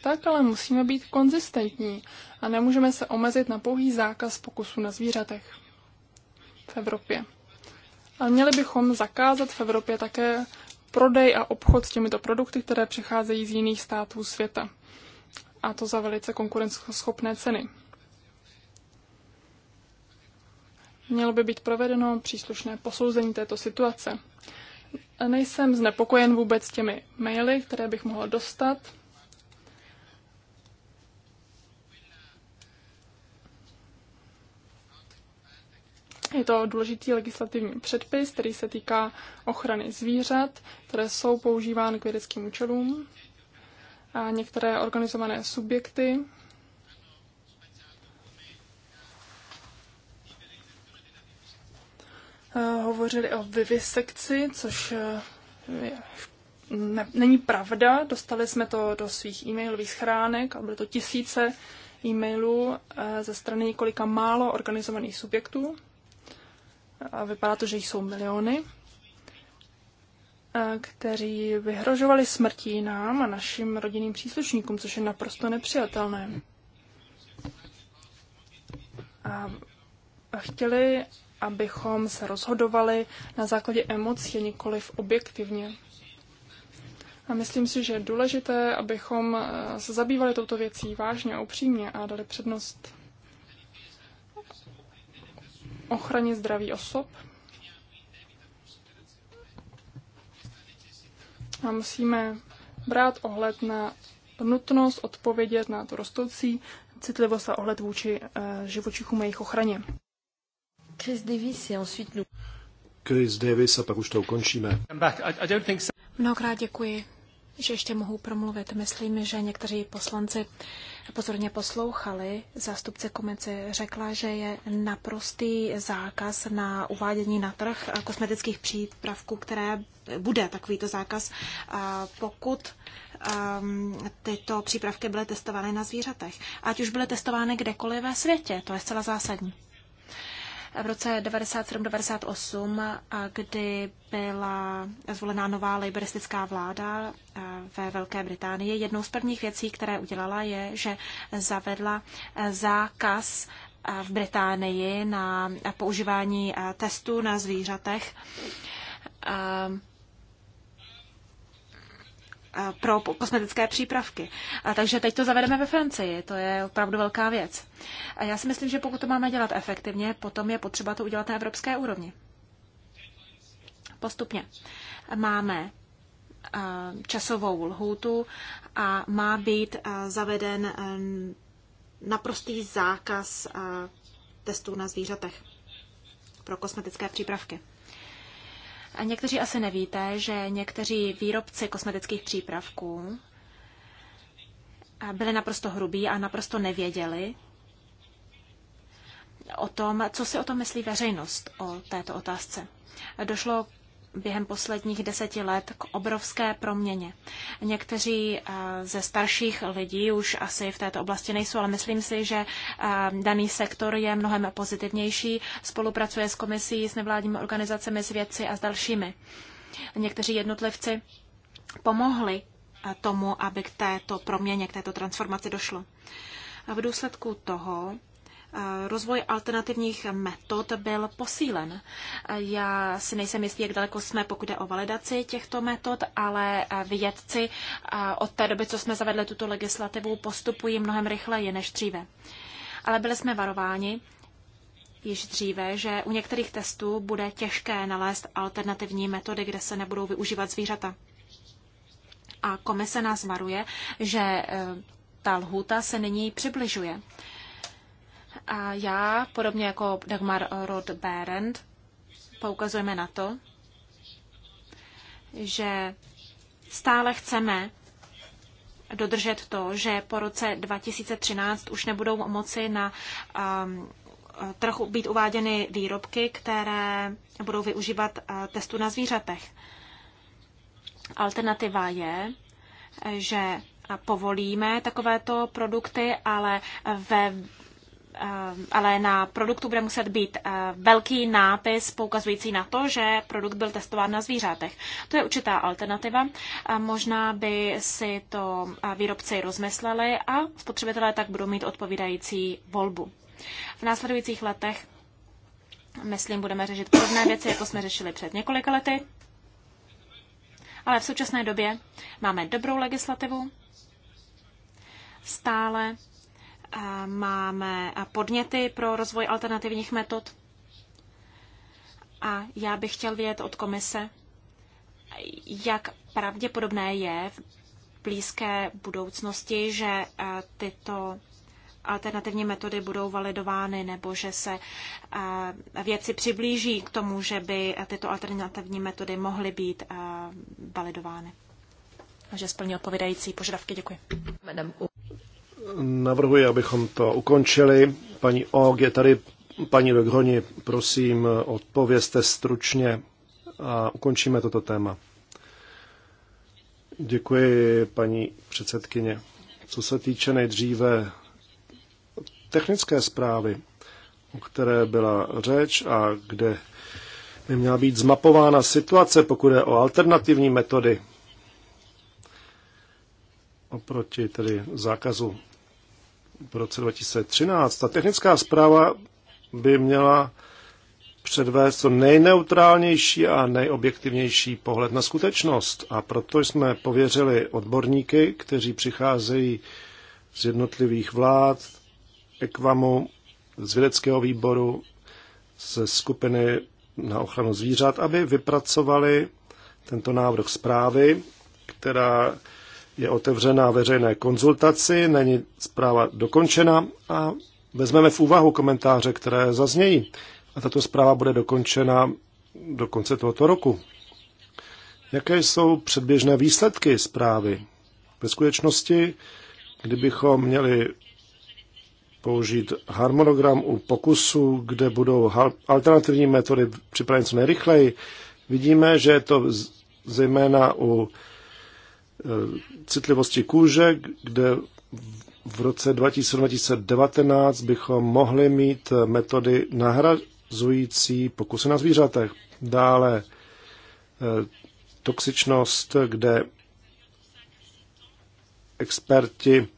tak ale musíme být konzistentní a nemůžeme se omezit na pouhý zákaz pokusů na zvířatech v Evropě. A měli bychom zakázat v Evropě také prodej a obchod s těmito produkty, které přicházejí z jiných států světa. A to za velice konkurenceschopné ceny. Mělo by být provedeno příslušné posouzení této situace nejsem znepokojen vůbec těmi maily, které bych mohl dostat. Je to důležitý legislativní předpis, který se týká ochrany zvířat, které jsou používány k vědeckým účelům. A některé organizované subjekty Eh, hovořili o vivisekci, což eh, je, ne, není pravda. Dostali jsme to do svých e-mailových schránek a byly to tisíce e-mailů eh, ze strany několika málo organizovaných subjektů. A vypadá to, že jich jsou miliony, kteří vyhrožovali smrtí nám a našim rodinným příslušníkům, což je naprosto nepřijatelné. A chtěli, abychom se rozhodovali na základě emocí, nikoli v objektivně. A myslím si, že je důležité, abychom eh, se zabývali touto věcí vážně a upřímně a dali přednost ochraně zdraví osob. A musíme brát ohled na nutnost odpovědět na tu rostoucí citlivost a ohled vůči eh, živočichům a jejich ochraně. Chris Davis et ensuite nous. Chris Davis a pak už to ukončíme. Mnohokrát děkuji, že ještě mohu promluvit. Myslím, že někteří poslanci pozorně poslouchali. Zástupce komice řekla, že je naprostý zákaz na uvádění na trh kosmetických přípravků, které bude takovýto zákaz, pokud ehm, tyto přípravky byly testovány na zvířatech. Ať už byly testovány kdekoliv ve světě, to je zcela zásadní v roce 1997 98 kdy byla zvolená nová liberistická vláda eh, ve Velké Británii. Jednou z prvních věcí, které udělala, je, že zavedla eh, zákaz eh, v Británii na používání testů na zvířatech pro kosmetické přípravky. A takže teď to zavedeme ve Francii, to je opravdu velká věc. A já si myslím, že pokud to máme dělat efektivně, potom je potřeba to udělat na evropské úrovni. Postupně. Máme časovou lhůtu a má být zaveden naprostý zákaz testů na zvířatech pro kosmetické přípravky. A někteří asi nevíte, že někteří výrobci kosmetických přípravků eh, byli naprosto hrubí a naprosto nevěděli o tom, co si o tom myslí veřejnost o této otázce. Došlo během posledních deseti let k obrovské proměně. Někteří eh, ze starších lidí už asi v této oblasti nejsou, ale myslím si, že eh, daný sektor je mnohem pozitivnější, spolupracuje s komisí, s nevládními organizacemi, s vědci a s dalšími. Někteří jednotlivci pomohli eh, tomu, aby k této proměně, k této transformaci došlo. A v důsledku toho rozvoj alternativních metod byl posílen. Já si nejsem jistý, jak daleko jsme, pokud je o validaci těchto metod, ale vědci od té doby, co jsme zavedli tuto legislativu, postupují mnohem rychleji než dříve. Ale byli jsme varováni již dříve, že u některých testů bude těžké nalézt alternativní metody, kde se nebudou využívat zvířata. A komise nás varuje, že e, ta lhůta se nyní přibližuje. A já, podobně jako Dagmar Rod Berend, poukazujeme na to, že stále chceme dodržet to, že po roce 2013 už nebudou moci na um, trhu být uváděny výrobky, které budou využívat uh, testů na zvířatech. Alternativa je, že povolíme takovéto produkty, ale ve Eh, ale na produktu bude muset být eh, velký nápis poukazující na to, že produkt byl testován na zvířátech. To je určitá alternativa. Eh, možná by si to výrobci rozmysleli a spotřebitelé tak budou mít odpovídající volbu. V následujících letech, myslím, budeme řešit podobné věci, jako jsme řešili před několika lety. Ale v současné době máme dobrou legislativu, stále máme podněty pro rozvoj alternativních metod. A já bych chtěl vědět od komise, jak pravděpodobné je v blízké budoucnosti, že eh, tyto alternativní metody budou validovány nebo že se eh, věci přiblíží k tomu, že by tyto alternativní metody mohly být eh, validovány. A že splní odpovídající požadavky. Děkuji. Navrhuji, abychom to ukončili. Paní Og je tady. Paní Dogroni, prosím, odpovězte stručně a ukončíme toto téma. Děkuji, paní předsedkyně. Co se týče nejdříve technické zprávy, o které byla řeč a kde by měla být zmapována situace, pokud je o alternativní metody oproti tedy zákazu v roce 2013. Ta technická zpráva by měla předvést co nejneutrálnější a nejobjektivnější pohled na skutečnost. A proto jsme pověřili odborníky, kteří přicházejí z jednotlivých vlád, ekvamu, z vědeckého výboru, ze skupiny na ochranu zvířat, aby vypracovali tento návrh zprávy, která je otevřená veřejné konzultaci, není zpráva dokončena a vezmeme v úvahu komentáře, které zaznějí. A tato zpráva bude dokončena do konce tohoto roku. Jaké jsou předběžné výsledky zprávy? Ve skutečnosti, kdybychom měli použít harmonogram u pokusu, kde budou alternativní metody připraveny co nejrychleji, vidíme, že je to zejména u Eh, citlivosti kůže, kde v roce 2019 bychom mohli mít metody nahrazující pokusy na zvířatech. Dále eh, toxičnost, kde experti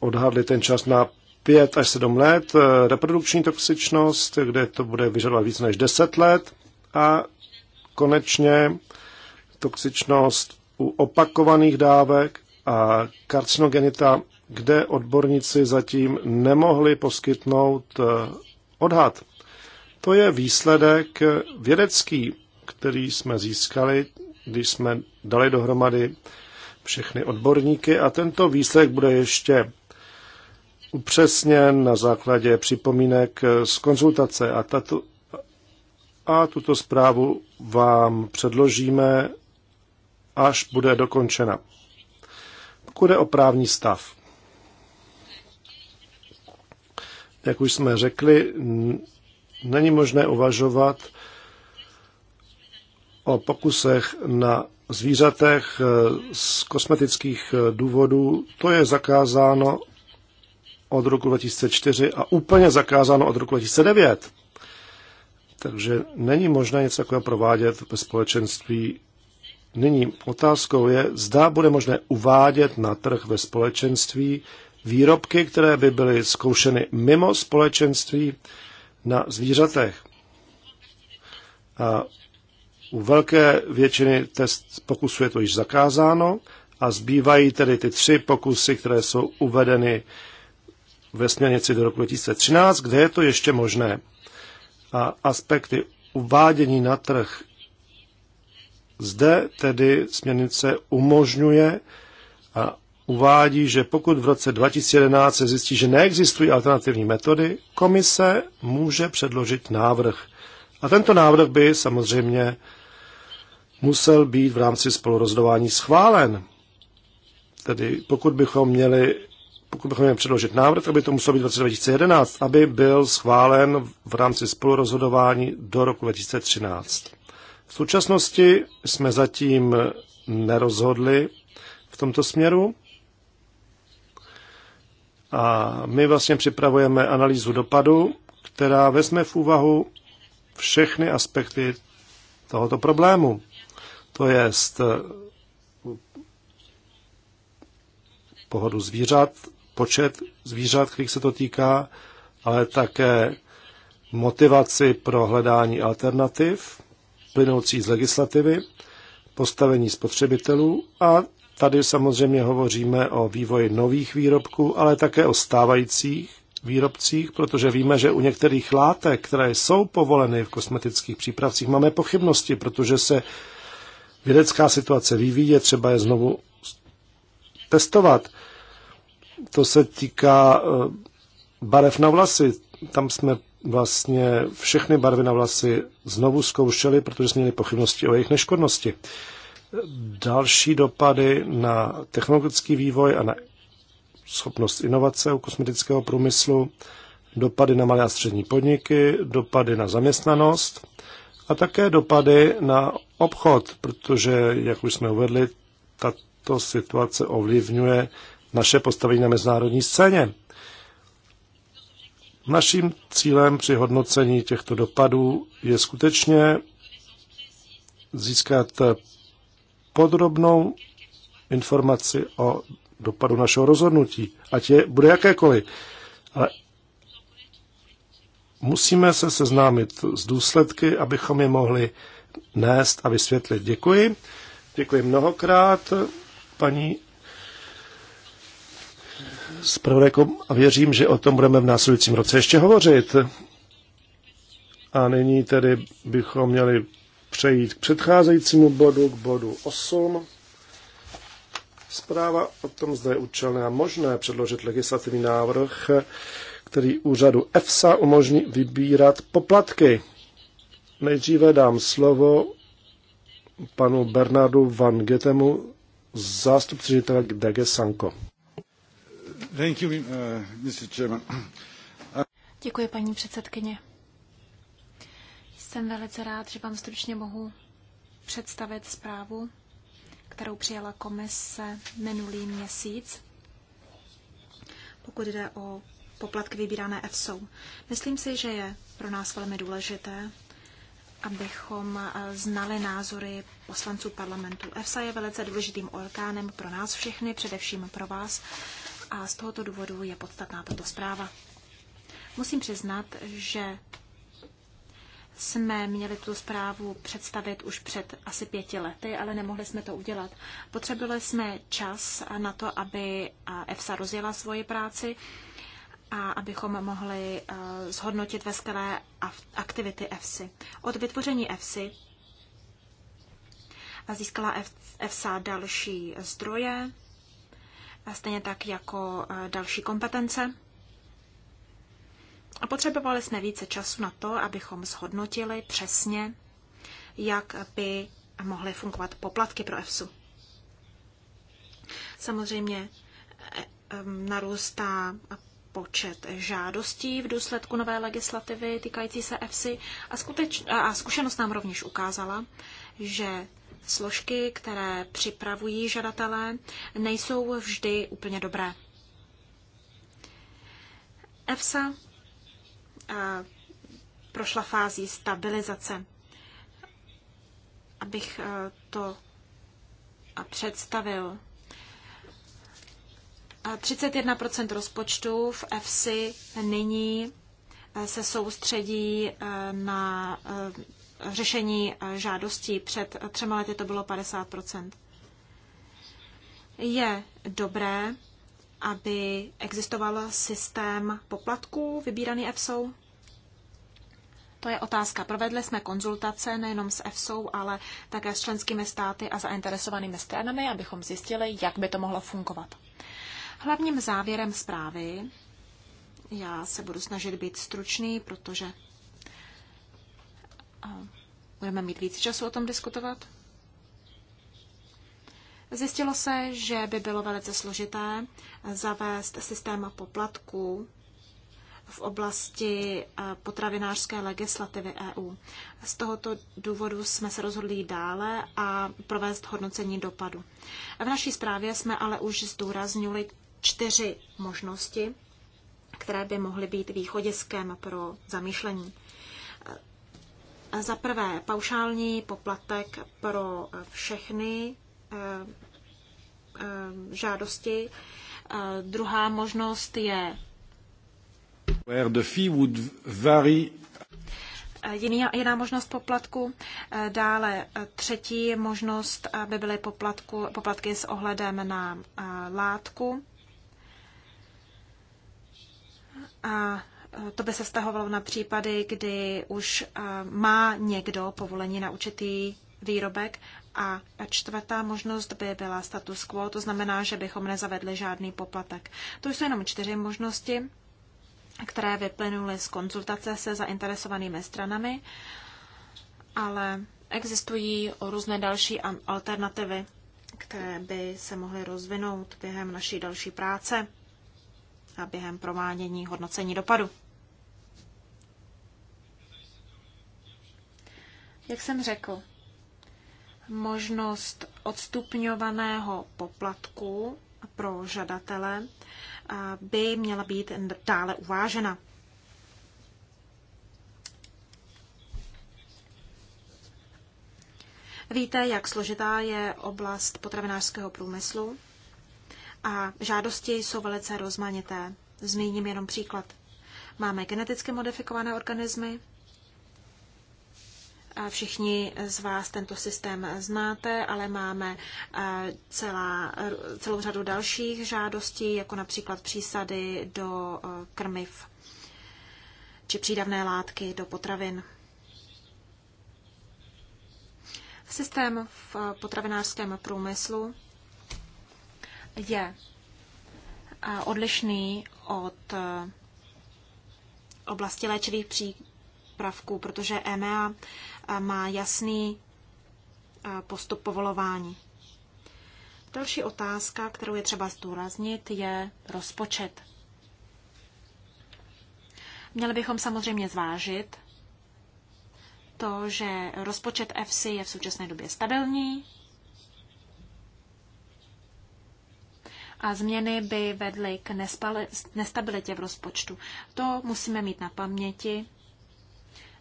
odhadli ten čas na 5 až 7 let, eh, reprodukční toxičnost, kde to bude vyžadovat víc než 10 let a konečně toxičnost u opakovaných dávek a karcinogenita, kde odborníci zatím nemohli poskytnout eh, odhad. To je výsledek vědecký, který jsme získali, když jsme dali dohromady všechny odborníky a tento výsledek bude ještě upřesněn na základě připomínek z konzultace a, tato, a tuto zprávu vám předložíme až bude dokončena. Pokud je o právní stav, jak už jsme řekli, není možné uvažovat o pokusech na zvířatech eh, z kosmetických eh, důvodů. To je zakázáno od roku 2004 a úplně zakázáno od roku 2009. Takže není možné něco takového provádět ve společenství Nyní otázkou je, zda bude možné uvádět na trh ve společenství výrobky, které by byly zkoušeny mimo společenství na zvířatech. A u velké většiny test pokusů je to již zakázáno a zbývají tedy ty tři pokusy, které jsou uvedeny ve směrnici do roku 2013, kde je to ještě možné. A aspekty uvádění na trh zde tedy směrnice umožňuje a uvádí, že pokud v roce 2011 se zjistí, že neexistují alternativní metody, komise může předložit návrh. A tento návrh by samozřejmě musel být v rámci spolurozhodování schválen. Tedy pokud bychom měli pokud bychom měli předložit návrh, aby by to muselo být v roce 2011, aby byl schválen v rámci spolurozhodování do roku 2013. V současnosti jsme zatím nerozhodli v tomto směru a my vlastně připravujeme analýzu dopadu, která vezme v úvahu všechny aspekty tohoto problému. To je eh, pohodu zvířat, počet zvířat, kterých se to týká, ale také motivaci pro hledání alternativ plynoucí z legislativy, postavení spotřebitelů a tady samozřejmě hovoříme o vývoji nových výrobků, ale také o stávajících výrobcích, protože víme, že u některých látek, které jsou povoleny v kosmetických přípravcích, máme pochybnosti, protože se vědecká situace vyvíje, třeba je znovu testovat. To se týká eh, barev na vlasy. Tam jsme vlastně všechny barvy na vlasy znovu zkoušeli, protože jsme měli pochybnosti o jejich neškodnosti. Další dopady na technologický vývoj a na schopnost inovace u kosmetického průmyslu, dopady na malé a střední podniky, dopady na zaměstnanost a také dopady na obchod, protože, jak už jsme uvedli, tato situace ovlivňuje naše postavení na mezinárodní scéně. Naším cílem při hodnocení těchto dopadů je skutečně získat podrobnou informaci o dopadu našeho rozhodnutí, ať je bude jakékoliv. Ale musíme se seznámit s důsledky, abychom je mohli nést a vysvětlit. Děkuji. Děkuji mnohokrát, paní s prorokem a věřím, že o tom budeme v následujícím roce ještě hovořit. A nyní tedy bychom měli přejít k předcházejícímu bodu, k bodu 8. Zpráva o tom, zda je účelné a možné předložit legislativní návrh, který úřadu EFSA umožní vybírat poplatky. Nejdříve dám slovo panu Bernardu Van Getemu, zástupci ředitele Dege Sanko. Thank you, uh, Mr. Chairman. Děkuji, paní předsedkyně. Jsem velice rád, že vám stručně mohu představit zprávu, kterou přijala komise minulý měsíc, pokud jde o poplatky vybírané EFSou. Myslím si, že je pro nás velmi důležité, abychom eh, znali názory poslanců parlamentu. EFSA je velice důležitým orgánem pro nás všechny, především pro vás, a z tohoto důvodu je podstatná tato zpráva. Musím přiznat, že jsme měli tu zprávu představit už před asi pěti lety, ale nemohli jsme to udělat. Potřebovali jsme čas na to, aby EFSA rozjela svoji práci a abychom mohli eh, zhodnotit veškeré aktivity EFSI. Od vytvoření EFSI získala EFSA další zdroje, a stejně tak jako e, další kompetence. A potřebovali jsme více času na to, abychom zhodnotili přesně, jak by mohly fungovat poplatky pro EFSU. Samozřejmě e, narůstá počet žádostí v důsledku nové legislativy týkající se EFSI a, skuteč, a zkušenost nám rovněž ukázala, že složky, které připravují žadatelé, nejsou vždy úplně dobré. EFSA eh, prošla fází stabilizace. Abych eh, to eh, představil. 31 rozpočtu v EFSI nyní se soustředí na řešení eh, žádostí. Před eh, třema lety to bylo 50 Je dobré, aby existoval systém poplatků vybíraný EFSOU? To je otázka. Provedli jsme konzultace nejenom s EFSOU, ale také s členskými státy a zainteresovanými stranami, abychom zjistili, jak by to mohlo fungovat. Hlavním závěrem zprávy, já se budu snažit být stručný, protože a budeme mít víc času o tom diskutovat. Zjistilo se, že by bylo velice složité zavést systém poplatků v oblasti eh, potravinářské legislativy EU. Z tohoto důvodu jsme se rozhodli dále a provést hodnocení dopadu. V naší zprávě jsme ale už zdůraznili čtyři možnosti, které by mohly být východiskem pro zamýšlení. Za prvé, paušální poplatek pro eh, všechny eh, eh, žádosti. Druhá možnost je Jiný, jiná možnost poplatku. Dále třetí možnost by byly poplatku, poplatky s ohledem na látku. A to by se stahovalo na případy, kdy už eh, má někdo povolení na určitý výrobek a čtvrtá možnost by byla status quo, to znamená, že bychom nezavedli žádný poplatek. To jsou jenom čtyři možnosti, které vyplynuly z konzultace se zainteresovanými stranami, ale existují různé další alternativy, které by se mohly rozvinout během naší další práce a během provádění hodnocení dopadu. Jak jsem řekl, možnost odstupňovaného poplatku pro žadatele by měla být dále uvážena. Víte, jak složitá je oblast potravinářského průmyslu a žádosti jsou velice rozmanité. Zmíním jenom příklad. Máme geneticky modifikované organismy, Všichni z vás tento systém znáte, ale máme eh, celá, celou řadu dalších žádostí, jako například přísady do eh, krmiv či přídavné látky do potravin. Systém v potravinářském průmyslu je eh, odlišný od oblasti léčivých přípravků, protože EMEA má jasný eh, postup povolování. Další otázka, kterou je třeba zdůraznit, je rozpočet. Měli bychom samozřejmě zvážit to, že rozpočet FC je v současné době stabilní a změny by vedly k nestabilitě v rozpočtu. To musíme mít na paměti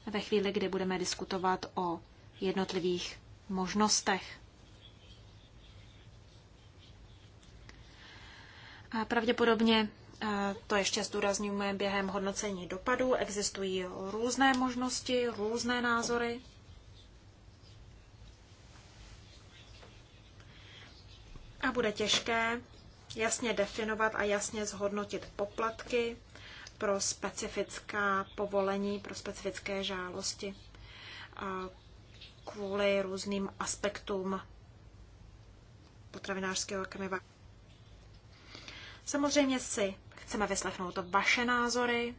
ve chvíli, kdy budeme diskutovat o jednotlivých možnostech. A pravděpodobně e, to ještě zdůrazňujeme během hodnocení dopadů. Existují různé možnosti, různé názory. A bude těžké jasně definovat a jasně zhodnotit poplatky pro specifická povolení, pro specifické žálosti kvůli různým aspektům potravinářského krmiva. Samozřejmě si chceme vyslechnout vaše názory,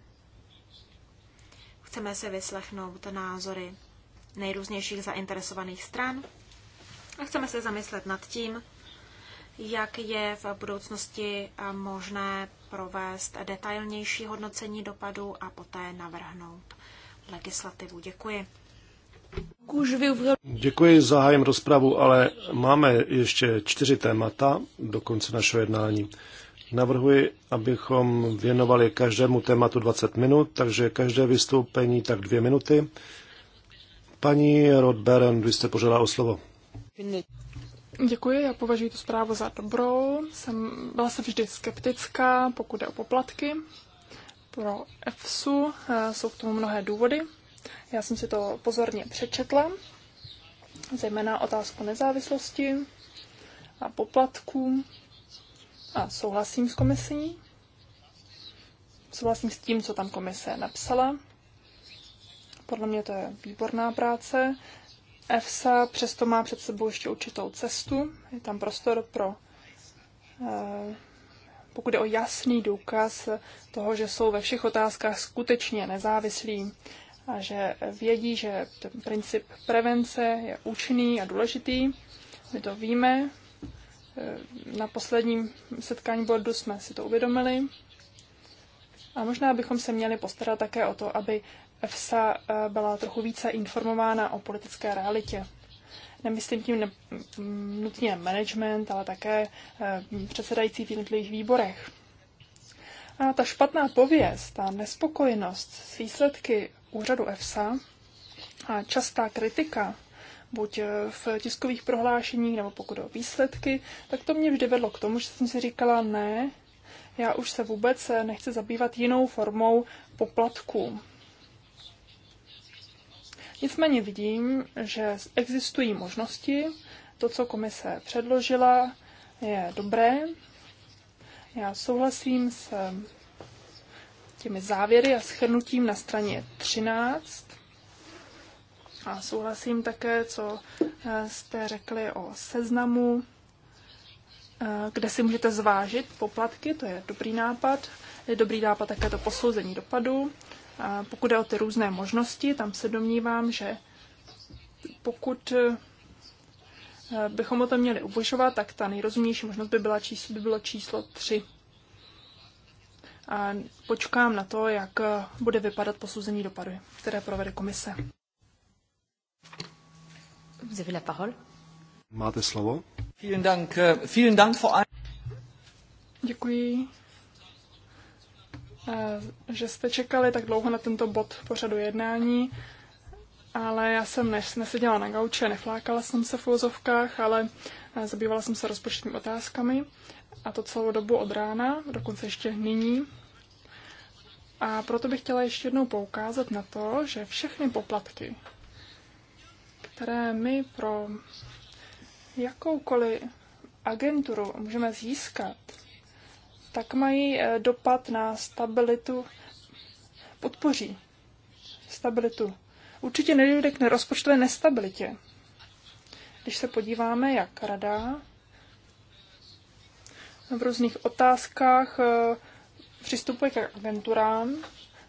chceme si vyslechnout názory nejrůznějších zainteresovaných stran a chceme se zamyslet nad tím, jak je v budoucnosti eh, možné provést detailnější hodnocení dopadu a poté navrhnout legislativu. Děkuji. Děkuji, zahájím rozpravu, ale máme ještě čtyři témata do konce našeho jednání. Navrhuji, abychom věnovali každému tématu 20 minut, takže každé vystoupení tak dvě minuty. Paní Rodberen, vy jste požádala o slovo. Děkuji, já považuji tu zprávu za dobrou. Jsem, byla jsem vždy skeptická, pokud je o poplatky pro EFSU. Eh, jsou k tomu mnohé důvody. Já jsem si to pozorně přečetla, zejména otázku nezávislosti a poplatků. A souhlasím s komisí. Souhlasím s tím, co tam komise napsala. Podle mě to je výborná práce. EFSA přesto má před sebou ještě určitou cestu. Je tam prostor pro, eh, pokud je o jasný důkaz toho, že jsou ve všech otázkách skutečně nezávislí a že vědí, že ten princip prevence je účinný a důležitý. My to víme. Eh, na posledním setkání bordu jsme si to uvědomili. A možná bychom se měli postarat také o to, aby EFSA eh, byla trochu více informována o politické realitě. Nemyslím tím mm, nutně management, ale také eh, předsedající v jednotlivých výborech. A ta špatná pověst, ta nespokojenost s výsledky úřadu EFSA a častá kritika buď eh, v tiskových prohlášeních, nebo pokud o výsledky, tak to mě vždy vedlo k tomu, že jsem si říkala, ne, já už se vůbec nechci zabývat jinou formou poplatků. Nicméně vidím, že existují možnosti. To, co komise předložila, je dobré. Já souhlasím s těmi závěry a schrnutím na straně 13. A souhlasím také, co eh, jste řekli o seznamu, eh, kde si můžete zvážit poplatky, to je dobrý nápad. Je dobrý nápad také to posouzení dopadu. Pokud jde o ty různé možnosti, tam se domnívám, že pokud eh, bychom o tom měli uvažovat, tak ta nejrozumější možnost by, byla číslo, by bylo číslo 3. A počkám na to, jak eh, bude vypadat posouzení dopadu, které provede komise. Máte slovo. Vielen Dank, eh, vielen Dank Děkuji Eh, že jste čekali tak dlouho na tento bod pořadu jednání, ale já jsem neseděla na gauče, neflákala jsem se v úzovkách, ale eh, zabývala jsem se rozpočtovými otázkami a to celou dobu od rána, dokonce ještě nyní. A proto bych chtěla ještě jednou poukázat na to, že všechny poplatky, které my pro jakoukoliv agenturu můžeme získat, tak mají eh, dopad na stabilitu, podpoří stabilitu. Určitě nedojde k rozpočtové nestabilitě. Když se podíváme, jak rada v různých otázkách eh, přistupuje k agenturám,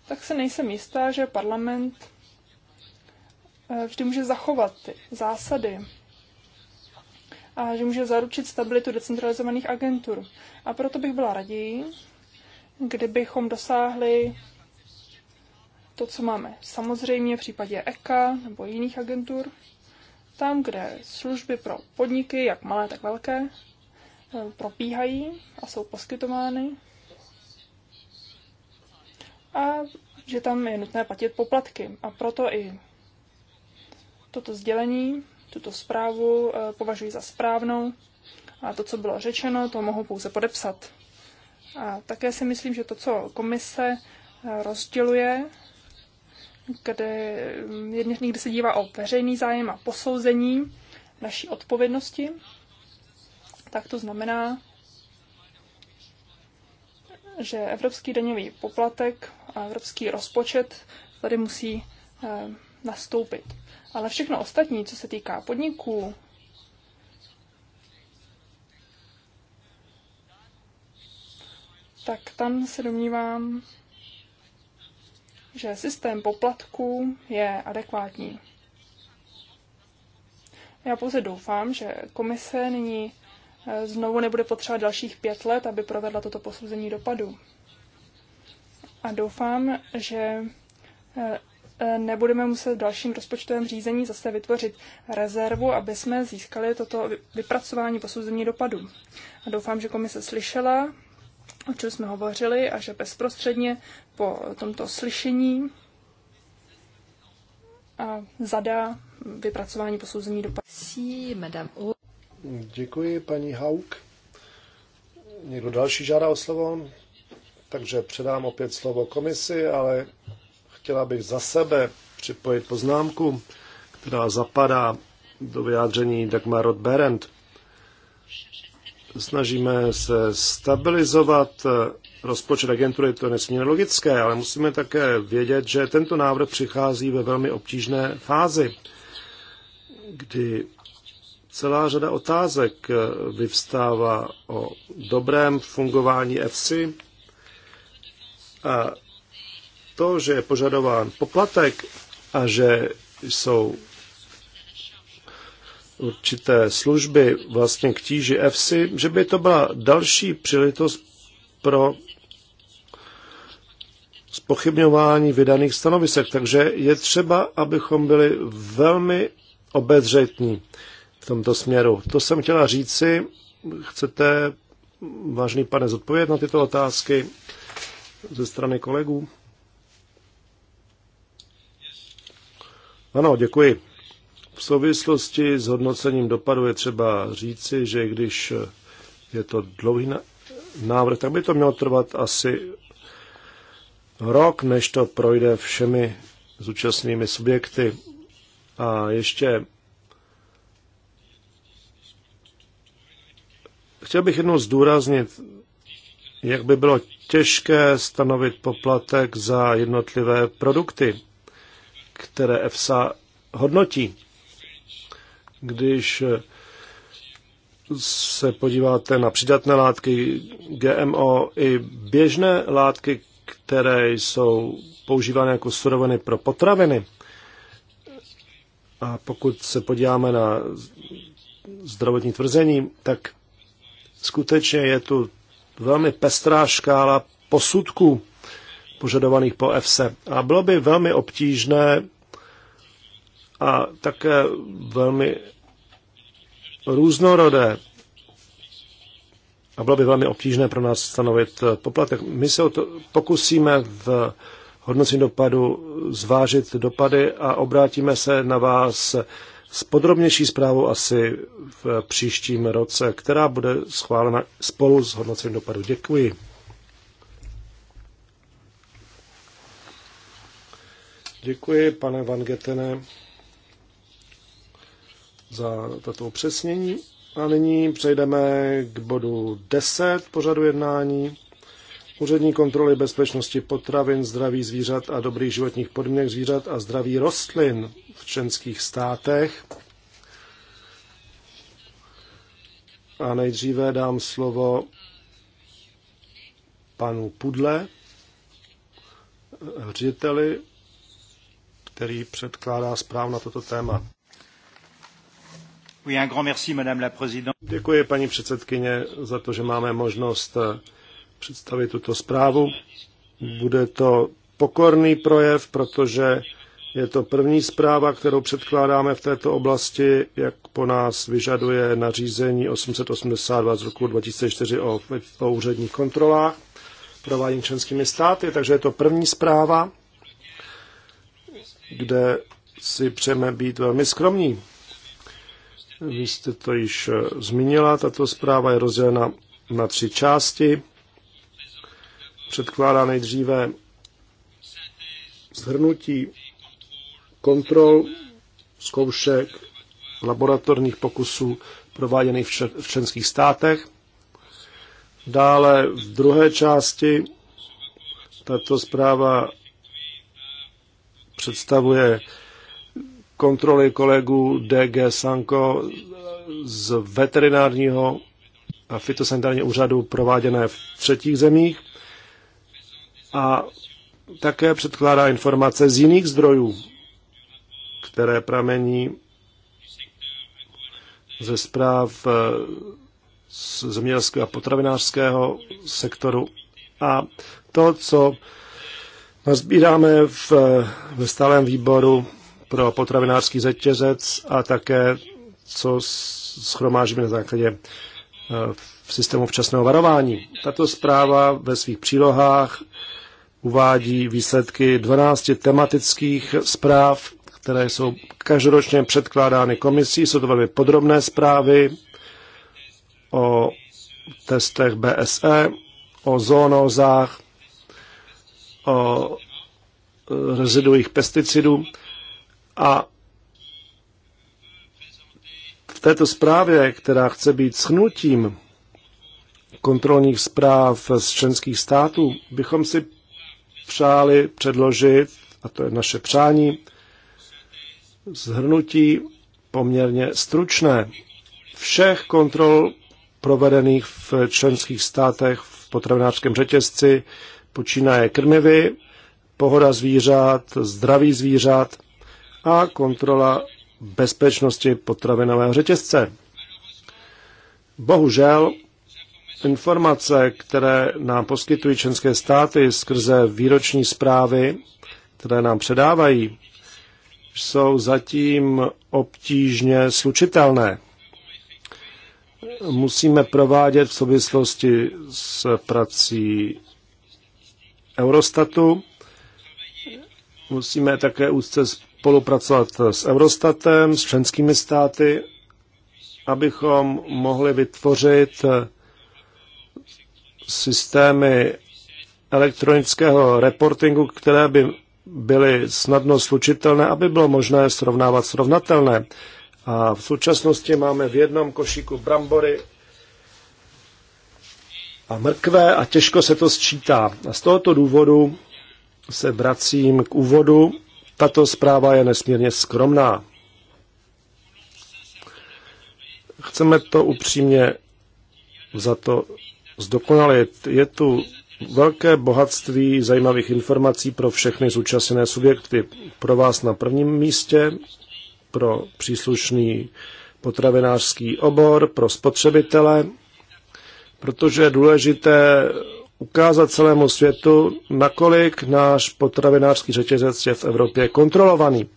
tak se nejsem jistá, že parlament eh, vždy může zachovat ty zásady a že může zaručit stabilitu decentralizovaných agentur. A proto bych byla raději, kdybychom dosáhli to, co máme samozřejmě v případě EKA nebo jiných agentur, tam, kde služby pro podniky, jak malé, tak velké, eh, propíhají a jsou poskytovány. A že tam je nutné platit poplatky. A proto i toto sdělení tuto zprávu eh, považuji za správnou a to, co bylo řečeno, to mohu pouze podepsat. A také si myslím, že to, co komise eh, rozděluje, kde mm, jedně, někdy se dívá o veřejný zájem a posouzení naší odpovědnosti, tak to znamená, že evropský daňový poplatek a evropský rozpočet tady musí eh, nastoupit. Ale všechno ostatní, co se týká podniků, tak tam se domnívám, že systém poplatků je adekvátní. Já pouze doufám, že komise nyní eh, znovu nebude potřebovat dalších pět let, aby provedla toto posouzení dopadu. A doufám, že eh, nebudeme muset v dalším rozpočtovém řízení zase vytvořit rezervu, aby jsme získali toto vypracování posouzení dopadů. A doufám, že komise slyšela, o čem jsme hovořili a že bezprostředně po tomto slyšení a zadá vypracování posouzení dopadů. Děkuji, paní Hauk. Někdo další žádá o slovo? Takže předám opět slovo komisi, ale Chtěla bych za sebe připojit poznámku, která zapadá do vyjádření Dagmar roth Snažíme se stabilizovat rozpočet agentury, to je nesmírně logické, ale musíme také vědět, že tento návrh přichází ve velmi obtížné fázi, kdy celá řada otázek vyvstává o dobrém fungování EFSI a to, že je požadován poplatek a že jsou určité služby vlastně k tíži EFSI, že by to byla další příležitost pro spochybňování vydaných stanovisek. Takže je třeba, abychom byli velmi obezřetní v tomto směru. To jsem chtěla říci. Chcete, vážný pane, zodpovědět na tyto otázky ze strany kolegů? Ano, děkuji. V souvislosti s hodnocením dopadu je třeba říci, že když je to dlouhý návrh, tak by to mělo trvat asi rok, než to projde všemi zúčastnými subjekty. A ještě chtěl bych jednou zdůraznit, jak by bylo těžké stanovit poplatek za jednotlivé produkty které EFSA hodnotí. Když se podíváte na přidatné látky GMO i běžné látky, které jsou používány jako suroviny pro potraviny. A pokud se podíváme na zdravotní tvrzení, tak skutečně je tu velmi pestrá škála posudků požadovaných po EFSE. A bylo by velmi obtížné a také velmi různorodé a bylo by velmi obtížné pro nás stanovit eh, poplatek. My se o to pokusíme v hodnocení dopadu zvážit dopady a obrátíme se na vás s podrobnější zprávou asi v příštím roce, která bude schválena spolu s hodnocením dopadu. Děkuji. Děkuji, pane Van Getene, za tato upřesnění. A nyní přejdeme k bodu 10 pořadu jednání. Úřední kontroly bezpečnosti potravin, zdraví zvířat a dobrých životních podmínek zvířat a zdraví rostlin v členských státech. A nejdříve dám slovo panu Pudle, řediteli který předkládá zpráv na toto téma. Děkuji, paní předsedkyně, za to, že máme možnost eh, představit tuto zprávu. Bude to pokorný projev, protože je to první zpráva, kterou předkládáme v této oblasti, jak po nás vyžaduje nařízení 882 z roku 2004 o, o úředních kontrolách provádění členskými státy, takže je to první zpráva kde si přejeme být velmi skromní. Vy jste to již zmínila, tato zpráva je rozdělena na tři části. Předkládá nejdříve shrnutí kontrol, zkoušek, laboratorních pokusů prováděných v členských státech. Dále v druhé části tato zpráva představuje kontroly kolegů DG Sanko z veterinárního a fitosanitárního úřadu prováděné v třetích zemích a také předkládá informace z jiných zdrojů, které pramení ze zpráv eh, z zemědělského a potravinářského sektoru. A to, co Nazbíráme v, v stálém výboru pro potravinářský řetězec a také, co schromážíme na základě eh, v systému včasného varování. Tato zpráva ve svých přílohách uvádí výsledky 12 tematických zpráv, které jsou každoročně předkládány komisí. Jsou to velmi podrobné zprávy o testech BSE, o zónozách, o e, reziduích pesticidů a v této zprávě, která chce být schnutím kontrolních zpráv z členských států, bychom si přáli předložit, a to je naše přání, zhrnutí poměrně stručné všech kontrol provedených v členských státech v potravinářském řetězci počínaje krmivy, pohoda zvířat, zdraví zvířat a kontrola bezpečnosti potravinového řetězce. Bohužel informace, které nám poskytují členské státy skrze výroční zprávy, které nám předávají, jsou zatím obtížně slučitelné. Musíme provádět v souvislosti s prací Eurostatu. Musíme také úzce spolupracovat s Eurostatem, s členskými státy, abychom mohli vytvořit systémy elektronického reportingu, které by byly snadno slučitelné, aby bylo možné srovnávat srovnatelné. A v současnosti máme v jednom košíku brambory a mrkve a těžko se to sčítá. A z tohoto důvodu se vracím k úvodu. Tato zpráva je nesmírně skromná. Chceme to upřímně za to zdokonalit. Je tu velké bohatství zajímavých informací pro všechny zúčastněné subjekty. Pro vás na prvním místě, pro příslušný potravinářský obor, pro spotřebitele, protože je důležité ukázat celému světu, nakolik náš potravinářský řetězec je v Evropě kontrolovaný.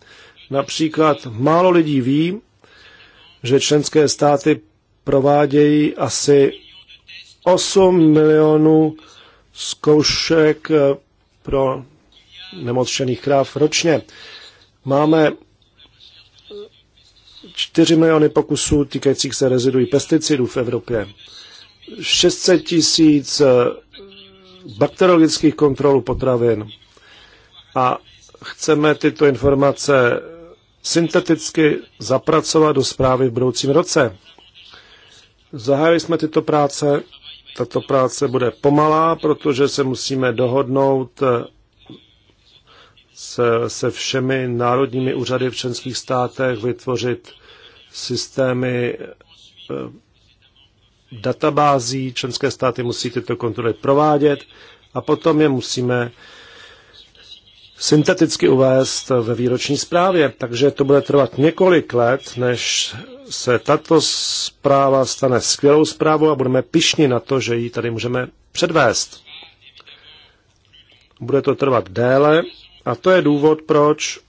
Například málo lidí ví, že členské státy provádějí asi 8 milionů zkoušek eh, pro nemocčených kráv ročně. Máme 4 miliony pokusů týkajících se reziduí pesticidů v Evropě. 600 tisíc eh, bakteriologických kontrolů potravin a chceme tyto informace synteticky zapracovat do zprávy v budoucím roce. Zahájili jsme tyto práce. Tato práce bude pomalá, protože se musíme dohodnout eh, se, se všemi národními úřady v členských státech, vytvořit systémy eh, databází, členské státy musí tyto kontroly provádět a potom je musíme synteticky uvést ve výroční zprávě. Takže to bude trvat několik let, než se tato zpráva stane skvělou zprávou a budeme pišni na to, že ji tady můžeme předvést. Bude to trvat déle a to je důvod, proč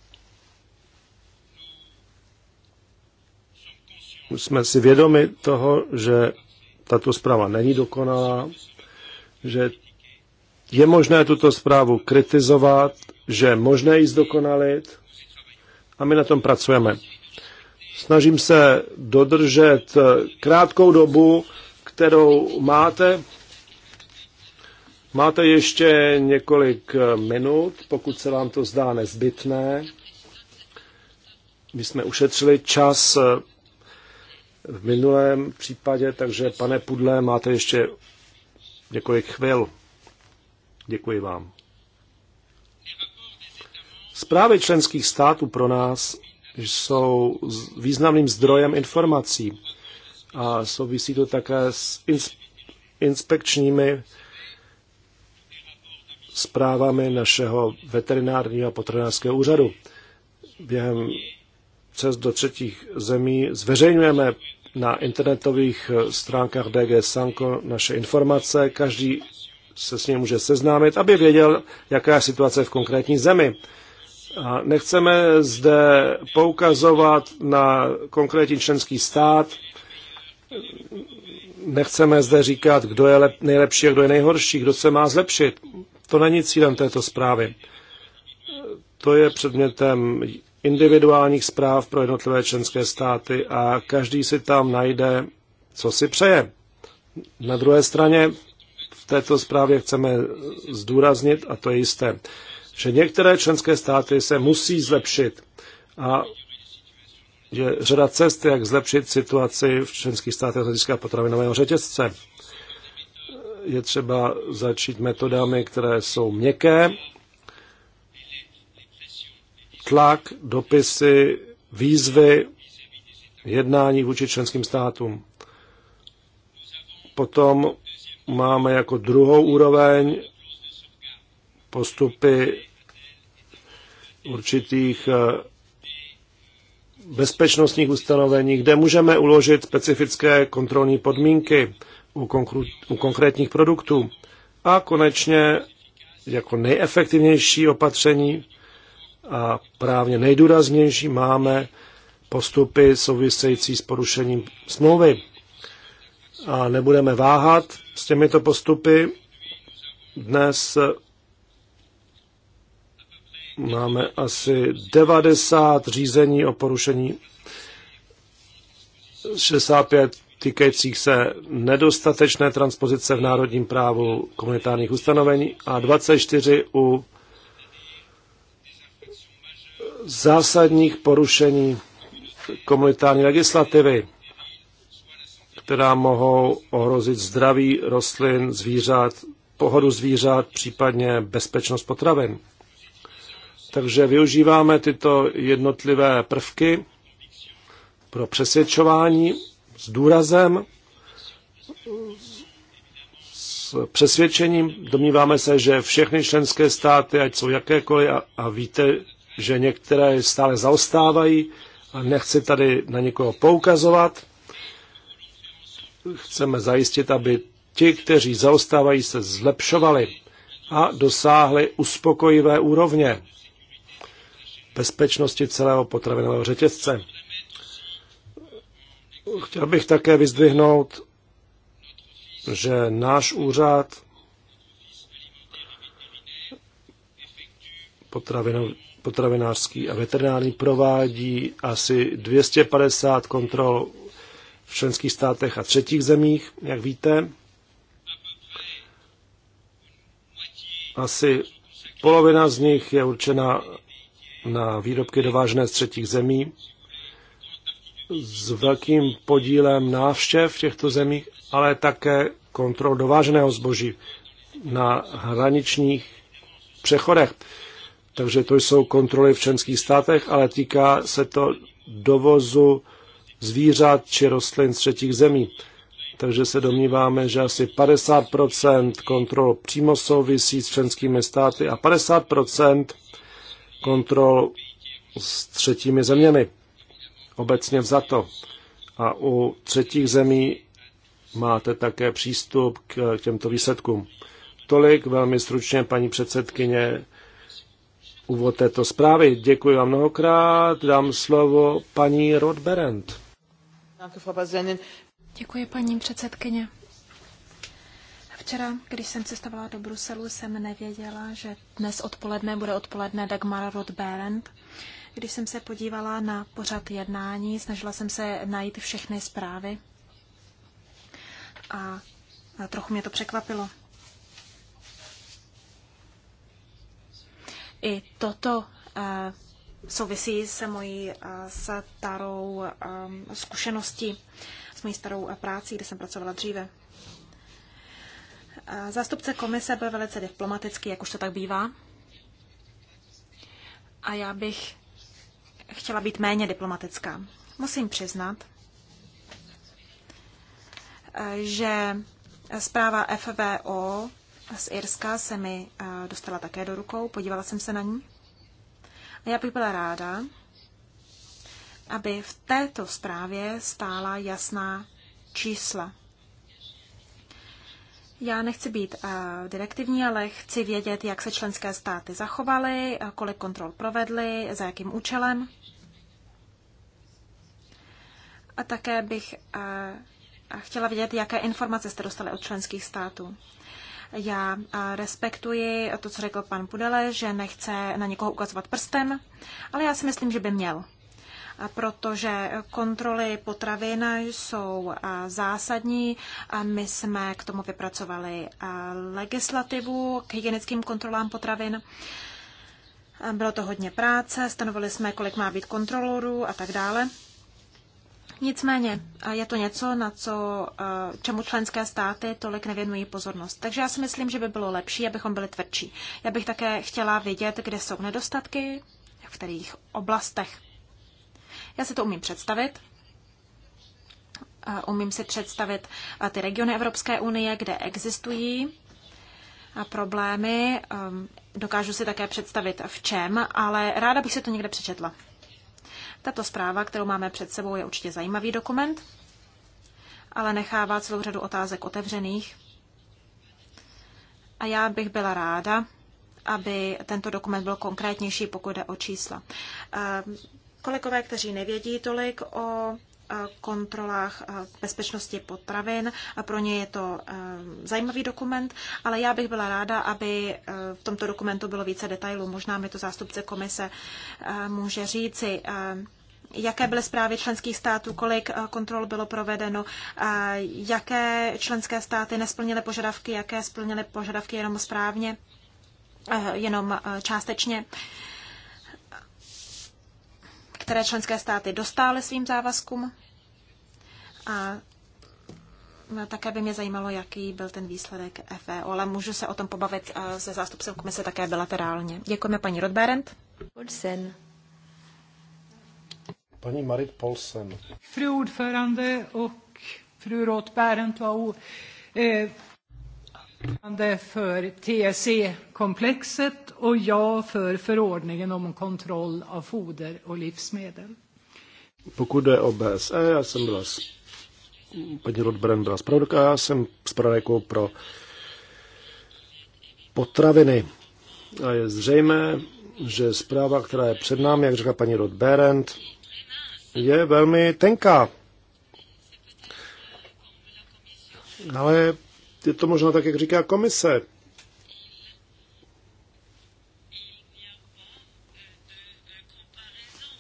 jsme si vědomi toho, že tato zpráva není dokonalá, že je možné tuto zprávu kritizovat, že je možné ji zdokonalit a my na tom pracujeme. Snažím se dodržet krátkou dobu, kterou máte. Máte ještě několik minut, pokud se vám to zdá nezbytné. My jsme ušetřili čas v minulém případě, takže pane Pudle, máte ještě několik chvil. Děkuji vám. Zprávy členských států pro nás jsou významným zdrojem informací a souvisí to také s inspekčními zprávami našeho veterinárního a potravinářského úřadu. Během cest do třetích zemí zveřejňujeme na internetových eh, stránkách DG Sanko naše informace. Každý se s ním může seznámit, aby věděl, jaká je situace v konkrétní zemi. A nechceme zde poukazovat na konkrétní členský stát, nechceme zde říkat, kdo je nejlepší a kdo je nejhorší, kdo se má zlepšit. To není cílem této zprávy. To je předmětem individuálních zpráv pro jednotlivé členské státy a každý si tam najde, co si přeje. Na druhé straně v této zprávě chceme zdůraznit, a to je jisté, že některé členské státy se musí zlepšit a je řada cest, jak zlepšit situaci v členských státech hlediska potravinového řetězce. Je třeba začít metodami, které jsou měkké, tlak, dopisy, výzvy, jednání vůči členským státům. Potom máme jako druhou úroveň postupy určitých eh, bezpečnostních ustanovení, kde můžeme uložit specifické kontrolní podmínky u, konkru- u konkrétních produktů. A konečně jako nejefektivnější opatření a právně nejdůraznější máme postupy související s porušením smlouvy. A nebudeme váhat s těmito postupy. Dnes máme asi 90 řízení o porušení 65 týkajících se nedostatečné transpozice v národním právu komunitárních ustanovení a 24 u zásadních porušení komunitární legislativy, která mohou ohrozit zdraví rostlin, zvířat, pohodu zvířat, případně bezpečnost potravin. Takže využíváme tyto jednotlivé prvky pro přesvědčování s důrazem, s přesvědčením. Domníváme se, že všechny členské státy, ať jsou jakékoliv, a, a víte, že některé stále zaostávají a nechci tady na někoho poukazovat. Chceme zajistit, aby ti, kteří zaostávají, se zlepšovali a dosáhli uspokojivé úrovně bezpečnosti celého potravinového řetězce. Chtěl bych také vyzdvihnout, že náš úřad potravinový potravinářský a veterinární provádí asi 250 kontrol v členských státech a třetích zemích, jak víte. Asi polovina z nich je určena na výrobky dovážené z třetích zemí s velkým podílem návštěv v těchto zemích, ale také kontrol dováženého zboží na hraničních přechodech. Takže to jsou kontroly v členských státech, ale týká se to dovozu zvířat či rostlin z třetích zemí. Takže se domníváme, že asi 50 kontrol přímo souvisí s členskými státy a 50 kontrol s třetími zeměmi. Obecně vzato. A u třetích zemí máte také přístup k těmto výsledkům. Tolik velmi stručně, paní předsedkyně, úvod této zprávy. Děkuji vám mnohokrát. Dám slovo paní Rodberend. Děkuji, paní předsedkyně. Včera, když jsem cestovala do Bruselu, jsem nevěděla, že dnes odpoledne bude odpoledne Dagmara Rothberend. Když jsem se podívala na pořad jednání, snažila jsem se najít všechny zprávy a trochu mě to překvapilo. I toto eh, souvisí se mojí eh, starou eh, zkušeností, s mojí starou prací, kde jsem pracovala dříve. Zástupce komise byl velice diplomatický, jak už to tak bývá. A já bych chtěla být méně diplomatická. Musím přiznat, že zpráva FVO z Irska se mi eh, dostala také do rukou, podívala jsem se na ní. A já bych byla ráda, aby v této zprávě stála jasná čísla. Já nechci být uh, direktivní, ale chci vědět, jak se členské státy zachovaly, eh, kolik kontrol provedly, za jakým účelem. A také bych uh, chtěla vědět, jaké informace jste dostali od členských států. Já respektuji to, co řekl pan Pudele, že nechce na někoho ukazovat prstem, ale já si myslím, že by měl. Protože kontroly potravin jsou zásadní. My jsme k tomu vypracovali legislativu k hygienickým kontrolám potravin. Bylo to hodně práce, stanovili jsme, kolik má být kontrolorů a tak dále. Nicméně je to něco, na co, čemu členské státy tolik nevěnují pozornost. Takže já si myslím, že by bylo lepší, abychom byli tvrdší. Já bych také chtěla vědět, kde jsou nedostatky, v kterých oblastech. Já si to umím představit. Umím si představit ty regiony Evropské unie, kde existují problémy. Ehm, dokážu si také představit v čem, ale ráda bych si to někde přečetla. Tato zpráva, kterou máme před sebou, je určitě zajímavý dokument, ale nechává celou řadu otázek otevřených. A já bych byla ráda, aby tento dokument byl konkrétnější, pokud jde o čísla. Eh, kolegové, kteří nevědí tolik o eh, kontrolách eh, bezpečnosti potravin. A pro ně je to zajímavý dokument, ale já bych byla ráda, aby v tomto dokumentu bylo více detailů. Možná mi to zástupce komise může říci jaké byly zprávy členských států, kolik eh, kontrol bylo provedeno, eh, jaké členské státy nesplnily požadavky, jaké splnily požadavky jenom správně, eh, jenom částečně, které členské státy dostály svým závazkům. A no, také by mě zajímalo, jaký byl ten výsledek FEO, ale můžu se o tom pobavit se zástupcem komise také bilaterálně. Děkujeme paní Rodberend. Olsen. Paní Marit Polsen. Fru ordförande och fru Roth Berendt var ordförande eh, för TSE-komplexet och jag för förordningen om kontroll av foder och livsmedel. Pokud jde o BSE, já jsem byla paní Rodbren byla zpravodajka, já jsem zpravodajkou pro potraviny. A je zřejmé, že zpráva, která je před námi, jak řekla paní Rothberend, je velmi tenká. Ale je to možná tak, jak říká komise.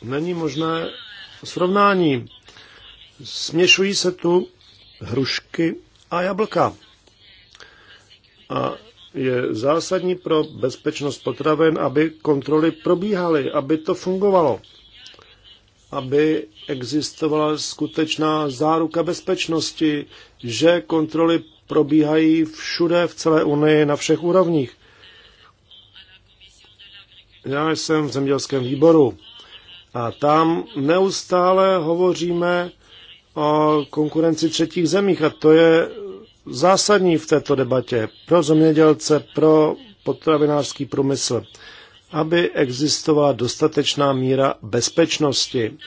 Není možné srovnání. Směšují se tu hrušky a jablka. A je zásadní pro bezpečnost potravin, aby kontroly probíhaly, aby to fungovalo aby existovala skutečná záruka bezpečnosti, že kontroly probíhají všude v celé Unii na všech úrovních. Já jsem v zemědělském výboru a tam neustále hovoříme o konkurenci třetích zemích a to je zásadní v této debatě pro zemědělce, pro potravinářský průmysl aby existovala dostatečná míra bezpečnosti,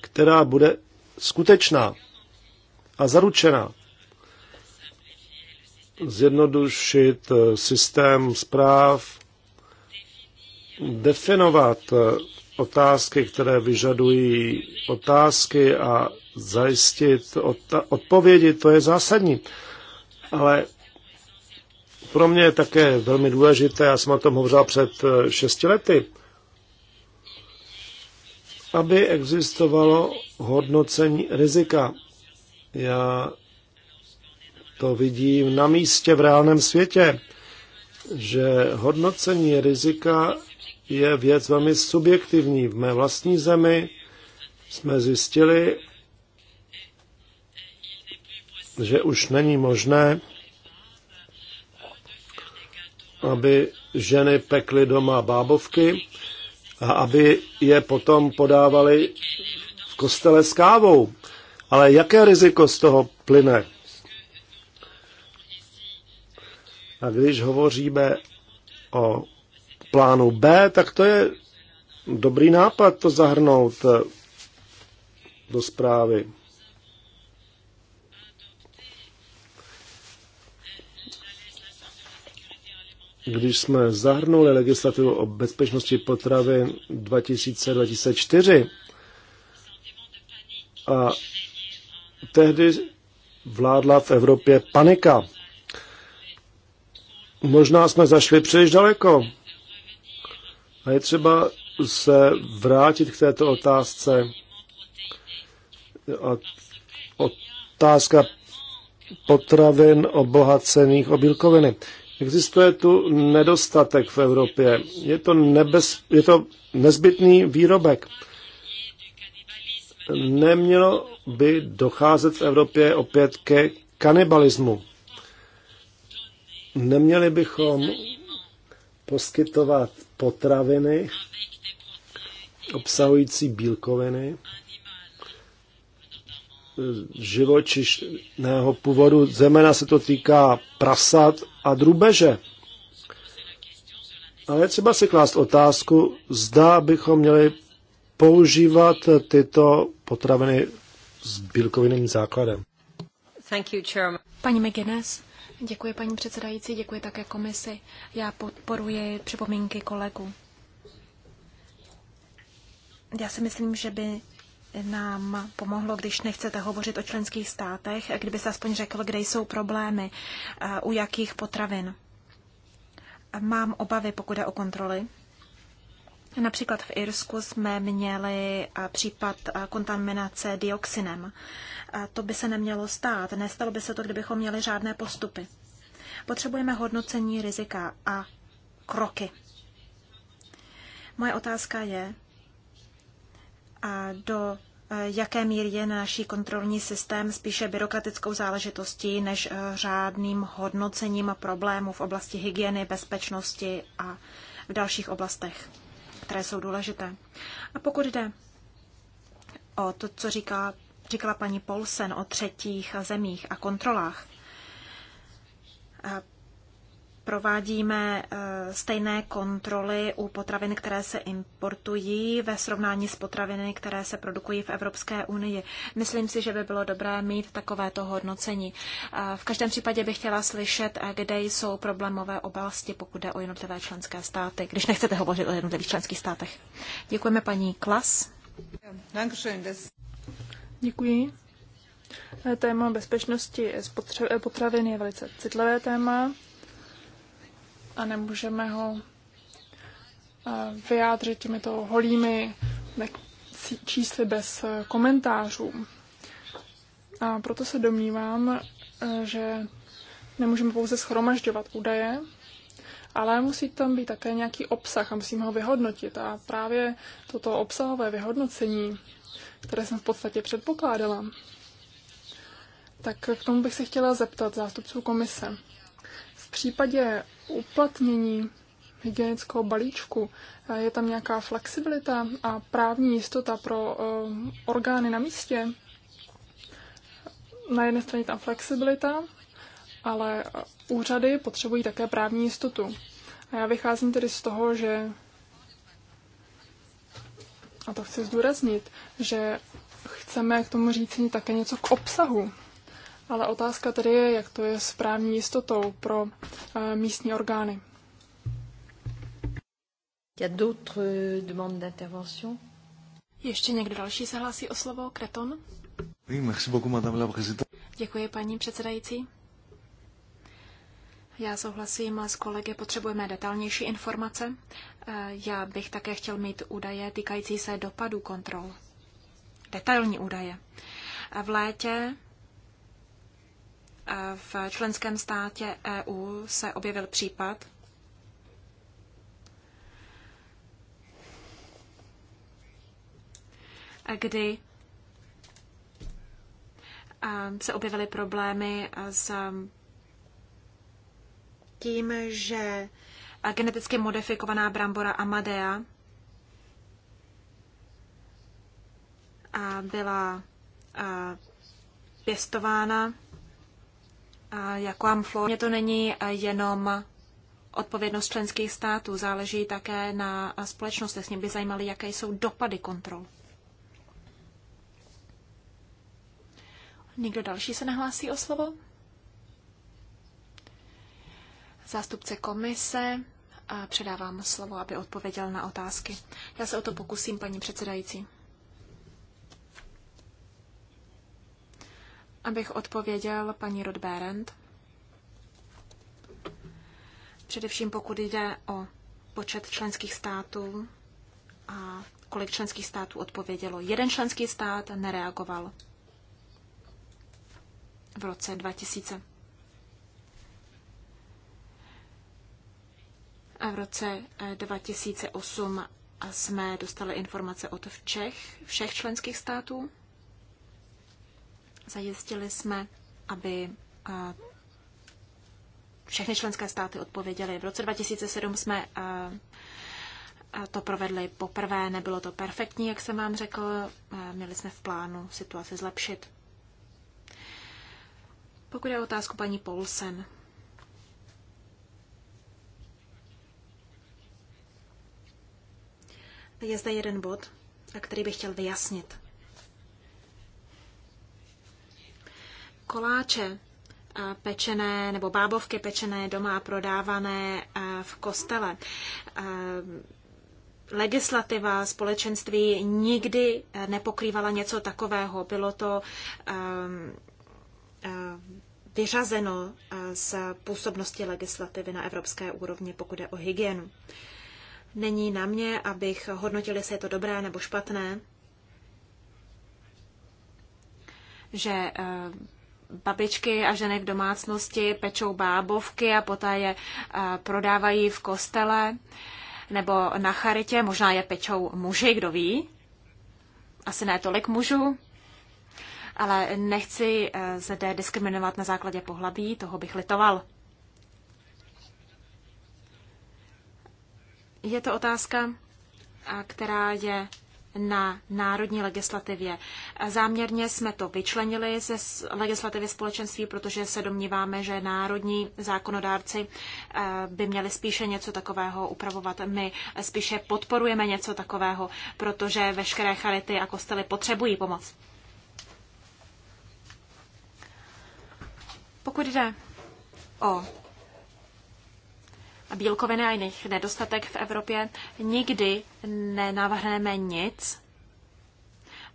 která bude skutečná a zaručená. Zjednodušit eh, systém zpráv, definovat eh, otázky, které vyžadují otázky a zajistit odpovědi, to je zásadní. Ale pro mě je také velmi důležité, já jsem o tom hovořil před eh, šesti lety, aby existovalo hodnocení rizika. Já to vidím na místě v reálném světě, že hodnocení rizika je věc velmi subjektivní. V mé vlastní zemi jsme zjistili, že už není možné aby ženy pekly doma bábovky a aby je potom podávali v kostele s kávou. Ale jaké riziko z toho plyne? A když hovoříme o plánu B, tak to je dobrý nápad to zahrnout do zprávy. když jsme zahrnuli legislativu o bezpečnosti potravy 2000-2004, a tehdy vládla v Evropě panika. Možná jsme zašli příliš daleko. A je třeba se vrátit k této otázce. A otázka potravin obohacených o bílkoviny. Existuje tu nedostatek v Evropě. Je to, nebez, je to nezbytný výrobek. Nemělo by docházet v Evropě opět ke kanibalismu. Neměli bychom poskytovat potraviny obsahující bílkoviny živočišného původu. Zemena se to týká prasat a drubeže. Ale třeba si klást otázku, zda bychom měli používat tyto potraviny s bílkovinným základem. Thank you, Chairman. Paní McGuinness, děkuji paní předsedající, děkuji také komisi. Já podporuji připomínky kolegu. Já si myslím, že by nám pomohlo, když nechcete hovořit o členských státech, kdyby se aspoň řekl, kde jsou problémy, eh, u jakých potravin. Mám obavy, pokud je o kontroly. Například v Irsku jsme měli eh, případ eh, kontaminace dioxinem. To by se nemělo stát. Nestalo by se to, kdybychom měli žádné postupy. Potřebujeme hodnocení rizika a kroky. Moje otázka je, a do Eh, jaké míry je naší kontrolní systém spíše byrokratickou záležitostí než eh, řádným hodnocením problémů v oblasti hygieny, bezpečnosti a v dalších oblastech, které jsou důležité. A pokud jde o to, co říká, říkala paní Polsen o třetích zemích a kontrolách, eh, provádíme eh, stejné kontroly u potravin, které se importují ve srovnání s potraviny, které se produkují v Evropské unii. Myslím si, že by bylo dobré mít takovéto hodnocení. Eh, v každém případě bych chtěla slyšet, eh, kde jsou problémové oblasti, pokud jde o jednotlivé členské státy, když nechcete hovořit o jednotlivých členských státech. Děkujeme paní Klas. Děkuji. Téma bezpečnosti potravin je velice citlivé téma a nemůžeme ho eh, vyjádřit těmito holými čísly bez eh, komentářů. A proto se domnívám, eh, že nemůžeme pouze schromažďovat údaje, ale musí tam být také nějaký obsah a musíme ho vyhodnotit. A právě toto obsahové vyhodnocení, které jsem v podstatě předpokládala, tak k tomu bych se chtěla zeptat zástupců komise. V případě uplatnění hygienického balíčku eh, je tam nějaká flexibilita a právní jistota pro eh, orgány na místě. Na jedné straně tam flexibilita, ale eh, úřady potřebují také právní jistotu. A já vycházím tedy z toho, že, a to chci zdůraznit, že chceme k tomu říct také něco k obsahu ale otázka tedy je, jak to je s právní jistotou pro eh, místní orgány. Ještě někdo další se hlásí o slovo? Kreton? Děkuji, paní předsedající. Já souhlasím s kolegy, potřebujeme detailnější informace. Eh, já bych také chtěl mít údaje týkající se dopadů kontrol. Detailní údaje. V létě v členském státě EU se objevil případ, kdy se objevily problémy s tím, že geneticky modifikovaná brambora Amadea byla pěstována jako amflor. To není jenom odpovědnost členských států, záleží také na společnostech. Mě by zajímaly, jaké jsou dopady kontrol. Nikdo další se nahlásí o slovo? Zástupce komise a předávám slovo, aby odpověděl na otázky. Já se o to pokusím, paní předsedající. abych odpověděl paní Rodberend. Především pokud jde o počet členských států a kolik členských států odpovědělo. Jeden členský stát nereagoval v roce 2000. A v roce 2008 eh, jsme dostali informace od všech, všech členských států. Zajistili jsme, aby všechny členské státy odpověděly. V roce 2007 jsme to provedli poprvé, nebylo to perfektní, jak jsem vám řekl, měli jsme v plánu situaci zlepšit. Pokud je otázku paní Polsen. Je zde jeden bod, který bych chtěl vyjasnit. koláče eh, pečené nebo bábovky pečené doma a prodávané eh, v kostele. Eh, legislativa společenství nikdy nepokrývala něco takového. Bylo to vyřazeno z působnosti legislativy na evropské úrovni, pokud je o hygienu. Není na mě, abych hodnotil, jestli je to dobré nebo špatné, že babičky a ženy v domácnosti pečou bábovky a poté je eh, prodávají v kostele nebo na charitě. Možná je pečou muži, kdo ví. Asi ne tolik mužů, ale nechci eh, zde diskriminovat na základě pohlaví, toho bych litoval. Je to otázka, která je na národní legislativě. Záměrně jsme to vyčlenili ze legislativy společenství, protože se domníváme, že národní zákonodárci eh, by měli spíše něco takového upravovat. My spíše podporujeme něco takového, protože veškeré charity a kostely potřebují pomoc. Pokud jde o bílkovin a jiných nedostatek v Evropě, nikdy nenavrhneme nic,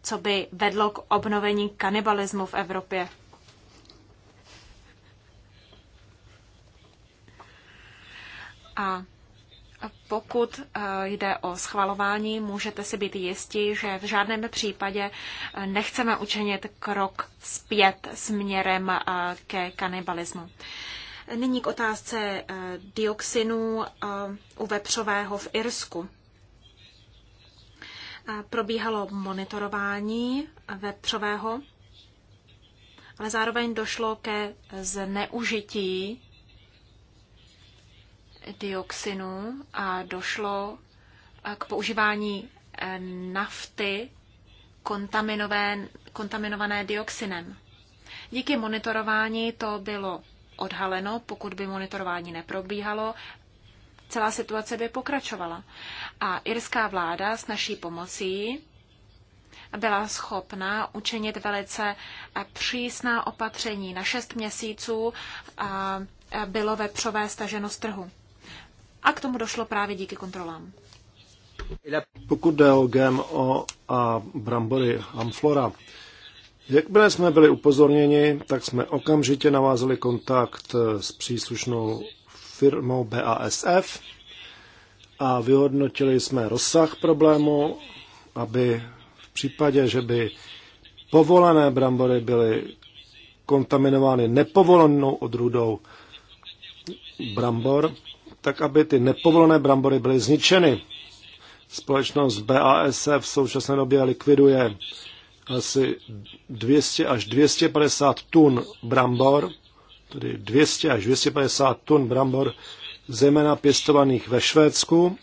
co by vedlo k obnovení kanibalismu v Evropě. A pokud eh, jde o schvalování, můžete si být jistí, že v žádném případě eh, nechceme učinit krok zpět směrem eh, ke kanibalismu. Nyní k otázce eh, dioxinů eh, u vepřového v Irsku. Eh, probíhalo monitorování vepřového, ale zároveň došlo ke zneužití dioxinu a došlo k používání nafty kontaminované dioxinem. Díky monitorování to bylo odhaleno, pokud by monitorování neprobíhalo, celá situace by pokračovala. A irská vláda s naší pomocí byla schopna učinit velice přísná opatření. Na šest měsíců bylo vepřové staženo z trhu. A k tomu došlo právě díky kontrolám. Pokud jde o GMO a brambory Amflora, Jakmile jsme byli upozorněni, tak jsme okamžitě navázali kontakt s příslušnou firmou BASF a vyhodnotili jsme rozsah problému, aby v případě, že by povolené brambory byly kontaminovány nepovolenou odrůdou brambor, tak aby ty nepovolené brambory byly zničeny. Společnost BASF v současné době likviduje asi 200 až 250 tun brambor, tedy 200 až 250 tun brambor, zejména pěstovaných ve Švédsku.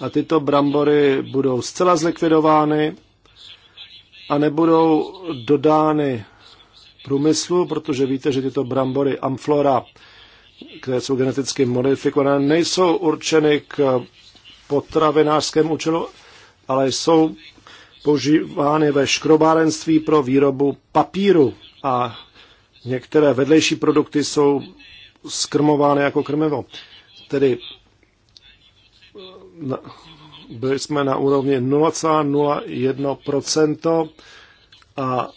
A tyto brambory budou zcela zlikvidovány a nebudou dodány průmyslu, protože víte, že tyto brambory amflora, které jsou geneticky modifikované, nejsou určeny k potravinářskému účelu, ale jsou používány ve škrobárenství pro výrobu papíru a některé vedlejší produkty jsou skrmovány jako krmivo. Tedy byli jsme na úrovni 0,01% a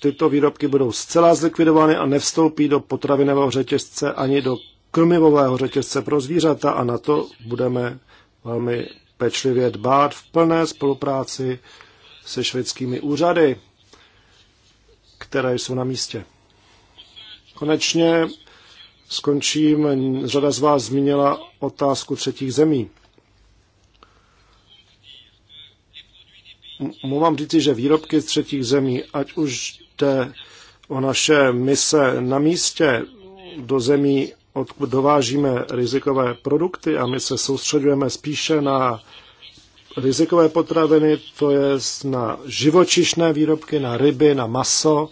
tyto výrobky budou zcela zlikvidovány a nevstoupí do potravinového řetězce ani do krmivového řetězce pro zvířata a na to budeme velmi pečlivě dbát v plné spolupráci se švédskými úřady, které jsou na místě. Konečně skončím. Řada z vás zmínila otázku třetích zemí. Mohu vám říci, že výrobky z třetích zemí, ať už jde o naše mise na místě do zemí odkud dovážíme rizikové produkty a my se soustředujeme spíše na rizikové potraviny, to je na živočišné výrobky, na ryby, na maso,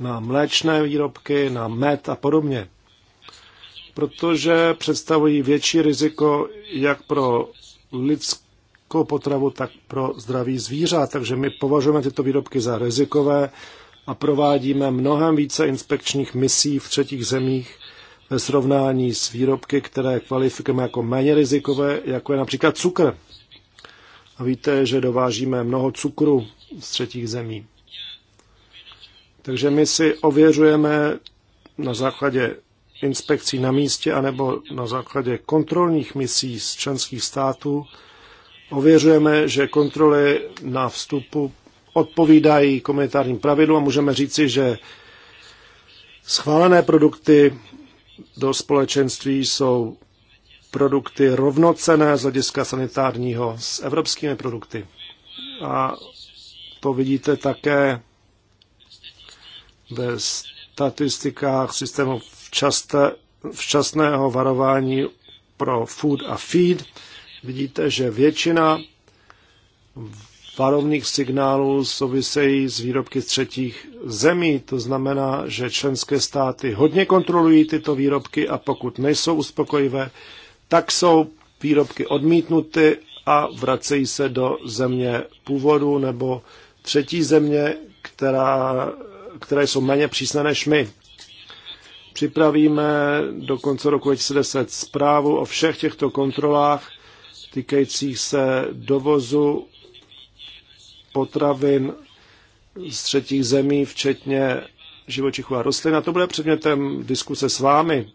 na mléčné výrobky, na med a podobně. Protože představují větší riziko jak pro lidskou potravu, tak pro zdraví zvířat. Takže my považujeme tyto výrobky za rizikové a provádíme mnohem více inspekčních misí v třetích zemích, ve srovnání s výrobky, které kvalifikujeme jako méně rizikové, jako je například cukr. A víte, že dovážíme mnoho cukru z třetích zemí. Takže my si ověřujeme na základě inspekcí na místě anebo na základě kontrolních misí z členských států, ověřujeme, že kontroly na vstupu odpovídají komunitárním pravidlům a můžeme říci, že schválené produkty do společenství jsou produkty rovnocené z hlediska sanitárního s evropskými produkty. A to vidíte také ve statistikách systému včasné, včasného varování pro food a feed. Vidíte, že většina varovných signálů souvisejí s výrobky z třetích zemí. To znamená, že členské státy hodně kontrolují tyto výrobky a pokud nejsou uspokojivé, tak jsou výrobky odmítnuty a vracejí se do země původu nebo třetí země, která, které jsou méně přísné než my. Připravíme do konce roku 2010 zprávu o všech těchto kontrolách týkajících se dovozu potravin z třetích zemí, včetně živočichů a rostlin. A to bude předmětem diskuse s vámi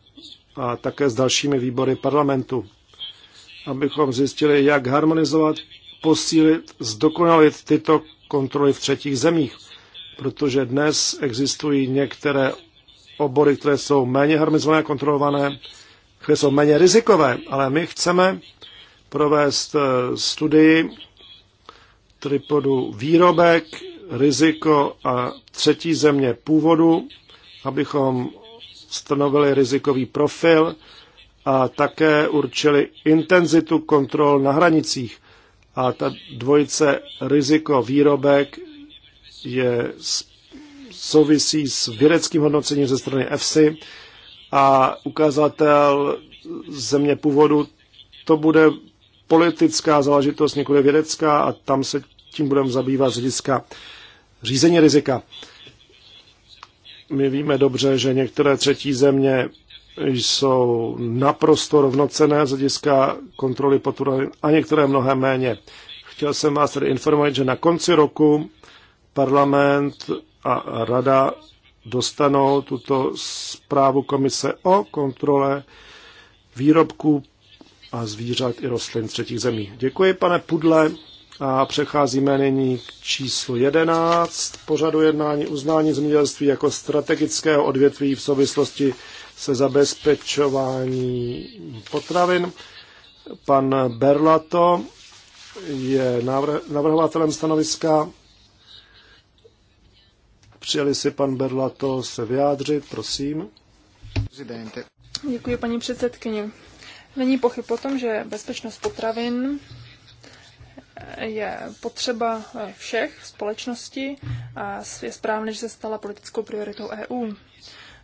a také s dalšími výbory parlamentu, abychom zjistili, jak harmonizovat, posílit, zdokonalit tyto kontroly v třetích zemích, protože dnes existují některé obory, které jsou méně harmonizované a kontrolované, které jsou méně rizikové, ale my chceme provést eh, studii tripodu výrobek, riziko a třetí země původu, abychom stanovili rizikový profil a také určili intenzitu kontrol na hranicích. A ta dvojice riziko výrobek je souvisí s vědeckým hodnocením ze strany EFSI a ukazatel země původu to bude politická záležitost, nikoli vědecká a tam se tím budeme zabývat z hlediska řízení rizika. My víme dobře, že některé třetí země jsou naprosto rovnocené z hlediska kontroly potravin a některé mnohem méně. Chtěl jsem vás tedy informovat, že na konci roku parlament a rada dostanou tuto zprávu komise o kontrole výrobků a zvířat i rostlin třetích zemí. Děkuji, pane Pudle. A přecházíme nyní k číslu 11 pořadu jednání uznání zemědělství jako strategického odvětví v souvislosti se zabezpečování potravin. Pan Berlato je navrhovatelem stanoviska. Přijeli si pan Berlato se vyjádřit, prosím. Děkuji, paní předsedkyně. Není pochyb o tom, že bezpečnost potravin je potřeba eh, všech společností a je správné, že se stala politickou prioritou EU.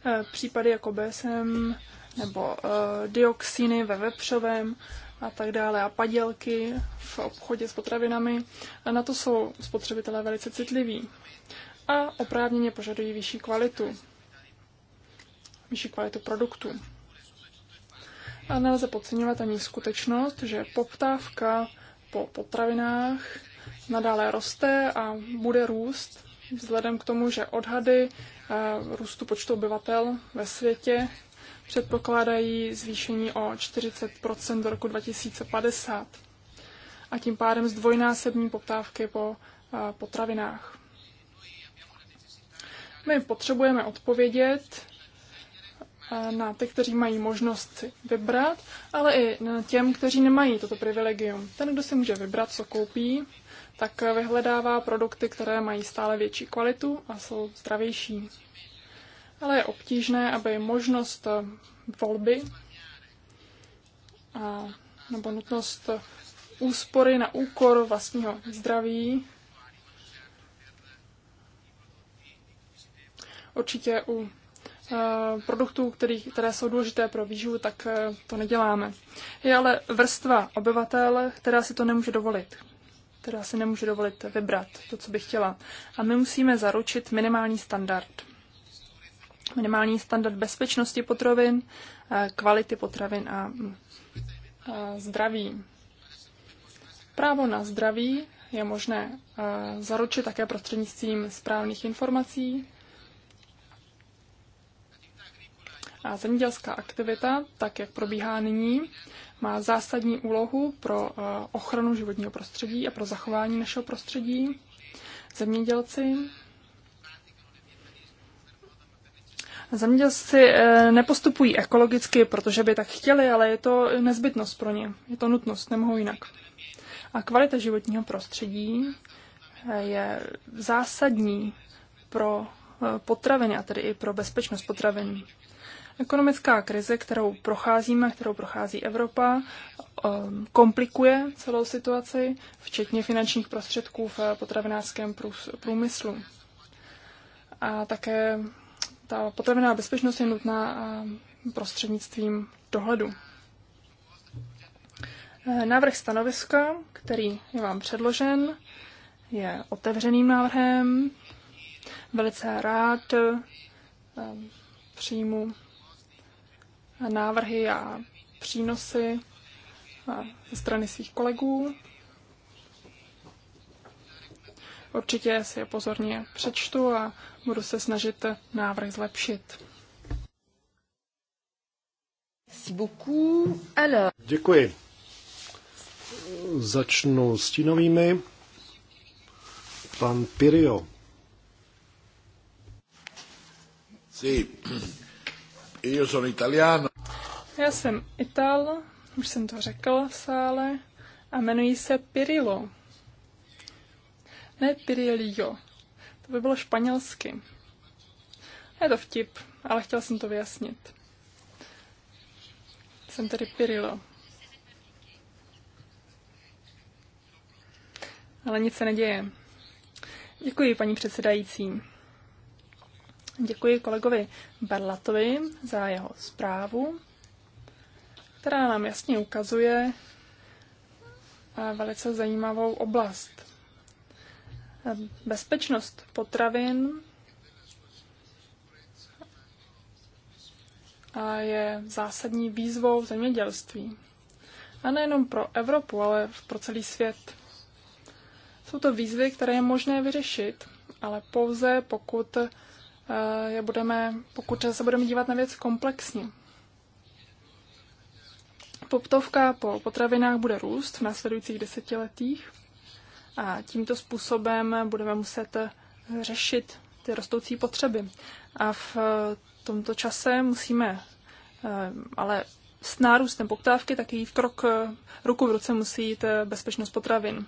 Eh, případy jako BSM nebo eh, dioxiny ve vepřovém a tak dále a padělky v obchodě s potravinami. A na to jsou spotřebitelé velice citliví a oprávněně požadují vyšší kvalitu, vyšší kvalitu produktů. A nelze podceňovat ani skutečnost, že poptávka po potravinách nadále roste a bude růst vzhledem k tomu, že odhady eh, růstu počtu obyvatel ve světě předpokládají zvýšení o 40 do roku 2050 a tím pádem zdvojnásobní poptávky po eh, potravinách. My potřebujeme odpovědět Eh, na ty, kteří mají možnost si vybrat, ale i na těm, kteří nemají toto privilegium. Ten, kdo si může vybrat, co koupí, tak vyhledává produkty, které mají stále větší kvalitu a jsou zdravější. Ale je obtížné, aby možnost eh, volby a, nebo nutnost úspory na úkor vlastního zdraví určitě u Eh, produktů, který, které jsou důležité pro výživu, tak eh, to neděláme. Je ale vrstva obyvatel, která si to nemůže dovolit, která si nemůže dovolit vybrat to, co by chtěla. A my musíme zaručit minimální standard. Minimální standard bezpečnosti potravin, eh, kvality potravin a, mm, a zdraví. Právo na zdraví je možné zaručit také prostřednictvím správných informací, A zemědělská aktivita, tak jak probíhá nyní, má zásadní úlohu pro eh, ochranu životního prostředí a pro zachování našeho prostředí. Zemědělci Zemědělci eh, nepostupují ekologicky, protože by tak chtěli, ale je to nezbytnost pro ně. Je to nutnost, nemohou jinak. A kvalita životního prostředí eh, je zásadní pro potraviny, a tedy i pro bezpečnost potravin. Ekonomická krize, kterou procházíme, kterou prochází Evropa, ehm, komplikuje celou situaci, včetně finančních prostředků v potravinářském průmyslu. A také ta potravinová bezpečnost je nutná ehm, prostřednictvím dohledu. Eh, návrh stanoviska, který je vám předložen, je otevřeným návrhem. Velice rád ehm, přijmu návrhy a přínosy ze strany svých kolegů. Určitě si je pozorně přečtu a budu se snažit návrh zlepšit. Děkuji. Začnu s tínovými. Pan Pirio. Sí. io sono italiano. Já jsem Ital, už jsem to řekla v sále, a jmenuji se Pirillo. Ne Pirillo. To by bylo španělsky. Je to vtip, ale chtěla jsem to vyjasnit. Jsem tedy Pirillo. Ale nic se neděje. Děkuji, paní předsedající. Děkuji kolegovi Berlatovi za jeho zprávu která nám jasně ukazuje eh, velice zajímavou oblast. Bezpečnost potravin je zásadní výzvou v zemědělství. A nejenom pro Evropu, ale pro celý svět. Jsou to výzvy, které je možné vyřešit, ale pouze pokud, eh, je budeme, pokud se budeme dívat na věc komplexně poptovka po potravinách bude růst v následujících desetiletích a tímto způsobem budeme muset řešit ty rostoucí potřeby. A v eh, tomto čase musíme eh, ale s nárůstem poptávky taky jít krok eh, ruku v ruce musí jít bezpečnost potravin.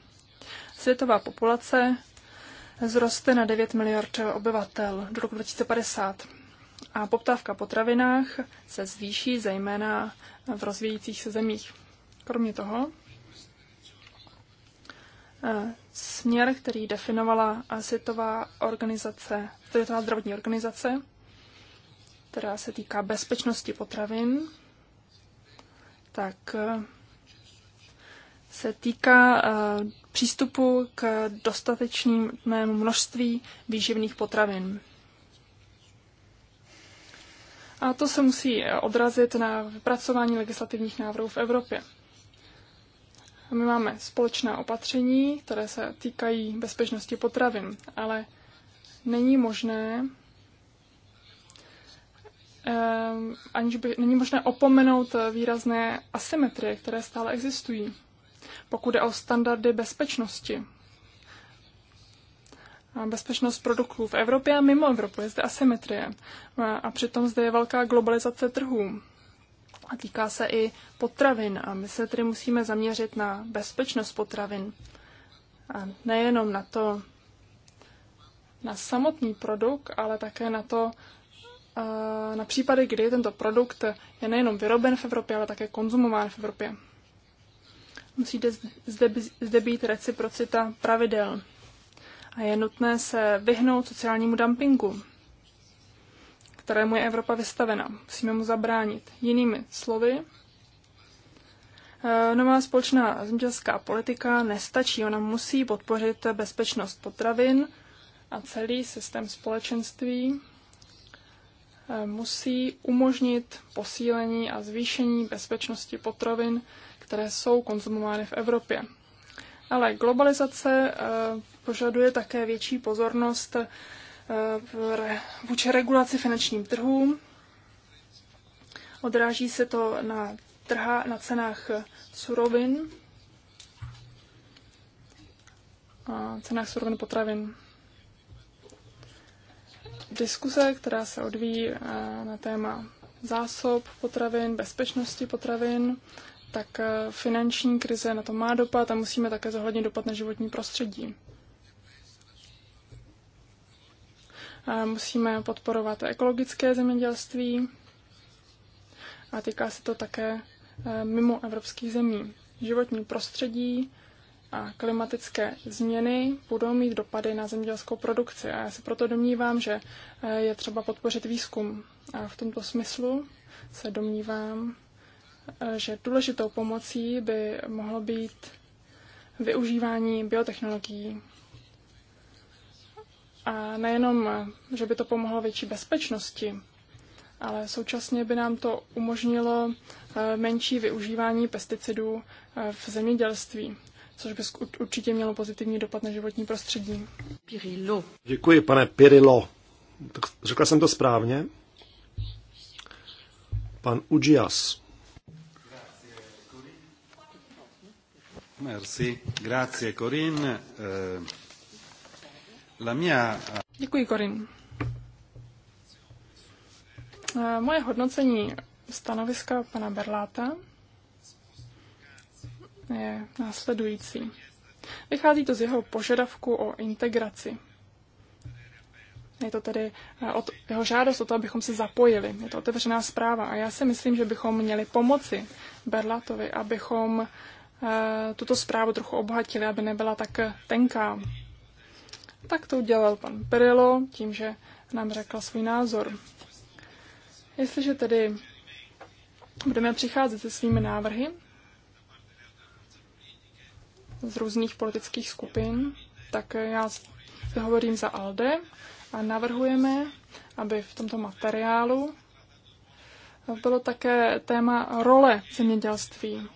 Světová populace zroste na 9 miliard obyvatel do roku 2050 a poptávka po travinách se zvýší zejména v rozvíjících se zemích. Kromě toho, eh, směr, který definovala Světová organizace, Světová zdravotní organizace, která se týká bezpečnosti potravin, tak eh, se týká eh, přístupu k dostatečnému množství výživných potravin. A to se musí odrazit na vypracování legislativních návrhů v Evropě. My máme společná opatření, které se týkají bezpečnosti potravin, ale není možné ehm, aniž by, není možné opomenout výrazné asymetrie, které stále existují, pokud je o standardy bezpečnosti bezpečnost produktů v Evropě a mimo Evropu. Je zde asymetrie. A přitom zde je velká globalizace trhů. A týká se i potravin. A my se tedy musíme zaměřit na bezpečnost potravin. A nejenom na to, na samotný produkt, ale také na to, na případy, kdy tento produkt je nejenom vyroben v Evropě, ale také konzumován v Evropě. Musí zde, zde, zde být reciprocita pravidel a je nutné se vyhnout sociálnímu dumpingu, kterému je Evropa vystavena. Musíme mu zabránit. Jinými slovy, eh, nová společná zemědělská politika nestačí. Ona musí podpořit bezpečnost potravin a celý systém společenství eh, musí umožnit posílení a zvýšení bezpečnosti potravin, které jsou konzumovány v Evropě. Ale globalizace eh, požaduje také větší pozornost eh, vůči regulaci finančním trhům. Odráží se to na, trha, na cenách surovin, a cenách surovin potravin. Diskuse, která se odvíjí eh, na téma zásob potravin, bezpečnosti potravin, tak eh, finanční krize na to má dopad a musíme také zohlednit dopad na životní prostředí. Musíme podporovat ekologické zemědělství a týká se to také e, mimo evropských zemí. Životní prostředí a klimatické změny budou mít dopady na zemědělskou produkci a já se proto domnívám, že e, je třeba podpořit výzkum. A v tomto smyslu se domnívám, e, že důležitou pomocí by mohlo být využívání biotechnologií a nejenom, že by to pomohlo větší bezpečnosti, ale současně by nám to umožnilo eh, menší využívání pesticidů eh, v zemědělství, což by určitě mělo pozitivní dopad na životní prostředí. Pirilo. Děkuji, pane Pirilo. Tak řekla jsem to správně. Pan Ujias. Merci. Grazie, Corinne. Eh... Děkuji, Korin. Eh, moje hodnocení stanoviska pana Berláta je následující. Vychází to z jeho požadavku o integraci. Je to tedy eh, od jeho žádost o to, abychom se zapojili. Je to otevřená zpráva a já si myslím, že bychom měli pomoci Berlatovi, abychom eh, tuto zprávu trochu obohatili, aby nebyla tak tenká. Tak to udělal pan Perillo tím, že nám řekl svůj názor. Jestliže tedy budeme přicházet se svými návrhy z různých politických skupin, tak já hovorím za ALDE a navrhujeme, aby v tomto materiálu bylo také téma role zemědělství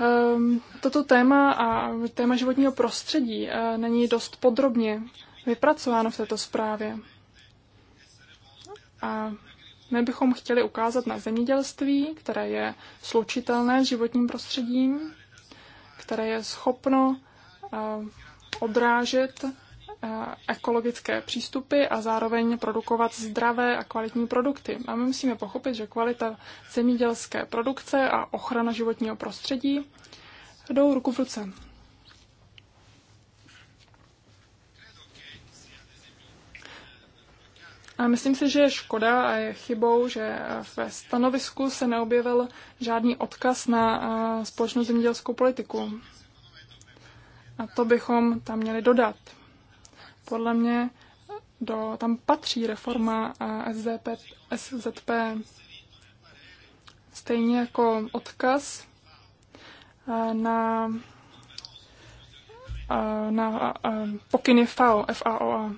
Ehm, toto téma a téma životního prostředí eh, není dost podrobně vypracováno v této zprávě. A my bychom chtěli ukázat na zemědělství, které je slučitelné s životním prostředím, které je schopno eh, odrážet ekologické přístupy a zároveň produkovat zdravé a kvalitní produkty. A my musíme pochopit, že kvalita zemědělské produkce a ochrana životního prostředí jdou ruku v ruce. A myslím si, že je škoda a je chybou, že ve stanovisku se neobjevil žádný odkaz na společnou zemědělskou politiku. A to bychom tam měli dodat. Podle mě do, tam patří reforma eh, SZP, SZP stejně jako odkaz eh, na, eh, na pokyny FAO, FAO.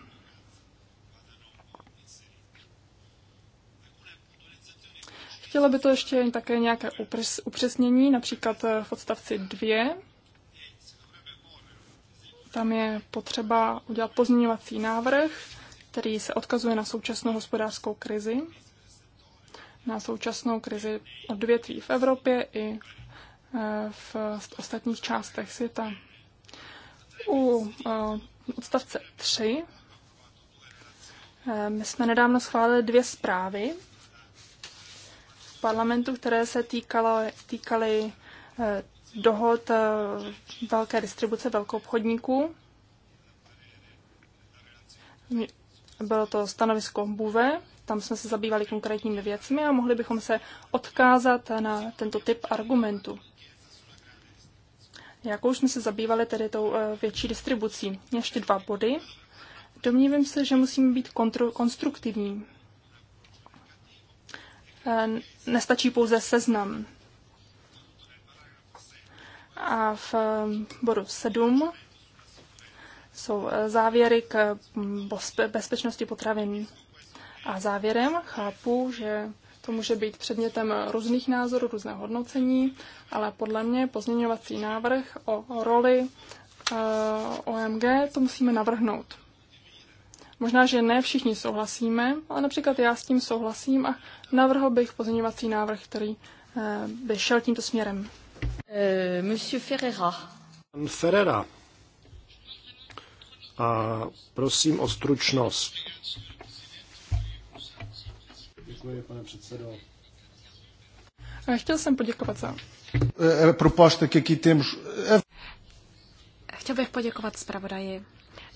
Chtělo by to ještě také nějaké upřesnění, například v odstavci 2 tam je potřeba udělat pozměňovací návrh, který se odkazuje na současnou hospodářskou krizi, na současnou krizi odvětví v Evropě i eh, v ostatních částech světa. U eh, odstavce 3 eh, my jsme nedávno schválili dvě zprávy v parlamentu, které se týkalo, týkaly dohod eh, velké distribuce velkoobchodníků. Bylo to stanovisko Buve, tam jsme se zabývali konkrétními věcmi a mohli bychom se odkázat na tento typ argumentu. Jakou jsme se zabývali tedy tou eh, větší distribucí? Ještě dva body. Domnívám se, že musíme být konstruktivní. Eh, nestačí pouze seznam. A v eh, bodu 7 jsou eh, závěry k mm, bezpečnosti potravin. A závěrem chápu, že to může být předmětem různých názorů, různého hodnocení, ale podle mě pozměňovací návrh o roli eh, OMG to musíme navrhnout. Možná, že ne všichni souhlasíme, ale například já s tím souhlasím a navrhl bych pozměňovací návrh, který by šel tímto směrem. Euh, Monsieur Ferreira. Pan Ferreira. A prosím o stručnost. Děkuji, pane předsedo. A chtěl jsem poděkovat za... E, e, Proposta, que e, Chtěl bych poděkovat zpravodaji.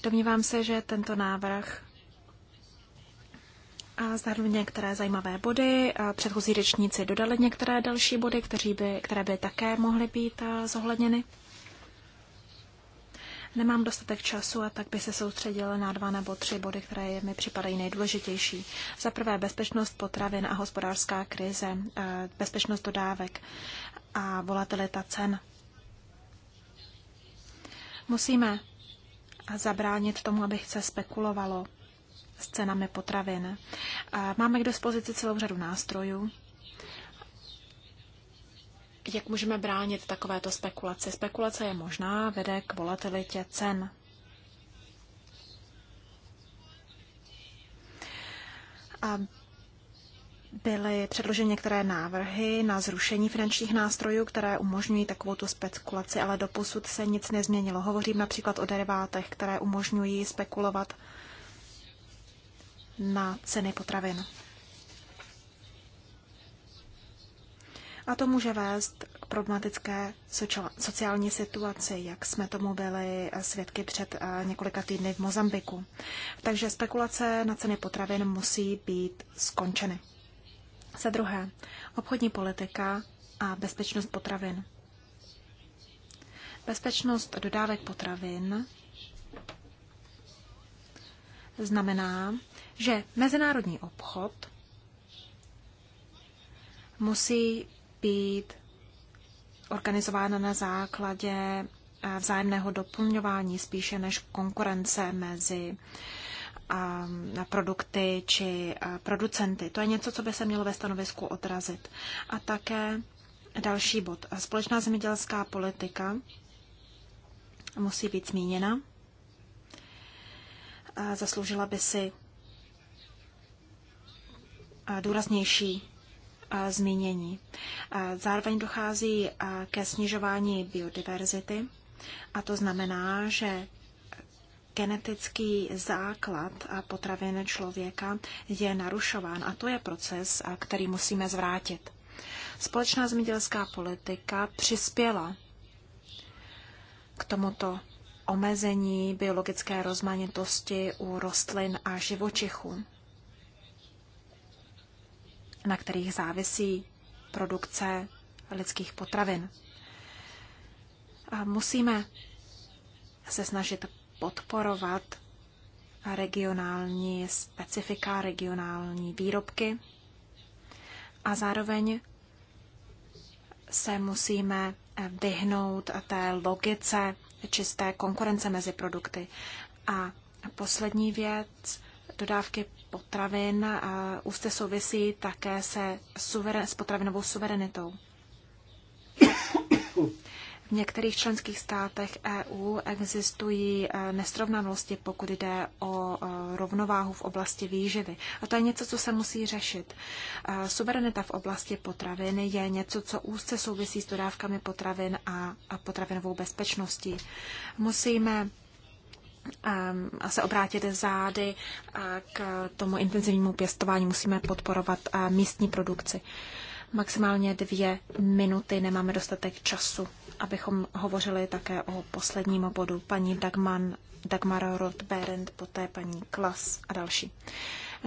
Domnívám se, že tento návrh a zároveň některé zajímavé body. Předchozí řečníci dodali některé další body, kteří by, které by také mohly být zohledněny. Nemám dostatek času a tak by se soustředil na dva nebo tři body, které mi připadají nejdůležitější. Za prvé bezpečnost potravin a hospodářská krize, bezpečnost dodávek a volatilita cen. Musíme zabránit tomu, aby se spekulovalo s cenami potravin. Máme k dispozici celou řadu nástrojů, jak můžeme bránit takovéto spekulaci? Spekulace je možná, vede k volatilitě cen. A byly předloženy některé návrhy na zrušení finančních nástrojů, které umožňují takovou tu spekulaci, ale doposud se nic nezměnilo. Hovořím například o derivátech, které umožňují spekulovat na ceny potravin. A to může vést k problematické sociální situaci, jak jsme tomu byli svědky před eh, několika týdny v Mozambiku. Takže spekulace na ceny potravin musí být skončeny. Za druhé, obchodní politika a bezpečnost potravin. Bezpečnost dodávek potravin znamená, že mezinárodní obchod musí být organizována na základě eh, vzájemného doplňování spíše než konkurence mezi ehm, produkty či eh, producenty. To je něco, co by se mělo ve stanovisku odrazit. A také další bod. Společná zemědělská politika musí být zmíněna. Eh, zasloužila by si důraznější zmínění. Zároveň dochází ke snižování biodiverzity a to znamená, že genetický základ potravin člověka je narušován a to je proces, který musíme zvrátit. Společná zemědělská politika přispěla k tomuto omezení biologické rozmanitosti u rostlin a živočichů na kterých závisí produkce lidských potravin. A musíme se snažit podporovat regionální specifika, regionální výrobky a zároveň se musíme vyhnout té logice čisté konkurence mezi produkty. A poslední věc, dodávky potravin úzce souvisí také se suveren, s potravinovou suverenitou. V některých členských státech EU existují eh, nesrovnalosti, pokud jde o eh, rovnováhu v oblasti výživy. A to je něco, co se musí řešit. Eh, suverenita v oblasti potravin je něco, co úzce souvisí s dodávkami potravin a potravinovou bezpečností. Musíme Ehm, a se obrátit zády k tomu intenzivnímu pěstování. Musíme podporovat místní produkci. Maximálně dvě minuty, nemáme dostatek času, abychom hovořili také o posledním bodu. Paní Dagman, Dagmar Roth-Berend, poté paní Klas a další.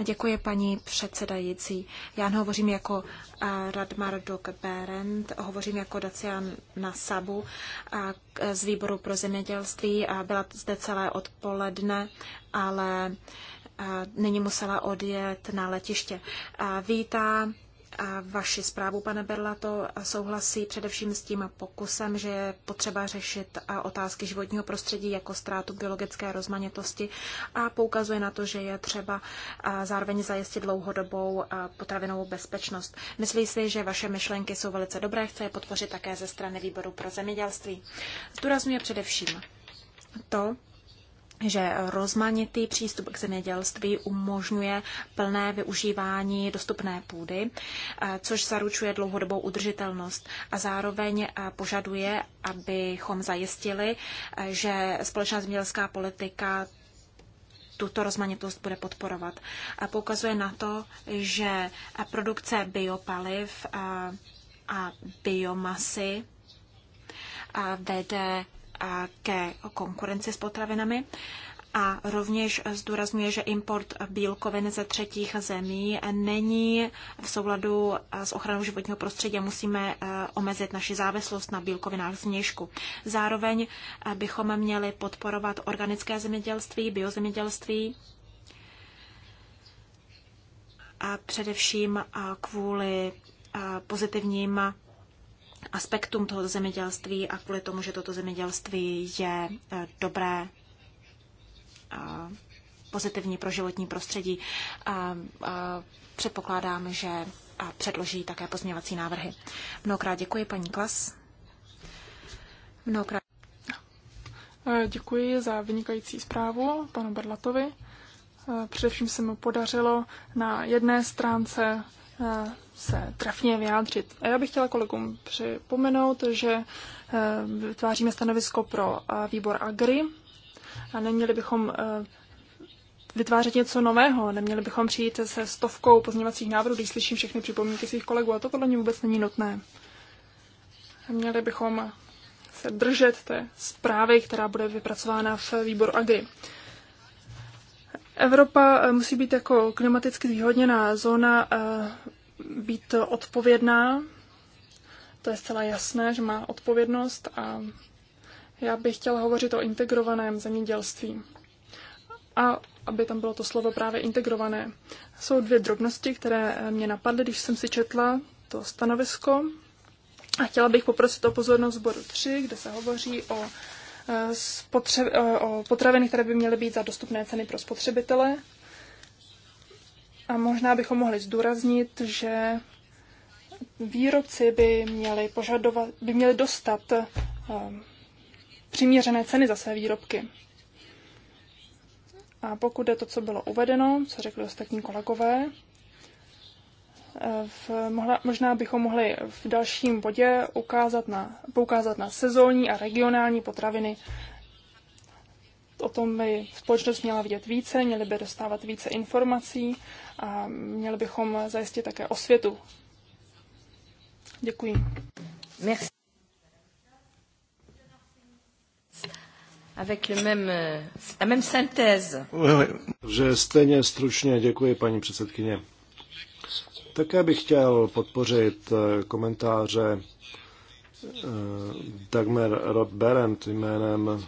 Děkuji, paní předsedající. Já hovořím jako eh, Radmar Dog Berend, hovořím jako Dacian Nasabu eh, z výboru pro zemědělství. A eh, byla zde celé odpoledne, ale nyní musela odjet na letiště. Vítá vaši zprávu, pane Berlato, souhlasí především s tím pokusem, že je potřeba řešit otázky životního prostředí jako ztrátu biologické rozmanitosti a poukazuje na to, že je třeba zároveň zajistit dlouhodobou potravinovou bezpečnost. Myslí si, že vaše myšlenky jsou velice dobré, chce je podpořit také ze strany výboru pro zemědělství. Zdůrazňuje především to, že rozmanitý přístup k zemědělství umožňuje plné využívání dostupné půdy, eh, což zaručuje dlouhodobou udržitelnost a zároveň eh, požaduje, abychom zajistili, eh, že společná zemědělská politika tuto rozmanitost bude podporovat. Poukazuje na to, že produkce biopaliv a biomasy vede ke konkurenci s potravinami a rovněž zdůrazňuje, že import bílkovin ze třetích zemí není v souladu s ochranou životního prostředí a musíme eh, omezit naši závislost na bílkovinách z měžku. Zároveň eh, bychom měli podporovat organické zemědělství, biozemědělství a především eh, kvůli pozitivním aspektům toho zemědělství a kvůli tomu, že toto zemědělství je eh, dobré eh, pozitivní pro životní prostředí. A, a předpokládám, že a předloží také pozměvací návrhy. Mnohokrát děkuji, paní Klas. Mnohokrát. Eh, děkuji za vynikající zprávu panu Berlatovi. Především se mu podařilo na jedné stránce se trefně vyjádřit. A já bych chtěla kolegům připomenout, že eh, vytváříme stanovisko pro eh, výbor Agri a neměli bychom eh, vytvářet něco nového. Neměli bychom přijít se stovkou pozměňovacích návrhů, když slyším všechny připomínky svých kolegů a to podle mě vůbec není nutné. Měli bychom se držet té zprávy, která bude vypracována v výboru Agri. Evropa musí být jako klimaticky zvýhodněná zóna být odpovědná. To je zcela jasné, že má odpovědnost a já bych chtěla hovořit o integrovaném zemědělství. A aby tam bylo to slovo právě integrované. Jsou dvě drobnosti, které mě napadly, když jsem si četla to stanovisko. A chtěla bych poprosit o pozornost bodu 3, kde se hovoří o, eh, spotře- eh, o potraviny, které by měly být za dostupné ceny pro spotřebitele. A možná bychom mohli zdůraznit, že výrobci by měli, požadovat, by měli dostat eh, přiměřené ceny za své výrobky. A pokud je to, co bylo uvedeno, co řekli ostatní kolegové, eh, v, mohla, možná bychom mohli v dalším bodě ukázat na, poukázat na sezónní a regionální potraviny o tom by společnost měla vidět více, měli by dostávat více informací a měli bychom zajistit také osvětu. Děkuji. Merci. Avec le même, la même synthèse. Že stejně stručně děkuji, paní předsedkyně. Také bych chtěl podpořit eh, komentáře eh, Dagmar rod berendt jménem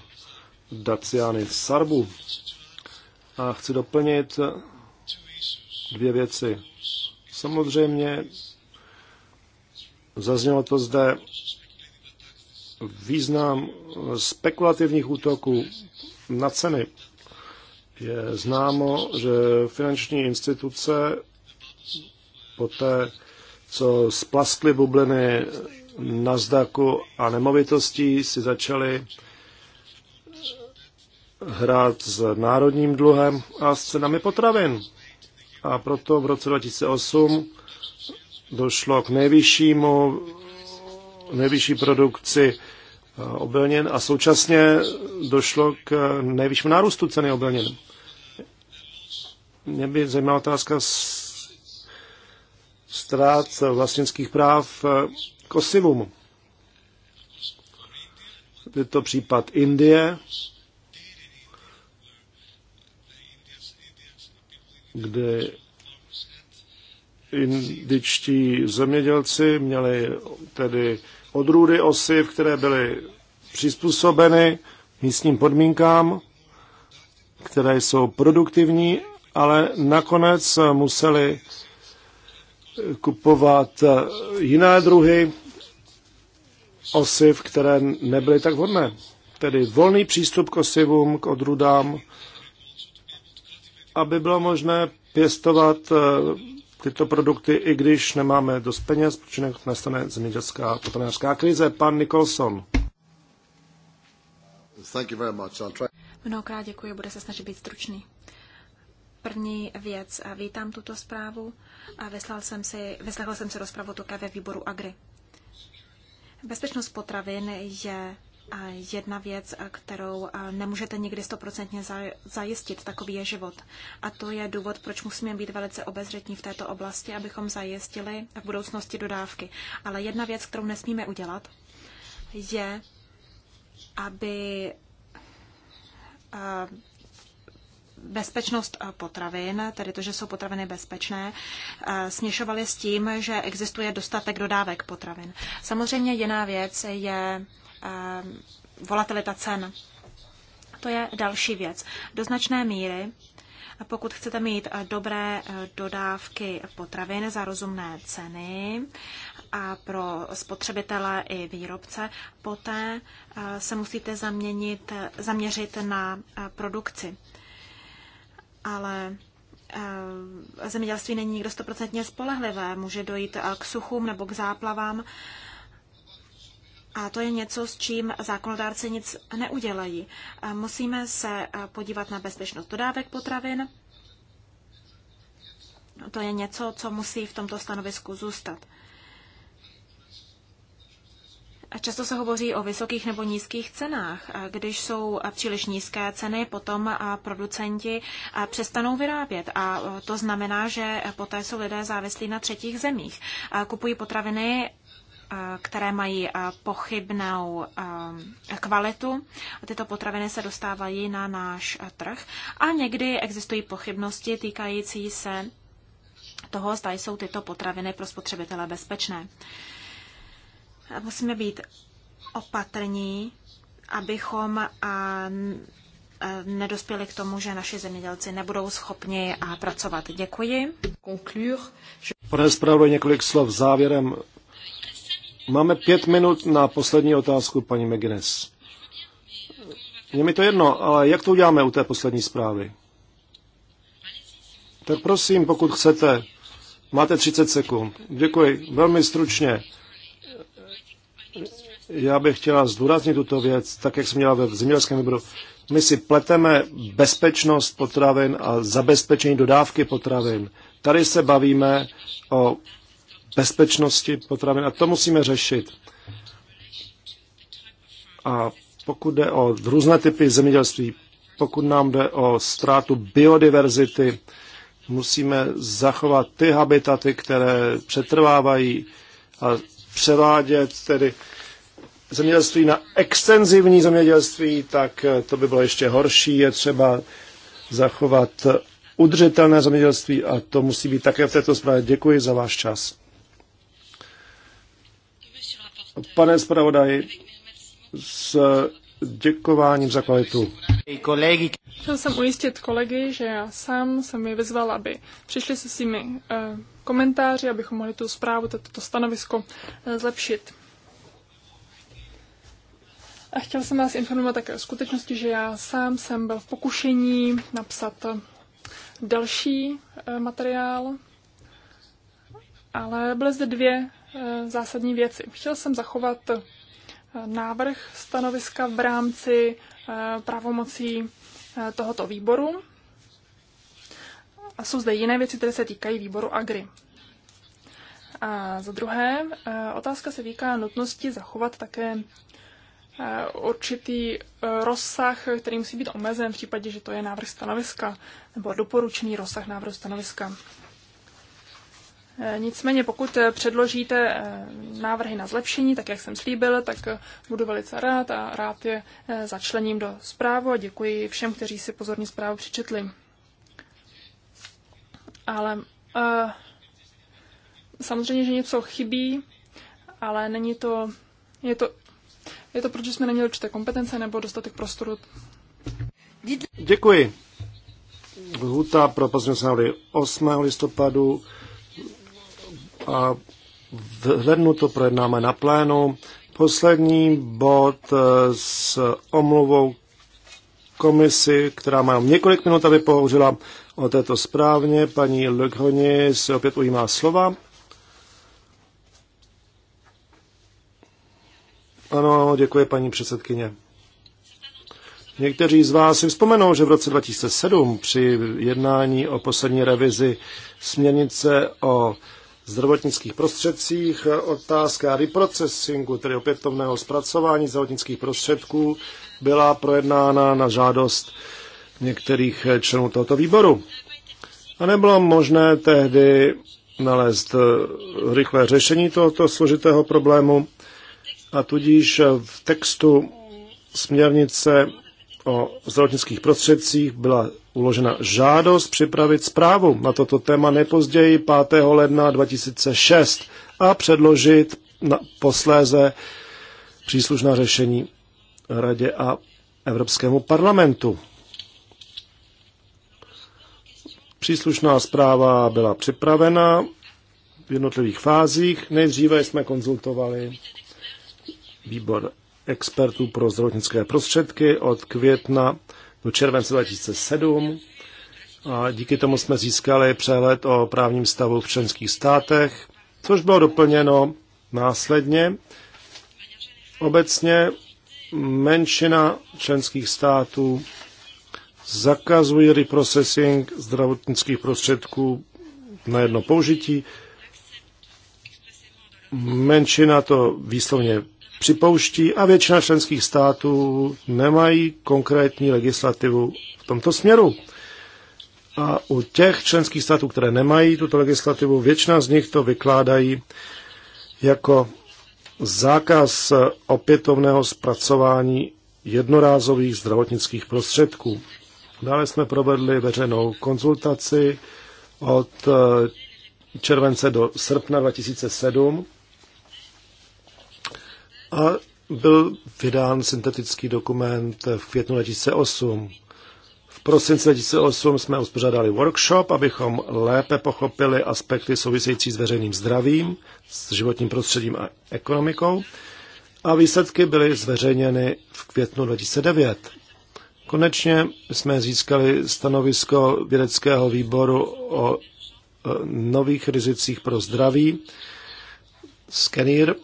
Daciany Sarbu. A chci doplnit dvě věci. Samozřejmě zaznělo to zde význam spekulativních útoků na ceny. Je známo, že finanční instituce poté, co splaskly bubliny zdaku a nemovitostí, si začaly hrát s národním dluhem a s cenami potravin. A proto v roce 2008 došlo k nejvyššímu, nejvyšší produkci eh, obilnin a současně došlo k nejvyššímu nárůstu ceny obilnin. Mě by zajímala otázka ztrát vlastnických práv eh, k osivům. Je to případ Indie, kdy indičtí zemědělci měli tedy odrůdy osiv, které byly přizpůsobeny místním podmínkám, které jsou produktivní, ale nakonec museli kupovat jiné druhy osiv, které nebyly tak vhodné. Tedy volný přístup k osivům, k odrůdám, aby bylo možné pěstovat eh, tyto produkty, i když nemáme dost peněz, protože nastane zemědělská potravinářská krize. Pan Nicholson. Mnohokrát děkuji, bude se snažit být stručný. První věc, eh, vítám tuto zprávu a eh, vyslal jsem si, vyslechl jsem si rozpravu také ve výboru Agri. Bezpečnost potravin je jedna věc, kterou nemůžete nikdy stoprocentně zajistit, takový je život. A to je důvod, proč musíme být velice obezřetní v této oblasti, abychom zajistili v budoucnosti dodávky. Ale jedna věc, kterou nesmíme udělat, je, aby bezpečnost potravin, tedy to, že jsou potraviny bezpečné, směšovaly s tím, že existuje dostatek dodávek potravin. Samozřejmě jiná věc je Eh, volatilita cen. To je další věc. Do značné míry, pokud chcete mít eh, dobré eh, dodávky potravin za rozumné ceny a pro spotřebitele i výrobce, poté se musíte zaměnit, zaměřit na produkci. Ale zemědělství není nikdo stoprocentně spolehlivé. Může dojít k suchům nebo k záplavám a to je něco, s čím zákonodárci nic neudělají. Musíme se e, podívat na bezpečnost dodávek potravin. To je něco, co musí v tomto stanovisku zůstat. A často se hovoří o vysokých nebo nízkých cenách. Když jsou e, příliš nízké ceny, potom e, producenti přestanou vyrábět. A to znamená, že poté jsou lidé závislí na třetích zemích. Kupují potraviny které mají pochybnou kvalitu. Tyto potraviny se dostávají na náš trh a někdy existují pochybnosti týkající se toho, zda jsou tyto potraviny pro spotřebitele bezpečné. Musíme být opatrní, abychom nedospěli k tomu, že naši zemědělci nebudou schopni pracovat. Děkuji. Pane zpravodaj, několik slov závěrem. Máme pět minut na poslední otázku, paní McGuinness. Je mi to jedno, ale jak to uděláme u té poslední zprávy? Tak prosím, pokud chcete, máte 30 sekund. Děkuji. Velmi stručně. Já bych chtěla zdůraznit tuto věc, tak jak jsem měla ve zemědělském výboru. My si pleteme bezpečnost potravin a zabezpečení dodávky potravin. Tady se bavíme o bezpečnosti potravin a to musíme řešit. A pokud jde o různé typy zemědělství, pokud nám jde o ztrátu biodiverzity, musíme zachovat ty habitaty, které přetrvávají a převádět tedy zemědělství na extenzivní zemědělství, tak to by bylo ještě horší. Je třeba zachovat udržitelné zemědělství a to musí být také v této zprávě. Děkuji za váš čas. Pane zpravodaji, s děkováním za kvalitu. Chtěl jsem ujistit kolegy, že já sám jsem je vyzval, aby přišli se svými eh, komentáři, abychom mohli tu zprávu, toto stanovisko eh, zlepšit. A chtěl jsem vás informovat také o skutečnosti, že já sám jsem byl v pokušení napsat eh, další materiál, ale byly zde dvě Eh, zásadní věci. Chtěl jsem zachovat eh, návrh stanoviska v rámci eh, pravomocí tohoto výboru. A jsou zde jiné věci, které se týkají výboru Agri. A za druhé, otázka se týká nutnosti zachovat také určitý rozsah, který musí být omezen v případě, že to je návrh stanoviska nebo doporučený rozsah návrhu stanoviska. Nicméně pokud předložíte eh, návrhy na zlepšení, tak jak jsem slíbil, tak eh, budu velice rád a rád je eh, začlením do zprávu a děkuji všem, kteří si pozorně zprávu přečetli. Ale samozřejmě, že něco chybí, ale není to, je to, je to protože jsme neměli určité kompetence nebo dostatek prostoru. Děkuji. Huta pro pozměnce 8. listopadu a v lednu to projednáme na plénu. Poslední bod eh, s omluvou komisi, která má několik minut, aby pohovořila o této správně. Paní Legroni se opět ujímá slova. Ano, děkuji paní předsedkyně. Někteří z vás si vzpomenou, že v roce 2007 při jednání o poslední revizi směrnice o zdravotnických prostředcích, e, otázka reprocesingu, tedy opětovného zpracování zdravotnických prostředků, byla projednána na žádost některých členů tohoto výboru. A nebylo možné tehdy nalézt e, rychlé řešení tohoto složitého problému a tudíž v textu směrnice o zdravotnických prostředcích byla uložena žádost připravit zprávu na toto téma nepozději 5. ledna 2006 a předložit na, posléze příslušná řešení Radě a Evropskému parlamentu. Příslušná zpráva byla připravena v jednotlivých fázích. Nejdříve jsme konzultovali výbor expertů pro zdravotnické prostředky od května do července 2007 a díky tomu jsme získali přehled o právním stavu v členských státech, což bylo doplněno následně. Obecně menšina členských států zakazují reprocessing zdravotnických prostředků na jedno použití. Menšina to výslovně připouští a většina členských států nemají konkrétní legislativu v tomto směru. A u těch členských států, které nemají tuto legislativu, většina z nich to vykládají jako zákaz opětovného zpracování jednorázových zdravotnických prostředků. Dále jsme provedli veřejnou konzultaci od července do srpna 2007 a byl vydán syntetický dokument v květnu 2008. V prosinci 2008 jsme uspořádali workshop, abychom lépe pochopili aspekty související s veřejným zdravím, s životním prostředím a ekonomikou. A výsledky byly zveřejněny v květnu 2009. Konečně jsme získali stanovisko vědeckého výboru o e, nových rizicích pro zdraví, skenýr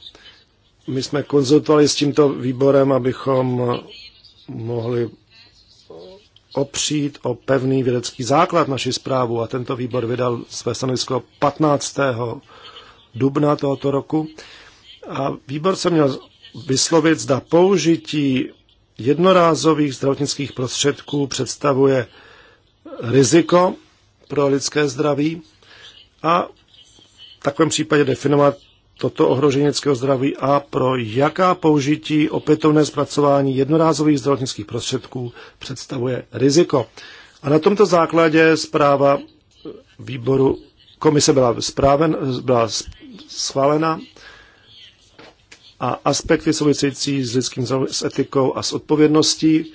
my jsme konzultovali s tímto výborem, abychom mohli opřít o pevný vědecký základ naši zprávu a tento výbor vydal své stanovisko 15. dubna tohoto roku. A výbor se měl vyslovit, zda použití jednorázových zdravotnických prostředků představuje riziko pro lidské zdraví a v takovém případě definovat toto ohrožení lidského zdraví a pro jaká použití opětovné zpracování jednorázových zdravotnických prostředků představuje riziko. A na tomto základě zpráva výboru komise byla, zpráven, byla schválena a aspekty související s lidským s etikou a s odpovědností,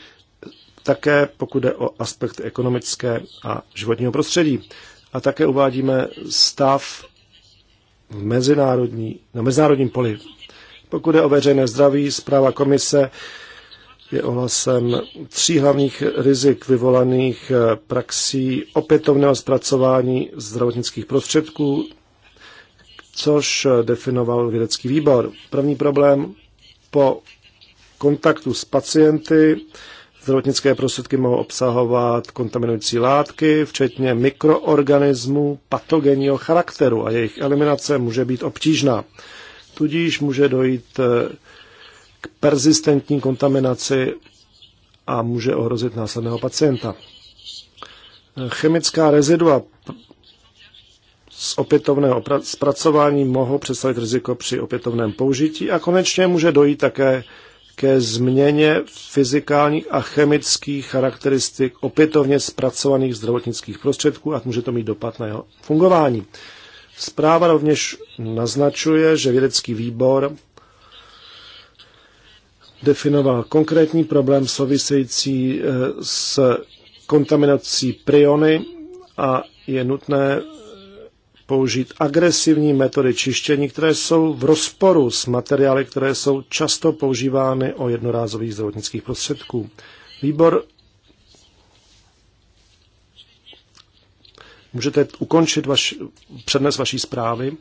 také pokud jde o aspekty ekonomické a životního prostředí. A také uvádíme stav v mezinárodní, na mezinárodním poli. Pokud je o veřejné zdraví, zpráva komise je ohlasem tří hlavních rizik vyvolaných eh, praxí opětovného zpracování zdravotnických prostředků, což eh, definoval vědecký výbor. První problém po kontaktu s pacienty Zdravotnické prostředky mohou obsahovat kontaminující látky, včetně mikroorganismů patogenního charakteru a jejich eliminace může být obtížná. Tudíž může dojít eh, k persistentní kontaminaci a může ohrozit následného pacienta. Eh, chemická rezidua z opětovného zpracování mohou představit riziko při opětovném použití a konečně může dojít také ke změně fyzikálních a chemických charakteristik opětovně zpracovaných zdravotnických prostředků a může to mít dopad na jeho fungování. Zpráva rovněž naznačuje, že vědecký výbor definoval konkrétní problém související eh, s kontaminací priony a je nutné použít agresivní metody čištění, které jsou v rozporu s materiály, které jsou často používány o jednorázových zdravotnických prostředků. Výbor Můžete ukončit vaš, přednes vaší zprávy.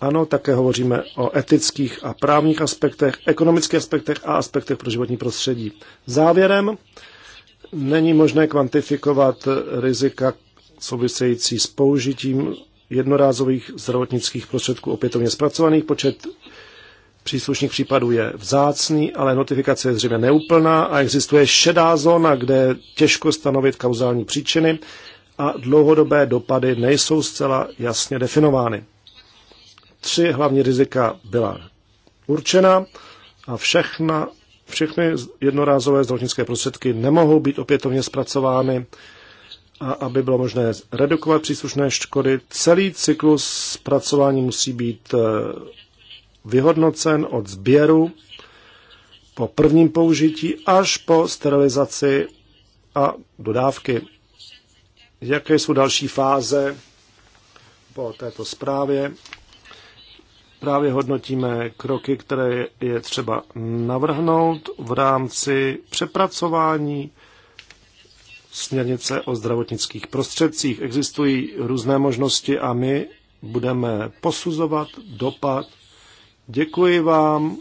Ano, také hovoříme o etických a právních aspektech, ekonomických aspektech a aspektech pro životní prostředí. Závěrem, není možné kvantifikovat rizika související s použitím jednorázových zdravotnických prostředků opětovně zpracovaných. Počet příslušných případů je vzácný, ale notifikace je zřejmě neúplná a existuje šedá zóna, kde je těžko stanovit kauzální příčiny a dlouhodobé dopady nejsou zcela jasně definovány. Tři hlavní rizika byla určena a všechna, všechny jednorázové zdravotnické prostředky nemohou být opětovně zpracovány a aby bylo možné redukovat příslušné škody. Celý cyklus zpracování musí být eh, vyhodnocen od sběru po prvním použití až po sterilizaci a dodávky. Jaké jsou další fáze po této zprávě? Právě hodnotíme kroky, které je třeba navrhnout v rámci přepracování směrnice o zdravotnických prostředcích. Existují různé možnosti a my budeme posuzovat dopad. Děkuji vám.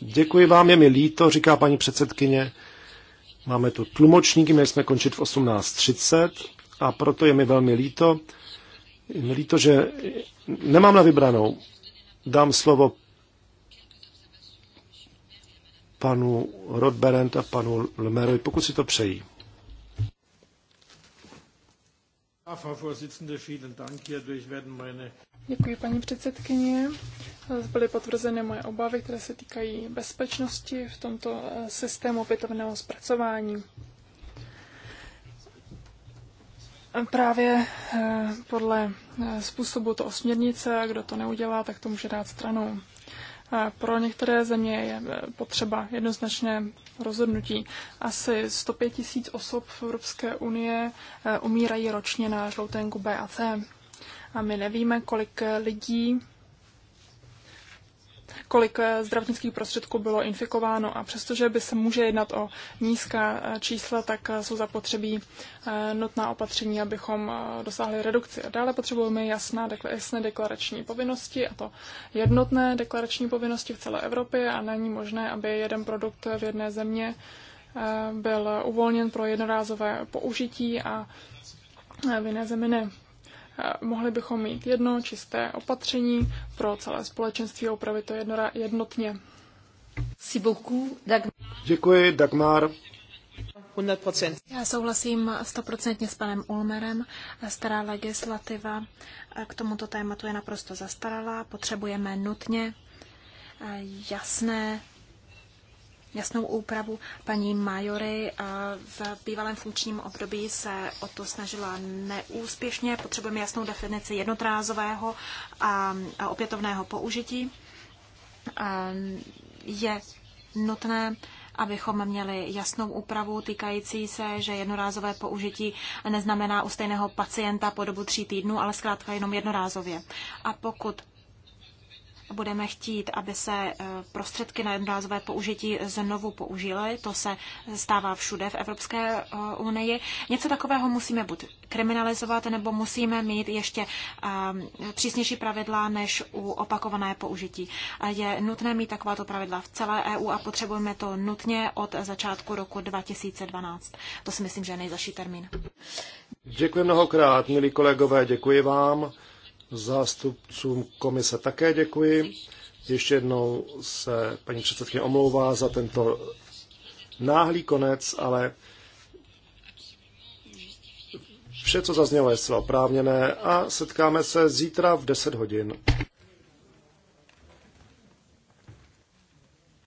Děkuji vám, je mi líto, říká paní předsedkyně. Máme tu tlumočníky, měli jsme končit v 18.30 a proto je mi velmi líto. Je mi líto, že nemám na vybranou. Dám slovo panu Rodberent a panu Lemerovi, pokud si to přejí. Děkuji, paní předsedkyně. Byly potvrzeny moje obavy, které se týkají bezpečnosti v tomto eh, systému opětovného zpracování. Právě eh, podle eh, způsobu to směrnice, kdo to neudělá, tak to může dát stranou. Pro některé země je potřeba jednoznačné rozhodnutí. Asi 105 tisíc osob v Evropské unie eh, umírají ročně na žloutenku B a C. A my nevíme, kolik eh, lidí kolik eh, zdravotnických prostředků bylo infikováno a přestože by se může jednat o nízká eh, čísla, tak eh, jsou zapotřebí nutná opatření, abychom dosáhli redukci. A dále potřebujeme jasná, jasné deklarační povinnosti a to jednotné deklarační povinnosti v celé Evropě a není možné, aby jeden produkt v jedné země byl uvolněn pro jednorázové použití a v jiné zemi ne. Eh, mohli bychom mít jedno čisté opatření pro celé společenství a upravit to jednotně. Děkuji, Dagmar. 100%. Já souhlasím stoprocentně s panem Ulmerem. Stará legislativa eh, k tomuto tématu je naprosto zastaralá. Potřebujeme nutně eh, jasné jasnou úpravu. Paní Majory eh, v bývalém funkčním období se o to snažila neúspěšně. Potřebujeme jasnou definici jednotrázového a opětovného použití. Eh, je nutné abychom měli jasnou úpravu týkající se, že jednorázové použití neznamená u stejného pacienta po dobu tří týdnů, ale zkrátka jenom jednorázově. A pokud budeme chtít, aby se e, prostředky na jednorázové použití znovu použily. To se stává všude v Evropské e, unii. Něco takového musíme buď kriminalizovat, nebo musíme mít ještě e, přísnější pravidla než u opakované použití. Je nutné mít takováto pravidla v celé EU a potřebujeme to nutně od začátku roku 2012. To si myslím, že je nejzaší termín. Děkuji mnohokrát, milí kolegové, děkuji vám. Zástupcům komise také děkuji. Ještě jednou se paní předsedkyně omlouvá za tento náhlý konec, ale vše, co zaznělo, je zcela oprávněné a setkáme se zítra v 10 hodin.